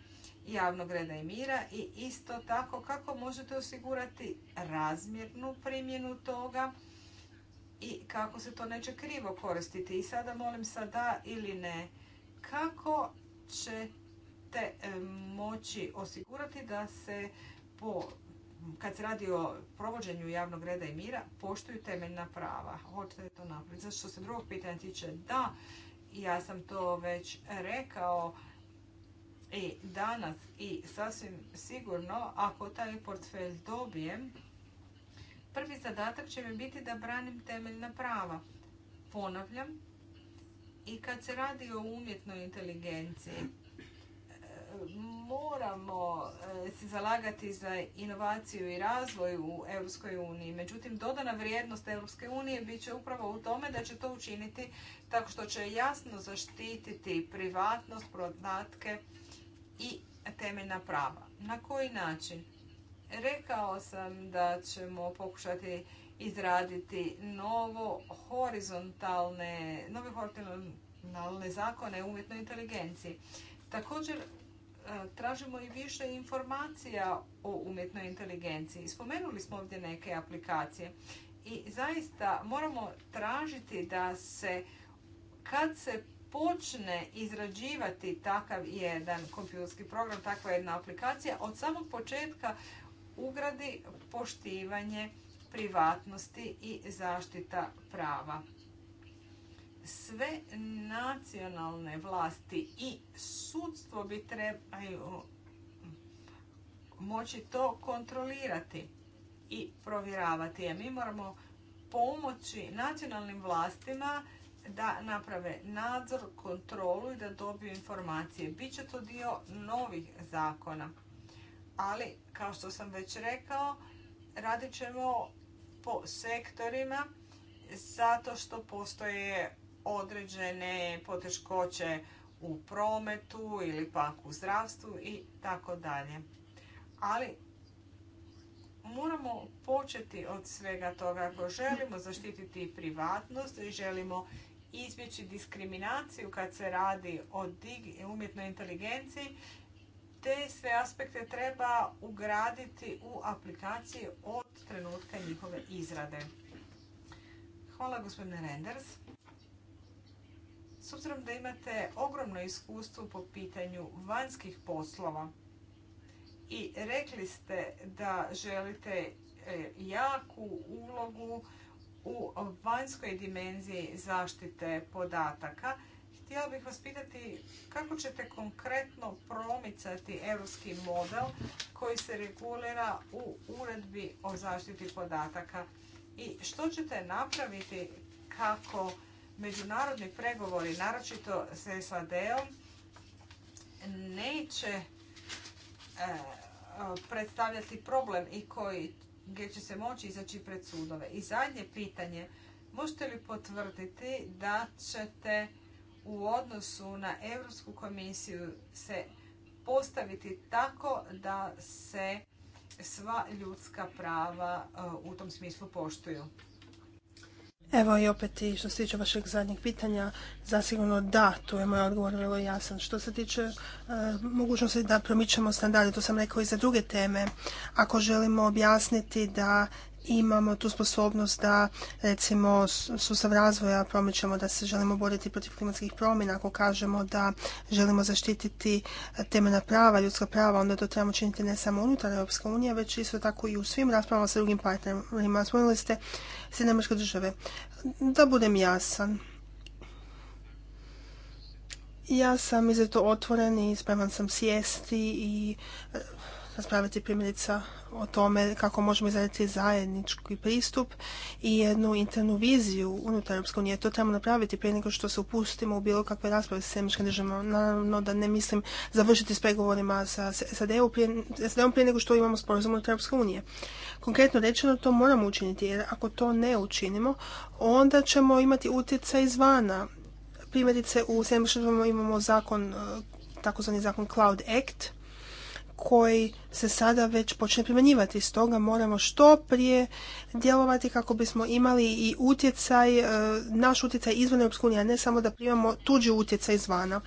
javnog reda i mira i isto tako kako možete osigurati razmjernu primjenu toga i kako se to neće krivo koristiti. I sada molim sa da ili ne. Kako ćete e, moći osigurati da se po kad se radi o provođenju javnog reda i mira, poštuju temeljna prava. Hoćete to napraviti. što se drugog pitanja tiče, da, ja sam to već rekao i danas i sasvim sigurno, ako taj portfelj dobijem, Prvi zadatak će mi biti da branim temeljna prava. Ponavljam, i kad se radi o umjetnoj inteligenciji, e, moramo e, se zalagati za inovaciju i razvoj u Europskoj uniji. Međutim, dodana vrijednost Europske unije bit će upravo u tome da će to učiniti tako što će jasno zaštititi privatnost, podatke i temeljna prava. Na koji način? Rekao sam da ćemo pokušati izraditi novo horizontalne, nove horizontalne zakone o umjetnoj inteligenciji. Također e, tražimo i više informacija o umjetnoj inteligenciji. Spomenuli smo ovdje neke aplikacije i zaista moramo tražiti da se kad se počne izrađivati takav jedan kompjuterski program, takva jedna aplikacija, od samog početka ugradi poštivanje privatnosti i zaštita prava. Sve nacionalne vlasti i sudstvo bi trebaju moći to kontrolirati i provjeravati. A mi moramo pomoći nacionalnim vlastima da naprave nadzor, kontrolu i da dobiju informacije. Biće to dio novih zakona ali kao što sam već rekao, radit ćemo po sektorima zato što postoje određene poteškoće u prometu ili pak u zdravstvu i tako dalje. Ali moramo početi od svega toga ako želimo zaštititi privatnost i želimo izbjeći diskriminaciju kad se radi o umjetnoj inteligenciji te sve aspekte treba ugraditi u aplikaciji od trenutka njihove izrade. Hvala gospodine Renders. S obzirom da imate ogromno iskustvo po pitanju vanjskih poslova i rekli ste da želite e, jaku ulogu u vanjskoj dimenziji zaštite podataka, Htjela bih vas pitati kako ćete konkretno promicati europski model koji se regulira u uredbi o zaštiti podataka i što ćete napraviti kako međunarodni pregovori, naročito s SAD-om, neće e, predstavljati problem i koji gdje će se moći izaći pred sudove. I zadnje pitanje, možete li potvrditi da ćete u odnosu na Europsku komisiju se postaviti tako da se sva ljudska prava e, u tom smislu poštuju. Evo i opet i što se tiče vašeg zadnjeg pitanja, zasigurno da, tu je moj odgovor vrlo jasan. Što se tiče e, mogućnosti da promičemo standarde, to sam rekao i za druge teme, ako želimo objasniti da imamo tu sposobnost da recimo sustav razvoja promičemo da se želimo boriti protiv klimatskih promjena, ako kažemo da želimo zaštititi temeljna prava, ljudska prava, onda to trebamo činiti ne samo unutar Europske unije, već isto tako i u svim raspravama sa drugim partnerima. Spomenuli ste Sjedinamečke države. Da budem jasan. Ja sam izvjeto otvoren i spreman sam sjesti i raspraviti primjerica o tome kako možemo izraditi zajednički pristup i jednu internu viziju unutar Europske unije. To trebamo napraviti prije nego što se upustimo u bilo kakve rasprave sa semičkim državama. Naravno da ne mislim završiti s pregovorima sa SAD-om prije, nego što imamo sporazum unutar Europske unije. Konkretno rečeno to moramo učiniti jer ako to ne učinimo onda ćemo imati utjecaj izvana. Primjerice u semičkim imamo zakon eh, takozvani zakon Cloud Act koji se sada već počne primjenjivati. Stoga moramo što prije djelovati kako bismo imali i utjecaj, e, naš utjecaj izvan EU, a ne samo da primamo tuđi utjecaj izvana.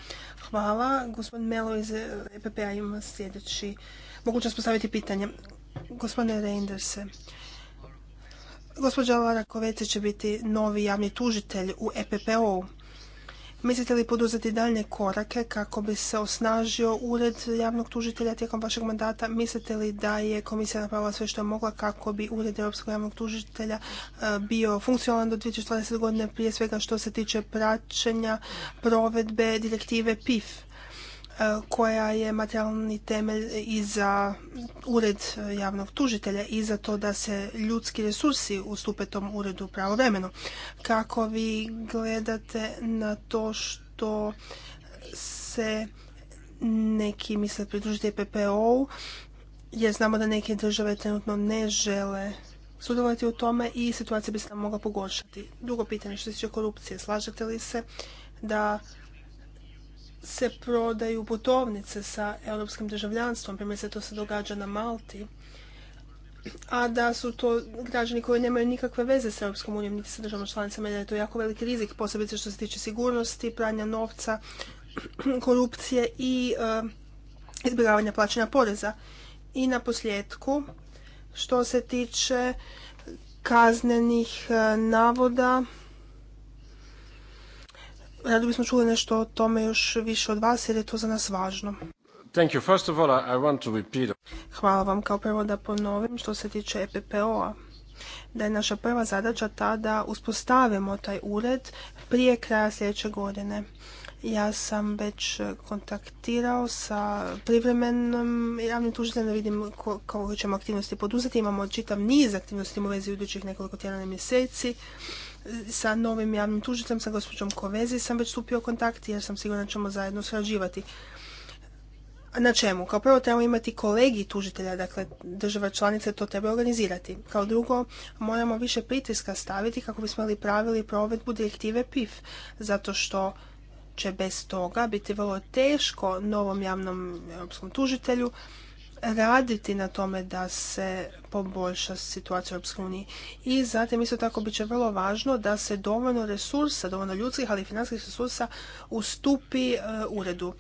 Hvala. Gospod Melo iz EPP-a ima sljedeći mogućnost postaviti pitanje. Gospodine Reinderse, gospođa Lara Kovece će biti novi javni tužitelj u EPPO-u. Mislite li poduzeti daljnje korake kako bi se osnažio ured javnog tužitelja tijekom vašeg mandata? Mislite li da je komisija napravila sve što je mogla kako bi ured Europskog javnog tužitelja e, bio funkcionalan do 2020. godine prije svega što se tiče praćenja provedbe direktive PIF? E, koja je materijalni temelj i za ured e, javnog tužitelja i za to da se ljudski resursi ustupe tom uredu pravovremeno. Kako vi gledate na to što se neki misle pridružiti e PPO-u, jer znamo da neke države trenutno ne žele sudjelovati u tome i situacija bi se nam mogla pogoršati. Drugo pitanje što se tiče korupcije, slažete li se da se prodaju putovnice sa europskim državljanstvom, primjerice to se događa na Malti, a da su to građani koji nemaju nikakve veze sa Europskom unijom niti sa državama članicama, da je to jako veliki rizik, posebice što se tiče sigurnosti, pranja novca, korupcije i eh, izbjegavanja plaćanja poreza. I na posljedku, što se tiče kaznenih eh, navoda rado bismo čuli nešto o tome još više od vas jer je to za nas važno. Hvala vam kao prvo da ponovim što se tiče EPPO-a da je naša prva zadaća ta da uspostavimo taj ured prije kraja sljedeće godine. Ja sam već kontaktirao sa privremenom javnim tužiteljem da vidim koliko ćemo aktivnosti poduzeti. Imamo čitav niz aktivnosti u vezi idućih nekoliko tjedana mjeseci sa novim javnim tužiteljem, sa gospođom Kovezi sam već stupio u kontakt jer sam sigurna da ćemo zajedno srađivati. Na čemu? Kao prvo trebamo imati kolegi tužitelja, dakle država članica to treba organizirati. Kao drugo, moramo više pritiska staviti kako bismo li pravili provedbu direktive PIF, zato što će bez toga biti vrlo teško novom javnom europskom tužitelju raditi na tome da se poboljša situacija u Uniji. I zatim isto tako bit će vrlo važno da se dovoljno resursa, dovoljno ljudskih ali i financijskih resursa ustupi e, uredu.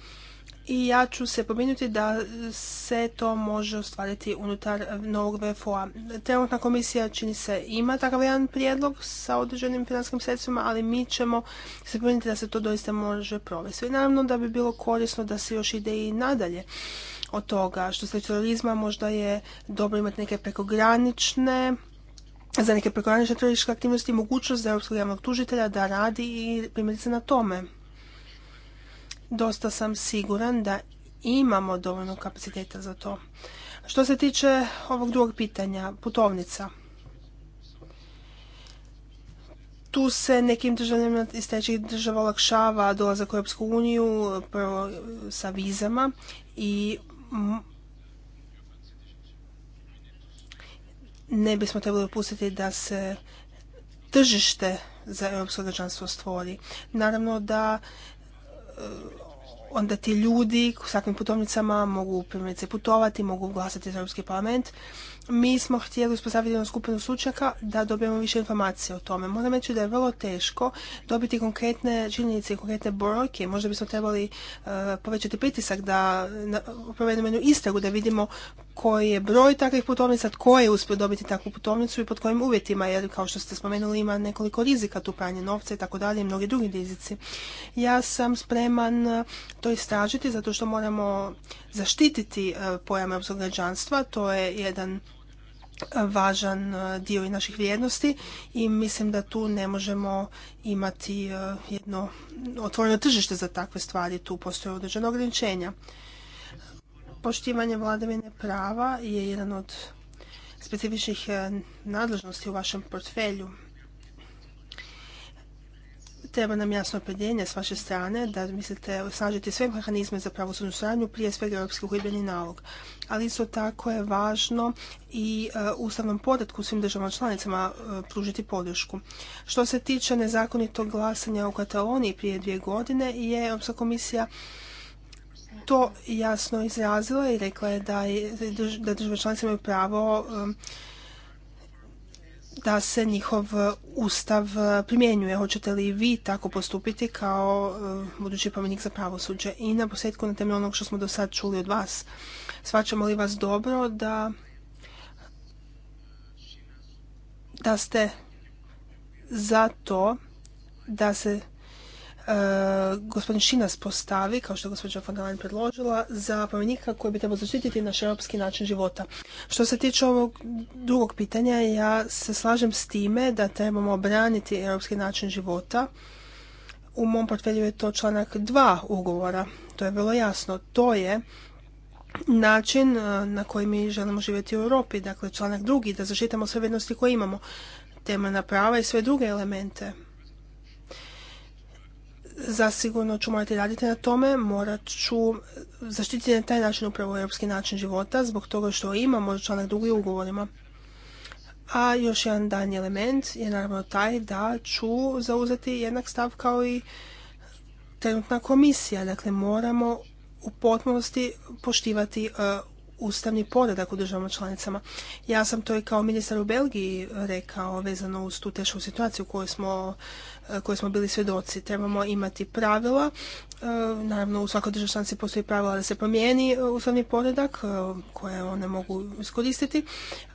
I ja ću se pominuti da se to može ostvariti unutar novog VFO-a. Trenutna komisija čini se ima takav jedan prijedlog sa određenim financijskim sredstvima, ali mi ćemo se pominuti da se to doista može provesti. I naravno da bi bilo korisno da se još ide i nadalje od toga. Što se tiče terorizma, možda je dobro imati neke prekogranične za neke prekogranične turističke aktivnosti mogućnost za europskog javnog tužitelja da radi i primjerice na tome. Dosta sam siguran da imamo dovoljno kapaciteta za to. Što se tiče ovog drugog pitanja, putovnica. Tu se nekim državljanima iz trećih država olakšava dolazak u Europsku uniju, prvo sa vizama i ne bismo trebali dopustiti da se tržište za europsko državstvo stvori. Naravno da e, onda ti ljudi s takvim putovnicama mogu primjerice putovati, mogu glasati za Europski parlament mi smo htjeli uspostaviti jednu skupinu slučaka da dobijemo više informacije o tome. Moram reći da je vrlo teško dobiti konkretne činjenice i konkretne brojke. Možda bismo trebali e, povećati pritisak da provedemo jednu istragu, da vidimo koji je broj takvih putovnica, tko je uspio dobiti takvu putovnicu i pod kojim uvjetima, jer kao što ste spomenuli ima nekoliko rizika tu pranje novca i tako dalje i mnogi drugi rizici. Ja sam spreman to istražiti zato što moramo zaštititi e, pojam europskog građanstva. To je jedan važan e, dio i naših vrijednosti i mislim da tu ne možemo imati e, jedno otvoreno tržište za takve stvari, tu postoje određena ograničenja. Poštivanje vladavine prava je jedan od specifičnih e, nadležnosti u vašem portfelju. Treba nam jasno opredjenje s vaše strane da mislite osnažiti sve mehanizme za pravosudnu suradnju, prije svega Europski uhidbeni nalog. Ali isto tako je važno i e, ustavnom podatku svim državama članicama e, pružiti podršku. Što se tiče nezakonitog glasanja u Kataloniji prije dvije godine je Europska komisija to jasno izrazila i rekla je da, je, da države članice imaju pravo e, da se njihov e, ustav e, primjenjuje. Hoćete li vi tako postupiti kao e, budući pomenik za pravosuđe? I na posljedku, na temelju onog što smo do sad čuli od vas, svačamo li vas dobro da, da ste za to da se E, gospodin Šinas postavi, kao što je gospođa Leyen predložila, za pomenika koji bi trebalo zaštititi naš europski način života. Što se tiče ovog drugog pitanja, ja se slažem s time da trebamo obraniti europski način života. U mom portfelju je to članak dva ugovora. To je vrlo jasno. To je način e, na koji mi želimo živjeti u Europi. Dakle, članak drugi, da zaštitamo sve vrijednosti koje imamo, temeljna prava i sve druge elemente zasigurno ću morati raditi na tome, morat ću zaštititi na taj način upravo europski način života zbog toga što imamo članak drugi ugovorima. A još jedan danji element je naravno taj da ću zauzeti jednak stav kao i trenutna komisija. Dakle, moramo u potpunosti poštivati e, ustavni poredak u državama članicama. Ja sam to i kao ministar u Belgiji rekao vezano uz tu tešku situaciju u kojoj smo E, koje smo bili svjedoci. Trebamo imati pravila, e, naravno u svakoj državi postoji pravila da se promijeni e, ustavni poredak koje one mogu iskoristiti,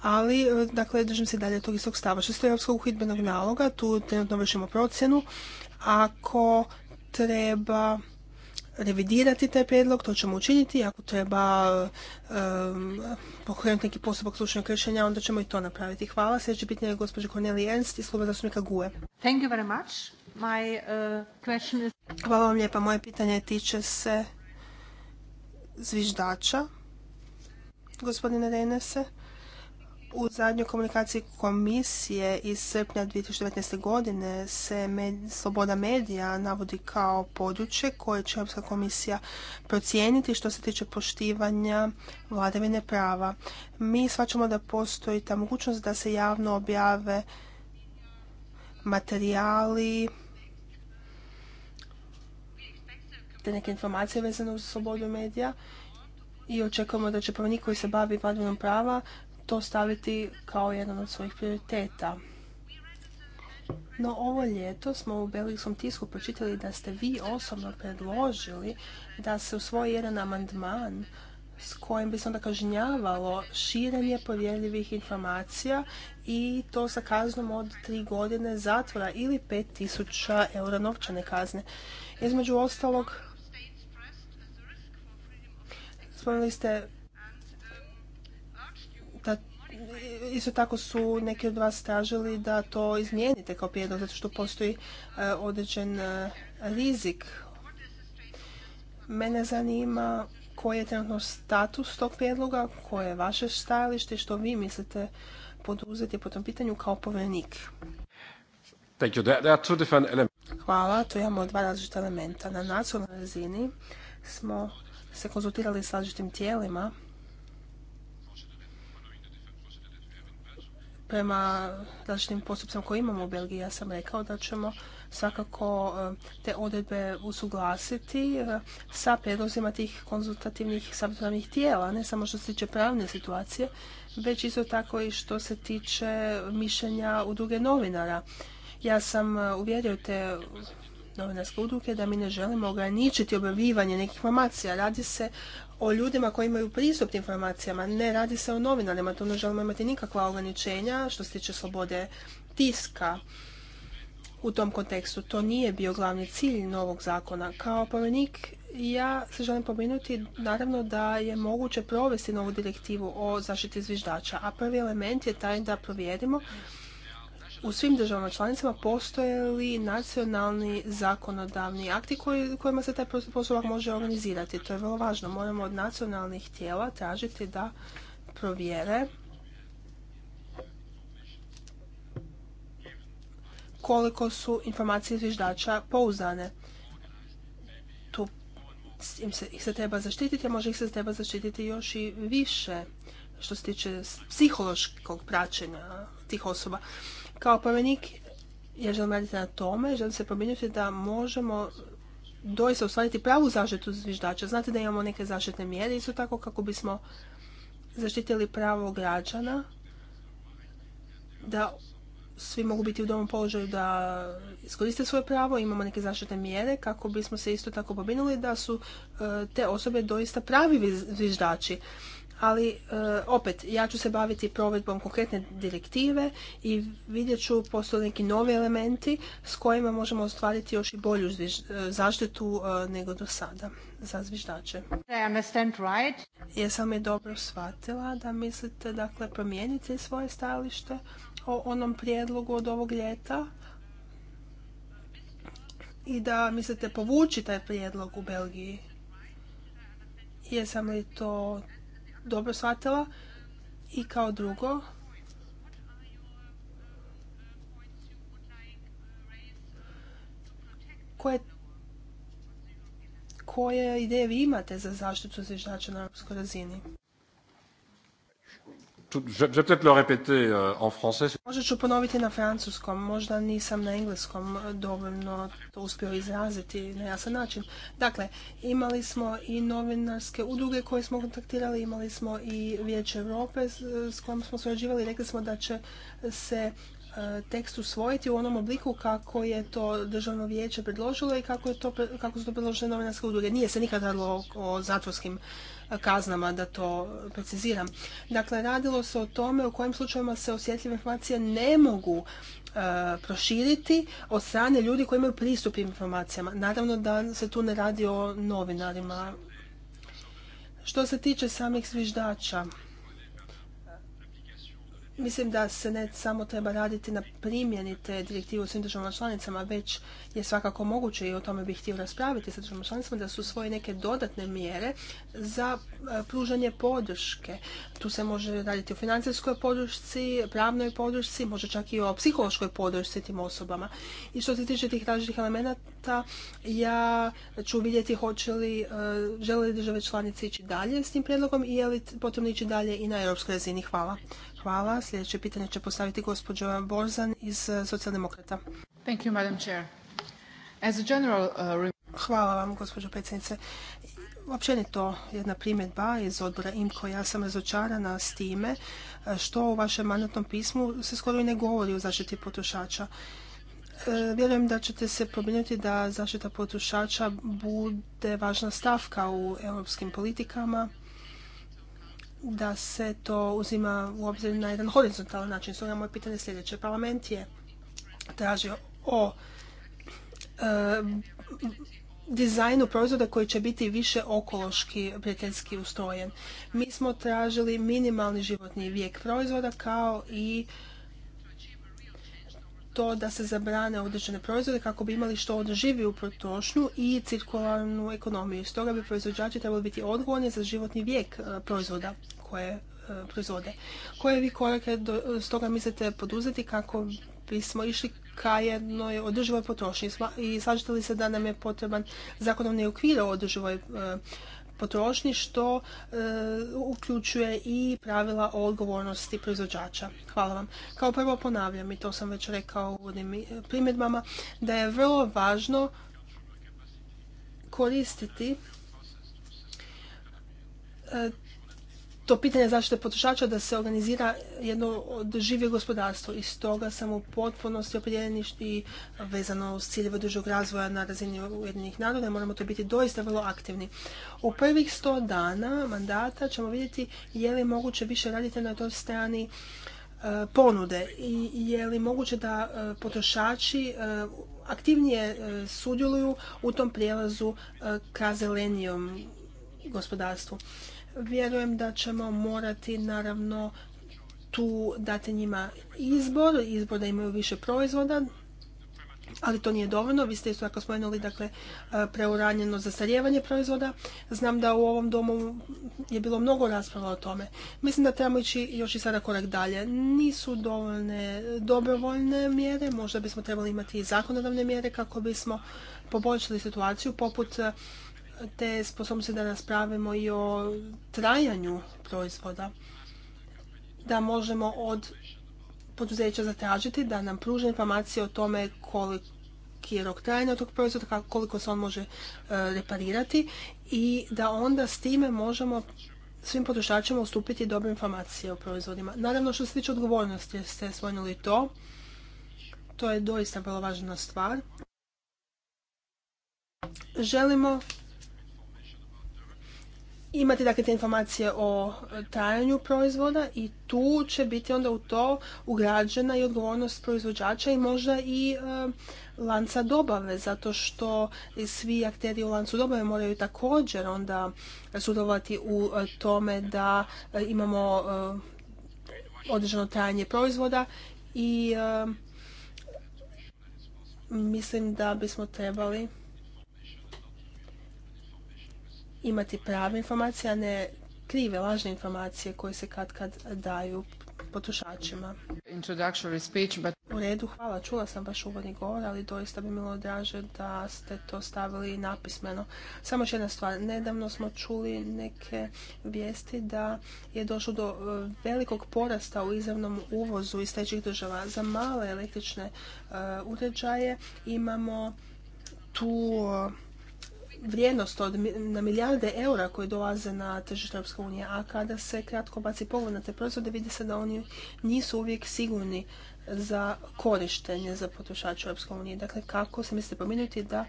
ali dakle držim se dalje tog istog stava. Što je europskog uhidbenog naloga, tu trenutno vršimo procjenu. Ako treba revidirati taj prijedlog, to ćemo učiniti. Ako treba um, pokrenuti neki postupak slučajnog rješenja, onda ćemo i to napraviti. Hvala. Sljedeće pitanje je gospođa Cornelia Ernst iz Kluba zastupnika GUE. Thank you very much. My, uh, is... Hvala vam lijepa. Moje pitanje tiče se zviždača, gospodine Renese. U zadnjoj komunikaciji komisije iz srpnja 2019. godine se sloboda medija navodi kao područje koje će Europska komisija procijeniti što se tiče poštivanja vladavine prava. Mi svačamo da postoji ta mogućnost da se javno objave materijali te neke informacije vezane uz slobodu medija i očekujemo da će pravnik koji se bavi vladavinom prava to staviti kao jedan od svojih prioriteta. No ovo ljeto smo u belgijskom tisku pročitali da ste vi osobno predložili da se usvoji jedan amandman s kojim bi se onda kažnjavalo širenje povjerljivih informacija i to sa kaznom od tri godine zatvora ili tisuća eura novčane kazne. Između ostalog, spomenuli ste isto tako su neki od vas tražili da to izmijenite kao prijedlog zato što postoji e, određen e, rizik. Mene zanima koji je trenutno status tog prijedloga, koje je vaše stajalište i što vi mislite poduzeti po tom pitanju kao povjerenik. Hvala, tu imamo dva različita elementa. Na nacionalnoj razini smo se konzultirali s različitim tijelima prema različitim postupcima koje imamo u Belgiji, ja sam rekao da ćemo svakako e, te odredbe usuglasiti e, sa prijedlozima tih konzultativnih savjetodavnih tijela, ne samo što se tiče pravne situacije, već isto tako i što se tiče mišljenja udruge novinara. Ja sam e, uvjerio te novinarske udruge da mi ne želimo ograničiti objavljivanje nekih informacija. Radi se o ljudima koji imaju pristup informacijama. Ne radi se o novinarima, tu ne želimo imati nikakva ograničenja što se tiče slobode tiska. U tom kontekstu to nije bio glavni cilj novog zakona. Kao povjerenik ja se želim pominuti naravno da je moguće provesti novu direktivu o zaštiti zviždača, a prvi element je taj da provjerimo u svim državama članicama postoje li nacionalni zakonodavni akti koji, kojima se taj postupak može organizirati. To je vrlo važno. Moramo od nacionalnih tijela tražiti da provjere koliko su informacije zviždača pouzdane. Tu se, ih se treba zaštititi, a možda ih se treba zaštititi još i više što se tiče psihološkog praćenja tih osoba. Kao pomenik, ja želim raditi na tome, želim se pobrinuti da možemo doista ostvariti pravu zaštitu zviždača. Znate da imamo neke zaštitne mjere, isto tako kako bismo zaštitili pravo građana da svi mogu biti u domom položaju da iskoriste svoje pravo, imamo neke zaštitne mjere kako bismo se isto tako pominuli da su e, te osobe doista pravi zviždači ali e, opet ja ću se baviti provedbom konkretne direktive i vidjet ću postoje neki novi elementi s kojima možemo ostvariti još i bolju e, zaštitu e, nego do sada za zviždače. Right. Jesam je dobro shvatila da mislite dakle promijeniti svoje stajalište o onom prijedlogu od ovog ljeta i da mislite povući taj prijedlog u Belgiji. Jesam li to dobro shvatila? I kao drugo, koje koje ideje vi imate za zaštitu zviždača na europskoj razini? Euh, možda ću ponoviti na francuskom, možda nisam na engleskom dovoljno to uspio izraziti na jasan način. Dakle, imali smo i novinarske udruge koje smo kontaktirali, imali smo i Vijeće Europe s kojom smo surađivali, rekli smo da će se e, tekst usvojiti u onom obliku kako je to državno vijeće predložilo i kako, je to, kako su to predložile novinarske udruge. Nije se nikad radilo o zatvorskim kaznama, da to preciziram. Dakle, radilo se o tome u kojim slučajevima se osjetljive informacije ne mogu e, proširiti od strane ljudi koji imaju pristup informacijama. Naravno da se tu ne radi o novinarima. Što se tiče samih zviždača, Mislim da se ne samo treba raditi na primjeni te direktive u svim državama članicama, već je svakako moguće i o tome bih htio raspraviti sa državama članicama da su svoje neke dodatne mjere za e, pružanje podrške. Tu se može raditi o financijskoj podršci, pravnoj podršci, može čak i o psihološkoj podršci tim osobama. I što se tiče tih različitih elemenata, ja ću vidjeti hoće li, e, žele li države članice ići dalje s tim predlogom i je li potrebno ići dalje i na europskoj razini. Hvala. Hvala. Sljedeće pitanje će postaviti gospođa Borzan iz eh, Socijaldemokrata. Thank you, Madam Chair. As a general, eh, Hvala vam, gospođo predsjednice. to jedna primjedba iz odbora IMKO. Ja sam razočarana s time eh, što u vašem mandatnom pismu se skoro i ne govori o zaštiti potrošača. Vjerujem da ćete se pobrinuti da zaštita potrošača bude važna stavka u europskim politikama da se to uzima u obzir na jedan horizontalan način. Stoga moje pitanje je sljedeće. Parlament je tražio o e, dizajnu proizvoda koji će biti više okološki prijateljski ustrojen. Mi smo tražili minimalni životni vijek proizvoda kao i to da se zabrane određene proizvode kako bi imali što održiviju potrošnju i cirkularnu ekonomiju. Stoga bi proizvođači trebali biti odgovorni za životni vijek e, proizvoda koje e, proizvode. Koje vi korake stoga mislite poduzeti kako bismo išli ka jednoj održivoj potrošnji i slažete li se da nam je potreban zakonovni okvir o održivoj e, potrošnji što e, uključuje i pravila o odgovornosti proizvođača. Hvala vam. Kao prvo ponavljam i to sam već rekao u uvodnim e, primjedbama da je vrlo važno koristiti e, to pitanje zaštite potrošača da se organizira jedno održivije gospodarstvo i stoga sam u potpunosti opredjeljeni vezano uz ciljeve dužog razvoja na razini Ujedinjenih naroda moramo to biti doista vrlo aktivni. U prvih sto dana mandata ćemo vidjeti je li moguće više raditi na toj strani e, ponude i je li moguće da e, potrošači e, aktivnije sudjeluju u tom prijelazu ka zelenijom gospodarstvu. Vjerujem da ćemo morati naravno tu dati njima izbor, izbor da imaju više proizvoda, ali to nije dovoljno. Vi ste isto tako spomenuli dakle, preuranjeno zastarijevanje proizvoda. Znam da u ovom domu je bilo mnogo rasprava o tome. Mislim da trebamo ići još i sada korak dalje. Nisu dovoljne dobrovoljne mjere, možda bismo trebali imati i zakonodavne mjere kako bismo poboljšali situaciju poput te sposobnosti da raspravimo i o trajanju proizvoda, da možemo od poduzeća zatražiti da nam pruže informacije o tome koliki je rok trajanja tog proizvoda, koliko se on može e, reparirati i da onda s time možemo svim potrošačima ustupiti dobre informacije o proizvodima. Naravno što se tiče odgovornosti, ste svojnili to, to je doista vrlo važna stvar. Želimo imati dakle te informacije o e, trajanju proizvoda i tu će biti onda u to ugrađena i odgovornost proizvođača i možda i e, lanca dobave zato što svi akteri u lancu dobave moraju također onda sudovati u e, tome da imamo određeno trajanje proizvoda i mislim da bismo trebali imati prave informacije, a ne krive, lažne informacije koje se kad kad daju potrošačima. U redu, hvala, čula sam vaš uvodni govor, ali doista bi bilo draže da ste to stavili napismeno. Samo još jedna stvar, nedavno smo čuli neke vijesti da je došlo do e, velikog porasta u izravnom uvozu iz trećih država. Za male električne e, uređaje imamo tu vrijednost od, na milijarde eura koje dolaze na tržište Europske unije, a kada se kratko baci pogled na te proizvode, vidi se da oni nisu uvijek sigurni za korištenje za potrošače Europske unije. Dakle, kako se mislite pominuti da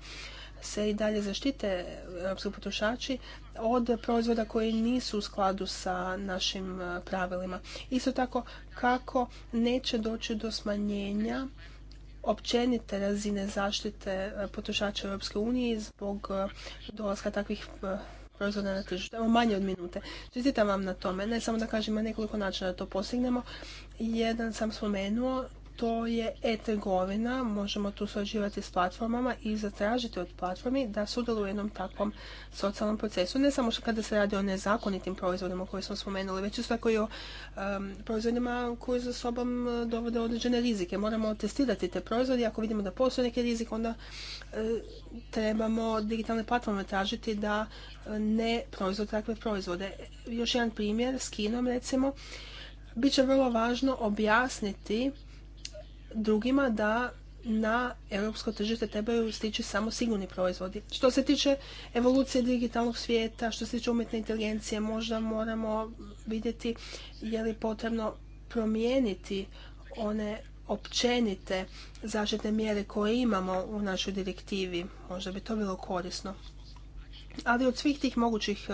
se i dalje zaštite europski potrošači od proizvoda koji nisu u skladu sa našim eh, pravilima. Isto tako, kako neće doći do smanjenja općenite razine zaštite e, potrošača Europske unije zbog e, dolaska takvih e, proizvoda na tržište. Evo manje od minute. Čestitam vam na tome. Ne samo da kažem nekoliko načina da to postignemo. Jedan sam spomenuo to je e-trgovina, možemo tu surađivati s platformama i zatražiti od platformi da sudjeluju u jednom takvom socijalnom procesu. Ne samo što kada se radi o nezakonitim proizvodima koje smo spomenuli, već isto tako i o proizvodima koji za sobom e, dovode određene rizike. Moramo testirati te proizvode i ako vidimo da postoje neki rizik, onda e, trebamo digitalne platforme tražiti da e, ne proizvode takve proizvode. Još jedan primjer s Kinom recimo. Biće vrlo važno objasniti drugima da na europsko tržište trebaju stići samo sigurni proizvodi. Što se tiče evolucije digitalnog svijeta, što se tiče umjetne inteligencije, možda moramo vidjeti je li potrebno promijeniti one općenite zaštitne mjere koje imamo u našoj direktivi. Možda bi to bilo korisno. Ali od svih tih mogućih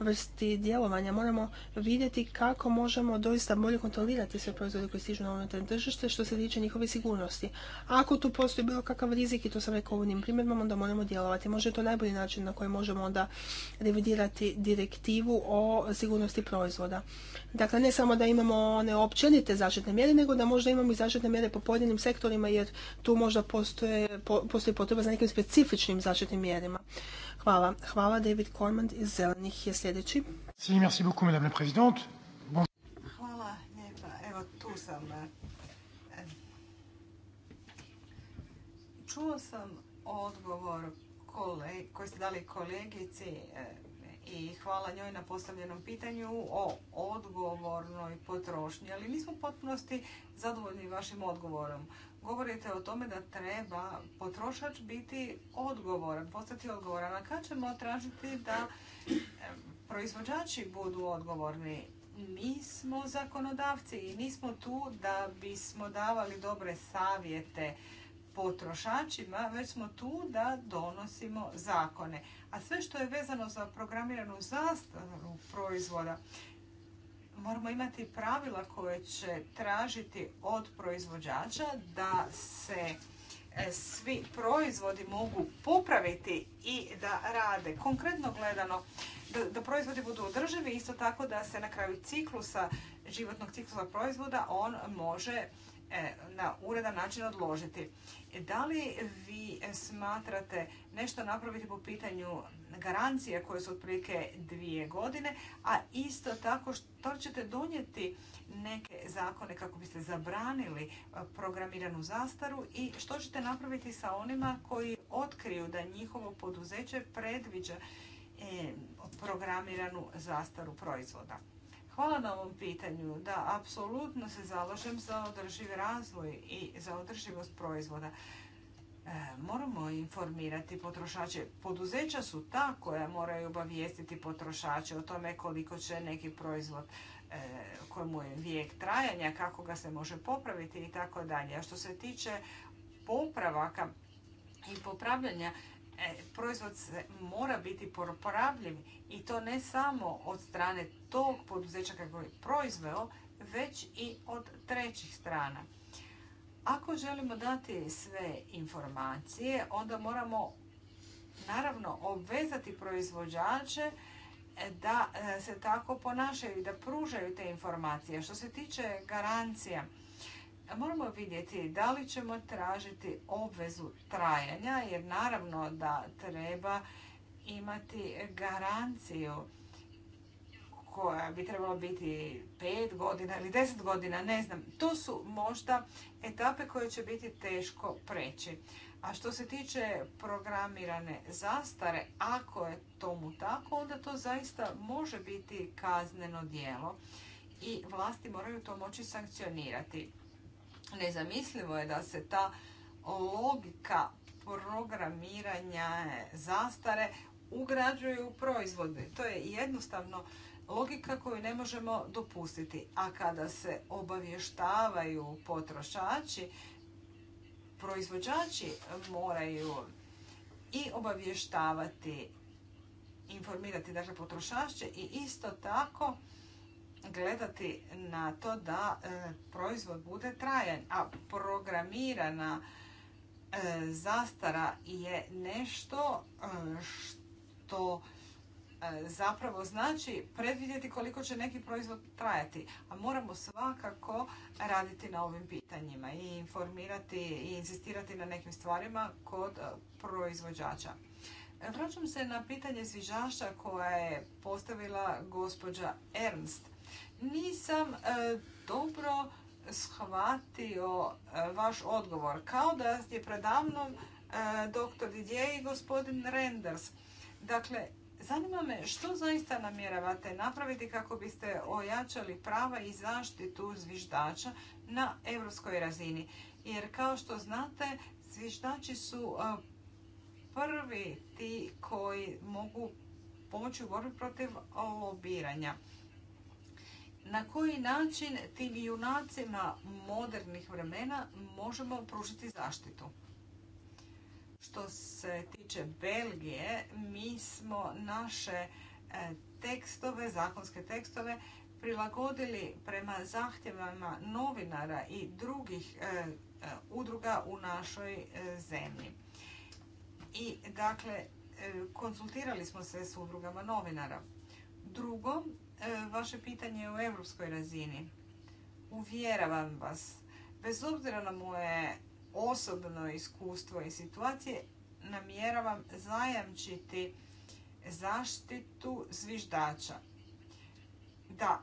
vrsti djelovanja. Moramo vidjeti kako možemo doista bolje kontrolirati sve proizvode koji stižu na unutarnje tržište što se tiče njihove sigurnosti. Ako tu postoji bilo kakav rizik, i to sam rekao u ovim primjedbama, onda moramo djelovati. Možda je to najbolji način na koji možemo onda revidirati direktivu o sigurnosti proizvoda. Dakle, ne samo da imamo one općenite zaštitne mjere, nego da možda imamo i zaštitne mjere po pojedinim sektorima, jer tu možda postoji potreba za nekim specifičnim zaštitnim mjerima. Hvala. Hvala, David Cormand iz Zelenih je sljedeći. Hvala lijepa. Evo tu sam. E, čuo sam odgovor koji ste dali kolegici e, i hvala njoj na postavljenom pitanju o odgovornoj potrošnji, ali nismo u potpunosti zadovoljni vašim odgovorom. Govorite o tome da treba potrošač biti odgovoran, postati odgovoran. A kad ćemo tražiti da proizvođači budu odgovorni? Mi smo zakonodavci i nismo tu da bismo davali dobre savjete potrošačima, već smo tu da donosimo zakone. A sve što je vezano za programiranu zastavu proizvoda, moramo imati pravila koje će tražiti od proizvođača da se e, svi proizvodi mogu popraviti i da rade konkretno gledano da, da proizvodi budu održivi isto tako da se na kraju ciklusa životnog ciklusa proizvoda on može E, na uredan način odložiti. Da li vi smatrate nešto napraviti po pitanju garancije koje su otprilike dvije godine, a isto tako što ćete donijeti neke zakone kako biste zabranili e, programiranu zastaru i što ćete napraviti sa onima koji otkriju da njihovo poduzeće predviđa e, programiranu zastaru proizvoda? Hvala na ovom pitanju. Da, apsolutno se zalažem za održiv razvoj i za održivost proizvoda. E, moramo informirati potrošače. Poduzeća su ta koja moraju obavijestiti potrošače o tome koliko će neki proizvod e, kojemu je vijek trajanja, kako ga se može popraviti i tako dalje. A što se tiče popravaka i popravljanja, E, proizvod mora biti popravljiv i to ne samo od strane tog poduzeća kako je proizveo, već i od trećih strana. Ako želimo dati sve informacije, onda moramo naravno obvezati proizvođače e, da e, se tako ponašaju i da pružaju te informacije. Što se tiče garancija, Moramo vidjeti da li ćemo tražiti obvezu trajanja, jer naravno da treba imati garanciju koja bi trebalo biti 5 godina ili 10 godina, ne znam. To su možda etape koje će biti teško preći. A što se tiče programirane zastare, ako je tomu tako, onda to zaista može biti kazneno dijelo i vlasti moraju to moći sankcionirati. Nezamislivo je da se ta logika programiranja zastare ugrađuju u proizvode. To je jednostavno logika koju ne možemo dopustiti. A kada se obavještavaju potrošači, proizvođači moraju i obavještavati, informirati dakle, potrošače i isto tako gledati na to da e, proizvod bude trajan, a programirana e, zastara je nešto e, što zapravo znači predvidjeti koliko će neki proizvod trajati. A moramo svakako raditi na ovim pitanjima i informirati i insistirati na nekim stvarima kod proizvođača. Vraćam se na pitanje zvižaša koja je postavila gospođa Ernst nisam e, dobro shvatio e, vaš odgovor. Kao da je predavnom e, doktor Didje i gospodin Renders. Dakle, zanima me što zaista namjeravate napraviti kako biste ojačali prava i zaštitu zviždača na europskoj razini. Jer kao što znate, zviždači su prvi ti koji mogu pomoći u borbi protiv lobiranja na koji način tim junacima modernih vremena možemo pružiti zaštitu. Što se tiče Belgije, mi smo naše e, tekstove, zakonske tekstove prilagodili prema zahtjevama novinara i drugih e, e, udruga u našoj zemlji. I dakle, konsultirali smo se s udrugama novinara. Drugo, E, vaše pitanje u europskoj razini. Uvjeravam vas, bez obzira na moje osobno iskustvo i situacije, namjeravam zajamčiti zaštitu zviždača. Da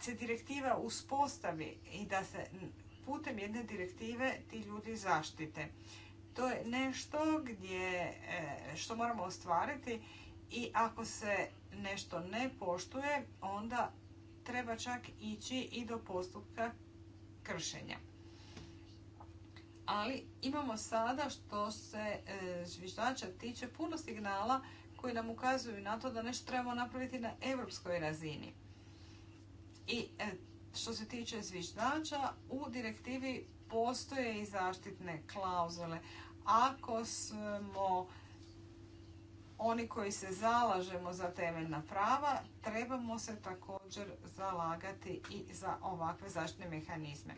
se direktiva uspostavi i da se putem jedne direktive ti ljudi zaštite. To je nešto gdje, e, što moramo ostvariti i ako se nešto ne poštuje, onda treba čak ići i do postupka kršenja. Ali imamo sada što se e, zviždača tiče puno signala koji nam ukazuju na to da nešto trebamo napraviti na europskoj razini. I e, što se tiče zviždača, u direktivi postoje i zaštitne klauzule. Ako smo oni koji se zalažemo za temeljna prava, trebamo se također zalagati i za ovakve zaštitne mehanizme.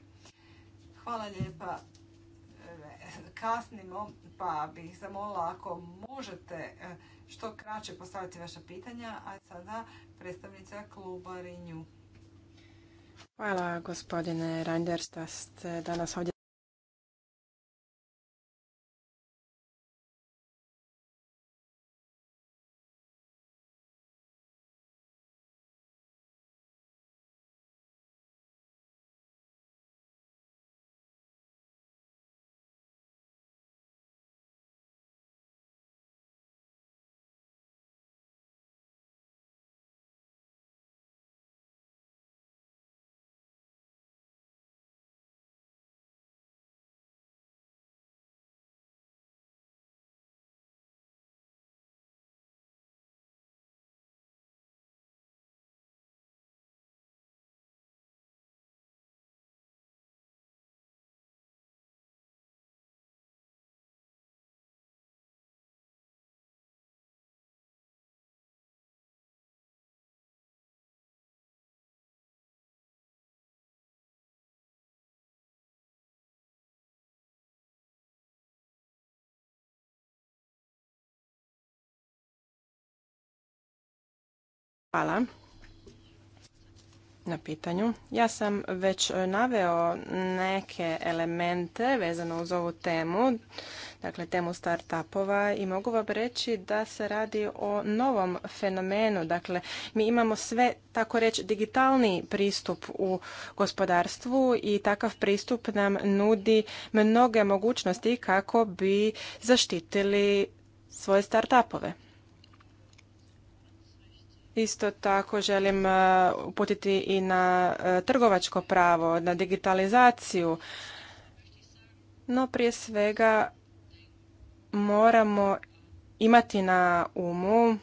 Hvala lijepa. E, kasnimo, pa bih zamolila ako možete e, što kraće postaviti vaša pitanja, a sada predstavnica kluba Rinju. Hvala gospodine Reinders ste danas ovdje Hvala na pitanju. Ja sam već e, naveo neke elemente vezano uz ovu temu, dakle temu startupova i mogu vam reći da se radi o novom fenomenu. Dakle, mi imamo sve, tako reći, digitalni pristup u gospodarstvu i takav pristup nam nudi mnoge mogućnosti kako bi zaštitili svoje startupove. Isto tako želim e, uputiti i na e, trgovačko pravo, na digitalizaciju. No prije svega moramo imati na umu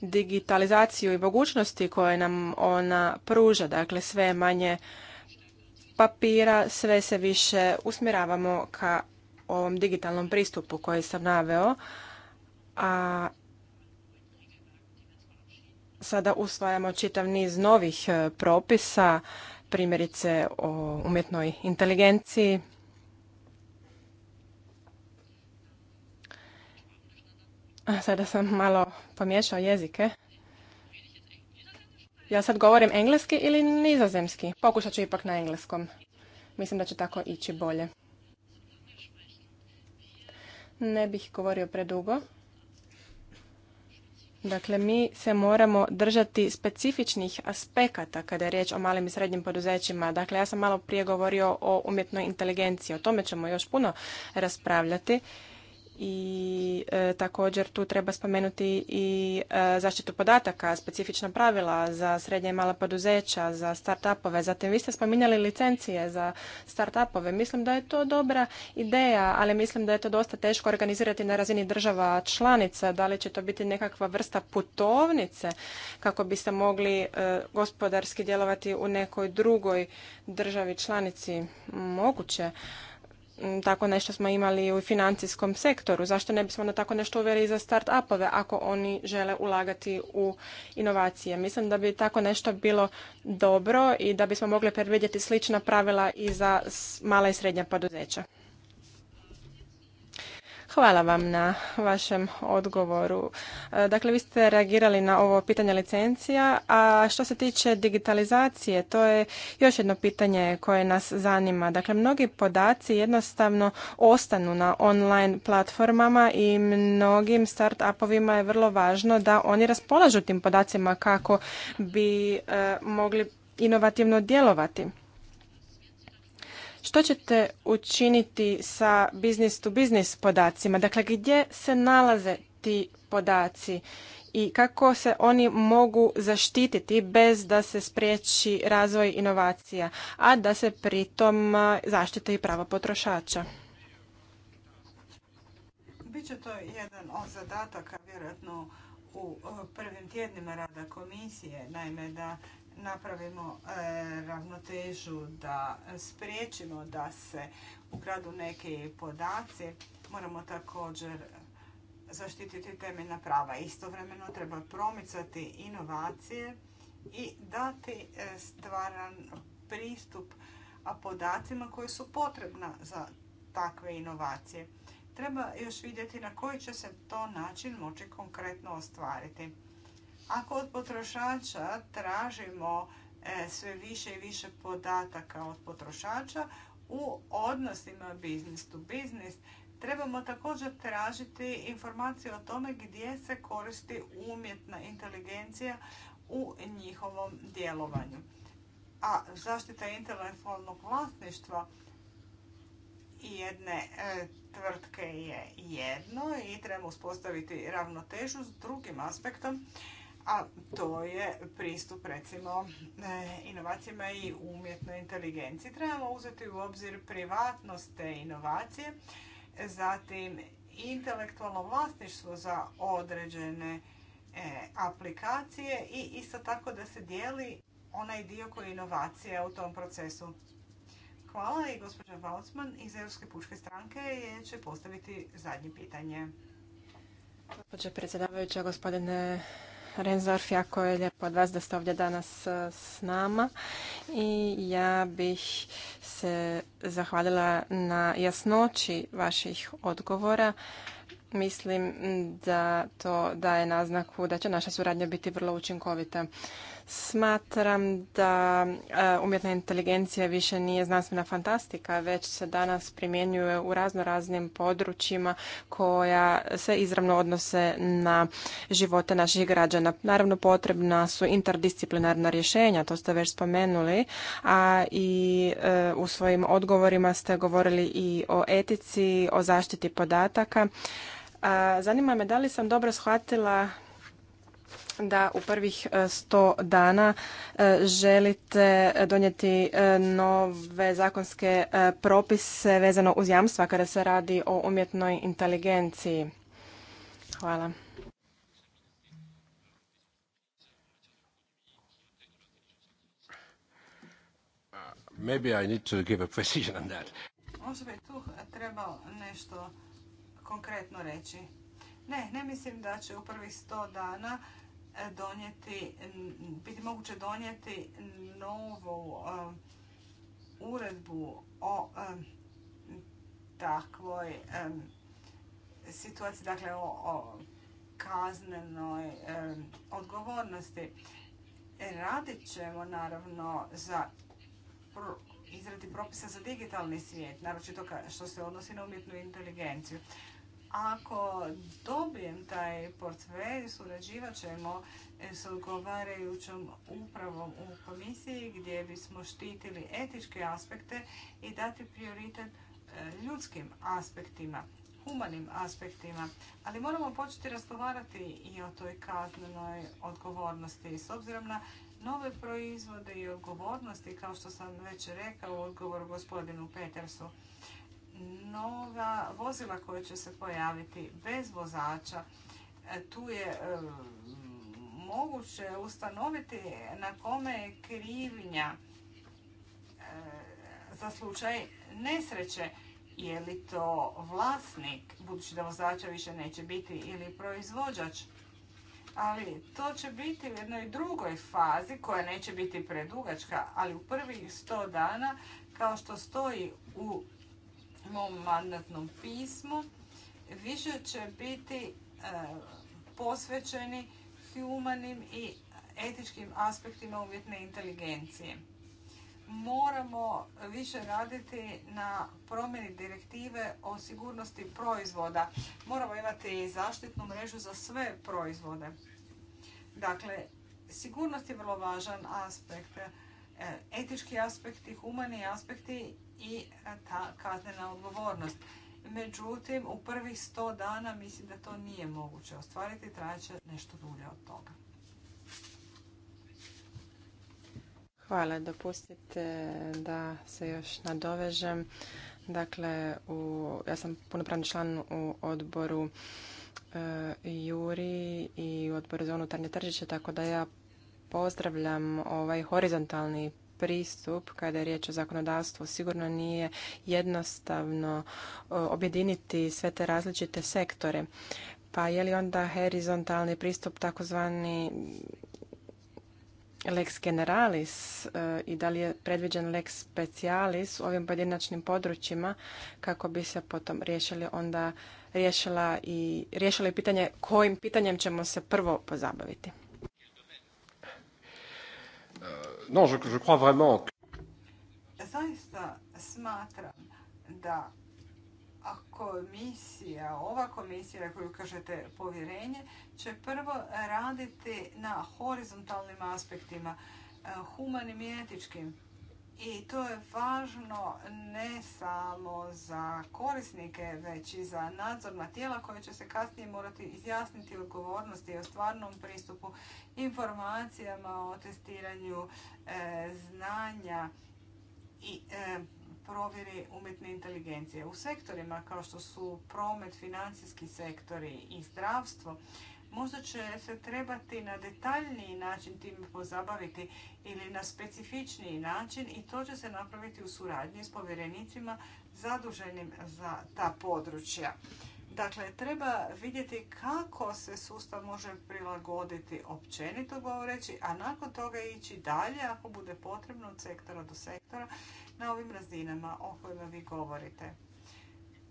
digitalizaciju i mogućnosti koje nam ona pruža, dakle sve manje papira, sve se više usmjeravamo ka ovom digitalnom pristupu koji sam naveo, a sada usvajamo čitav niz novih e, propisa, primjerice o umjetnoj inteligenciji. Sada sam malo pomiješao jezike. Ja sad govorim engleski ili nizozemski? Pokušat ću ipak na engleskom. Mislim da će tako ići bolje. Ne bih govorio predugo. Dakle, mi se moramo držati specifičnih aspekata kada je riječ o malim i srednjim poduzećima. Dakle, ja sam malo prije govorio o umjetnoj inteligenciji. O tome ćemo još puno raspravljati i e, također tu treba spomenuti i e, zaštitu podataka, specifična pravila za srednje i mala poduzeća, za startupove. Zatim vi ste spominjali licencije za startupove. Mislim da je to dobra ideja, ali mislim da je to dosta teško organizirati na razini država članica. Da li će to biti nekakva vrsta putovnice kako biste mogli e, gospodarski djelovati u nekoj drugoj državi članici? Moguće tako nešto smo imali u financijskom sektoru. Zašto ne bismo na tako nešto uveli i za start-upove ako oni žele ulagati u inovacije? Mislim da bi tako nešto bilo dobro i da bismo mogli predvidjeti slična pravila i za mala i srednja poduzeća. Hvala vam na vašem odgovoru. E, dakle, vi ste reagirali na ovo pitanje licencija, a što se tiče digitalizacije, to je još jedno pitanje koje nas zanima. Dakle, mnogi podaci jednostavno ostanu na online platformama i mnogim start-upovima je vrlo važno da oni raspolažu tim podacima kako bi e, mogli inovativno djelovati. Što ćete učiniti sa business to business podacima? Dakle, gdje se nalaze ti podaci i kako se oni mogu zaštititi bez da se spriječi razvoj inovacija, a da se pritom zaštite i prava potrošača? Biće to jedan od zadataka, vjerojatno, u e, prvim tjednima rada komisije, naime da napravimo e, ravnotežu, da spriječimo da se ukradu neke podaci, moramo također zaštititi temeljna prava. Istovremeno treba promicati inovacije i dati e, stvaran pristup a podacima koje su potrebna za takve inovacije. Treba još vidjeti na koji će se to način moći konkretno ostvariti. Ako od potrošača tražimo e, sve više i više podataka od potrošača u odnosima business to business, trebamo također tražiti informacije o tome gdje se koristi umjetna inteligencija u njihovom djelovanju. A zaštita intelektualnog vlasništva i jedne e, tvrtke je jedno i trebamo uspostaviti ravnotežu s drugim aspektom a to je pristup recimo e, inovacijama i umjetnoj inteligenciji. Trebamo uzeti u obzir privatnost te inovacije, zatim intelektualno vlasništvo za određene e, aplikacije i isto tako da se dijeli onaj dio koji je inovacija u tom procesu. Hvala i gospođa Valcman iz Europske pučke stranke je će postaviti zadnje pitanje. Gospođa predsjedavajuća, gospodine Renzorf, jako je lijepo od vas da ste ovdje danas e, s nama i ja bih se zahvalila na jasnoći vaših odgovora. Mislim da to daje naznaku da će naša suradnja biti vrlo učinkovita. Smatram da e, umjetna inteligencija više nije znanstvena fantastika, već se danas primjenjuje u raznoraznim područjima koja se izravno odnose na živote naših građana. Naravno potrebna su interdisciplinarna rješenja, to ste već spomenuli, a i e, u svojim odgovorima ste govorili i o etici, o zaštiti podataka. E, zanima me da li sam dobro shvatila da u prvih e, sto dana e, želite donijeti e, nove zakonske propise vezano uz jamstva kada se radi o umjetnoj inteligenciji. Hvala. Maybe I need to give a precision on that. Možda bi tu trebao nešto konkretno reći. Ne, ne mislim da će u prvih sto dana donijeti, biti moguće donijeti novu eh, uredbu o eh, takvoj eh, situaciji, dakle o, kaznenoj odgovornosti. Radit ćemo naravno za izradi propisa za digitalni svijet, naročito što se odnosi na umjetnu inteligenciju. Ako dobijem taj portfelj, surađivat ćemo s odgovarajućom upravom u komisiji gdje bismo štitili etičke aspekte i dati prioritet e, ljudskim aspektima, humanim aspektima. Ali moramo početi razgovarati i o toj kaznenoj odgovornosti s obzirom na nove proizvode i odgovornosti, kao što sam već rekao u odgovoru gospodinu Petersu nova vozila koja će se pojaviti bez vozača. E, tu je e, moguće ustanoviti na kome je krivnja e, za slučaj nesreće. Je li to vlasnik, budući da vozača više neće biti, ili proizvođač? Ali to će biti u jednoj drugoj fazi koja neće biti predugačka, ali u prvih 100 dana, kao što stoji u mom mandatnom pismu, više će biti e, posvećeni humanim i etičkim aspektima umjetne inteligencije. Moramo više raditi na promjeni direktive o sigurnosti proizvoda. Moramo imati zaštitnu mrežu za sve proizvode. Dakle, sigurnost je vrlo važan aspekt. E, etički aspekti, humani aspekti i e, ta kaznena odgovornost. Međutim, u prvih 100 dana mislim da to nije moguće ostvariti, traće nešto dulje od toga. Hvala, dopustite da se još nadovežem. Dakle, u, ja sam punopravni član u odboru e, Juri i u odboru za unutarnje tržište, tako da ja pozdravljam ovaj horizontalni pristup kada je riječ o zakonodavstvu. Sigurno nije jednostavno e, objediniti sve te različite sektore. Pa je li onda horizontalni pristup takozvani lex generalis e, i da li je predviđen lex specialis u ovim pojedinačnim područjima kako bi se potom riješili onda riješila i riješilo i pitanje kojim pitanjem ćemo se prvo pozabaviti non, je, je crois vraiment... Zaista smatram da komisija, ova komisija koju kažete povjerenje, će prvo raditi na horizontalnim aspektima, eh, humanim i etičkim i to je važno ne samo za korisnike, već i za nadzorna tijela koje će se kasnije morati izjasniti odgovornosti o stvarnom pristupu informacijama o testiranju e, znanja i e, provjeri umjetne inteligencije. U sektorima kao što su promet, financijski sektori i zdravstvo, Možda će se trebati na detaljniji način tim pozabaviti ili na specifičniji način i to će se napraviti u suradnji s povjerenicima zaduženim za ta područja. Dakle, treba vidjeti kako se sustav može prilagoditi općenito govoreći, a nakon toga ići dalje ako bude potrebno od sektora do sektora na ovim razinama o kojima vi govorite.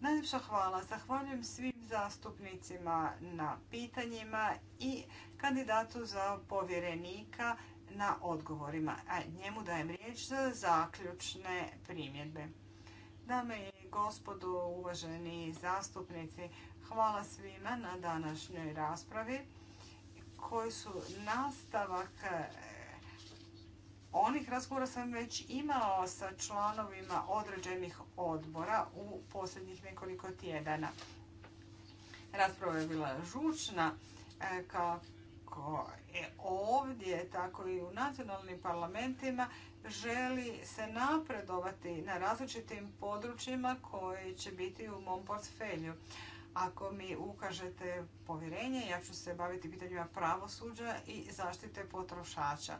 Najljepša hvala. Zahvaljujem svim zastupnicima na pitanjima i kandidatu za povjerenika na odgovorima. A njemu dajem riječ za zaključne primjedbe. Dame i gospodo, uvaženi zastupnici, hvala svima na današnjoj raspravi koji su nastavak onih razgovora sam već imao sa članovima određenih odbora u posljednjih nekoliko tjedana. Rasprava je bila žučna, e, kako je ovdje, tako i u nacionalnim parlamentima želi se napredovati na različitim područjima koji će biti u mom portfelju. Ako mi ukažete povjerenje, ja ću se baviti pitanjima pravosuđa i zaštite potrošača.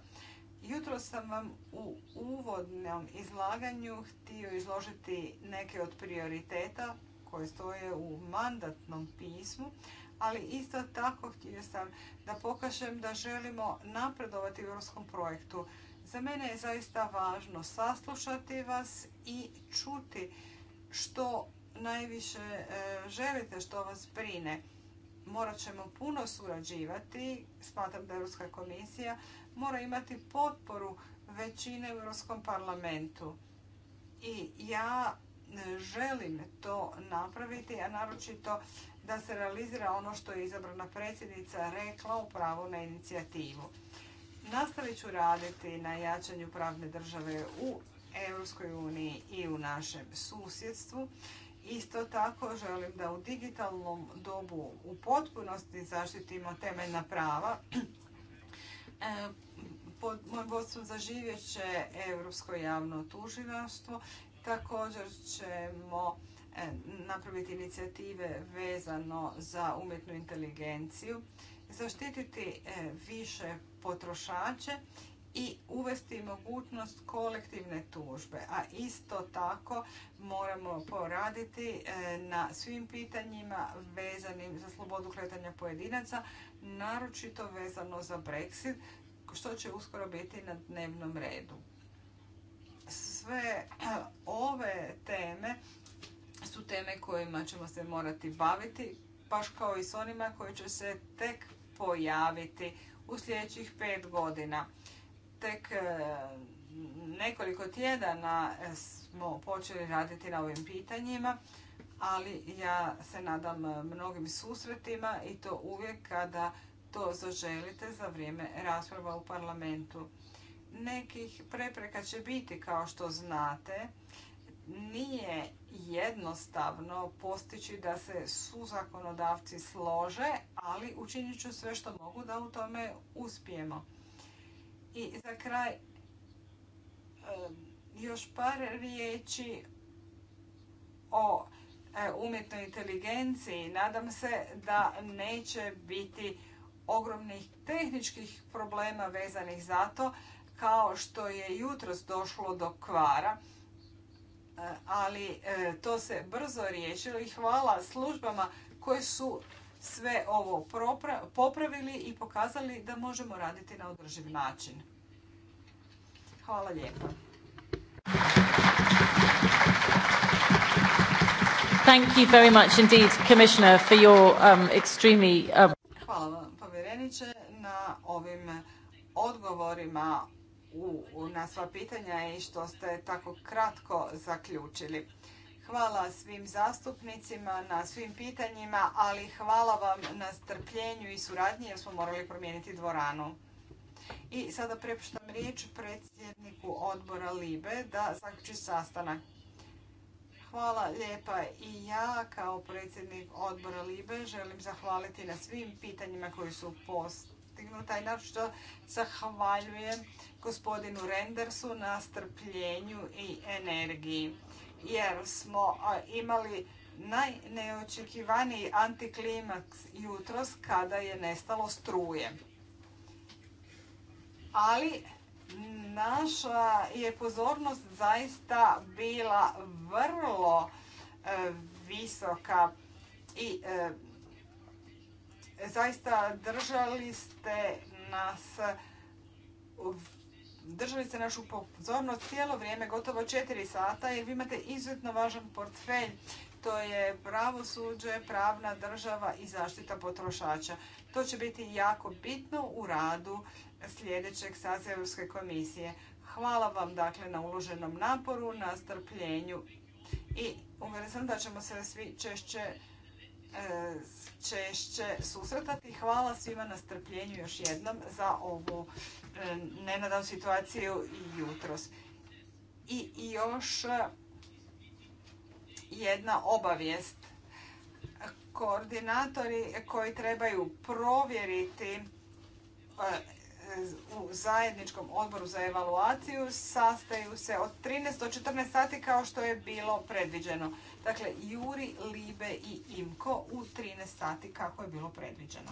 Jutro sam vam u uvodnom izlaganju htio izložiti neke od prioriteta koje stoje u mandatnom pismu, ali isto tako htio sam da pokažem da želimo napredovati u europskom projektu. Za mene je zaista važno saslušati vas i čuti što najviše e, želite, što vas brine. Morat ćemo puno surađivati. Smatram da Europska komisija mora imati potporu većine u Europskom parlamentu. I ja e, želim to napraviti, a naročito da se realizira ono što je izabrana predsjednica rekla u pravu na inicijativu. Nastavit ću raditi na jačanju pravne države u Europskoj uniji i u našem susjedstvu. Isto tako želim da u digitalnom dobu u potpunosti zaštitimo temeljna prava E, pod mojim vodstvom zaživjet će Europsko javno tužilaštvo. Također ćemo e, napraviti inicijative vezano za umjetnu inteligenciju, zaštititi e, više potrošače i uvesti mogućnost kolektivne tužbe. A isto tako moramo poraditi e, na svim pitanjima vezanim za slobodu kretanja pojedinaca, naročito vezano za Brexit, što će uskoro biti na dnevnom redu. Sve e, ove teme su teme kojima ćemo se morati baviti, baš kao i s onima koji će se tek pojaviti u sljedećih pet godina tek e, nekoliko tjedana e, smo počeli raditi na ovim pitanjima, ali ja se nadam e, mnogim susretima i to uvijek kada to zaželite za vrijeme rasprava u parlamentu. Nekih prepreka će biti, kao što znate, nije jednostavno postići da se zakonodavci slože, ali učinit ću sve što mogu da u tome uspijemo. I za kraj još par riječi o e, umjetnoj inteligenciji. Nadam se da neće biti ogromnih tehničkih problema vezanih za to, kao što je jutros došlo do kvara. E, ali e, to se brzo riješilo i hvala službama koje su sve ovo popravili i pokazali da možemo raditi na održiv način. Hvala lijepa. Thank you very much indeed, Commissioner, for your um, extremely... Um, Hvala vam, povjereniče, na ovim odgovorima na sva pitanja i što ste tako kratko zaključili. Hvala svim zastupnicima na svim pitanjima, ali hvala vam na strpljenju i suradnji jer smo morali promijeniti dvoranu. I sada prepuštam riječ predsjedniku odbora Libe da zaključi sastanak. Hvala lijepa i ja kao predsjednik odbora Libe želim zahvaliti na svim pitanjima koji su postignuta i našto zahvaljujem gospodinu Rendersu na strpljenju i energiji jer smo imali najneočekivaniji antiklimaks jutros kada je nestalo struje. Ali naša je pozornost zaista bila vrlo e, visoka i e, zaista držali ste nas držali ste našu pozornost cijelo vrijeme, gotovo četiri sata, jer vi imate izuzetno važan portfelj. To je pravo suđe, pravna država i zaštita potrošača. To će biti jako bitno u radu sljedećeg saziva Europske komisije. Hvala vam dakle na uloženom naporu, na strpljenju i uvjeren sam da ćemo se svi češće e, češće susretati. Hvala svima na strpljenju još jednom za ovu E, ne nenadam situaciju jutros. I još jedna obavijest. Koordinatori koji trebaju provjeriti e, u zajedničkom odboru za evaluaciju sastaju se od 13 do 14 sati kao što je bilo predviđeno. Dakle, Juri, Libe i Imko u 13 sati kako je bilo predviđeno.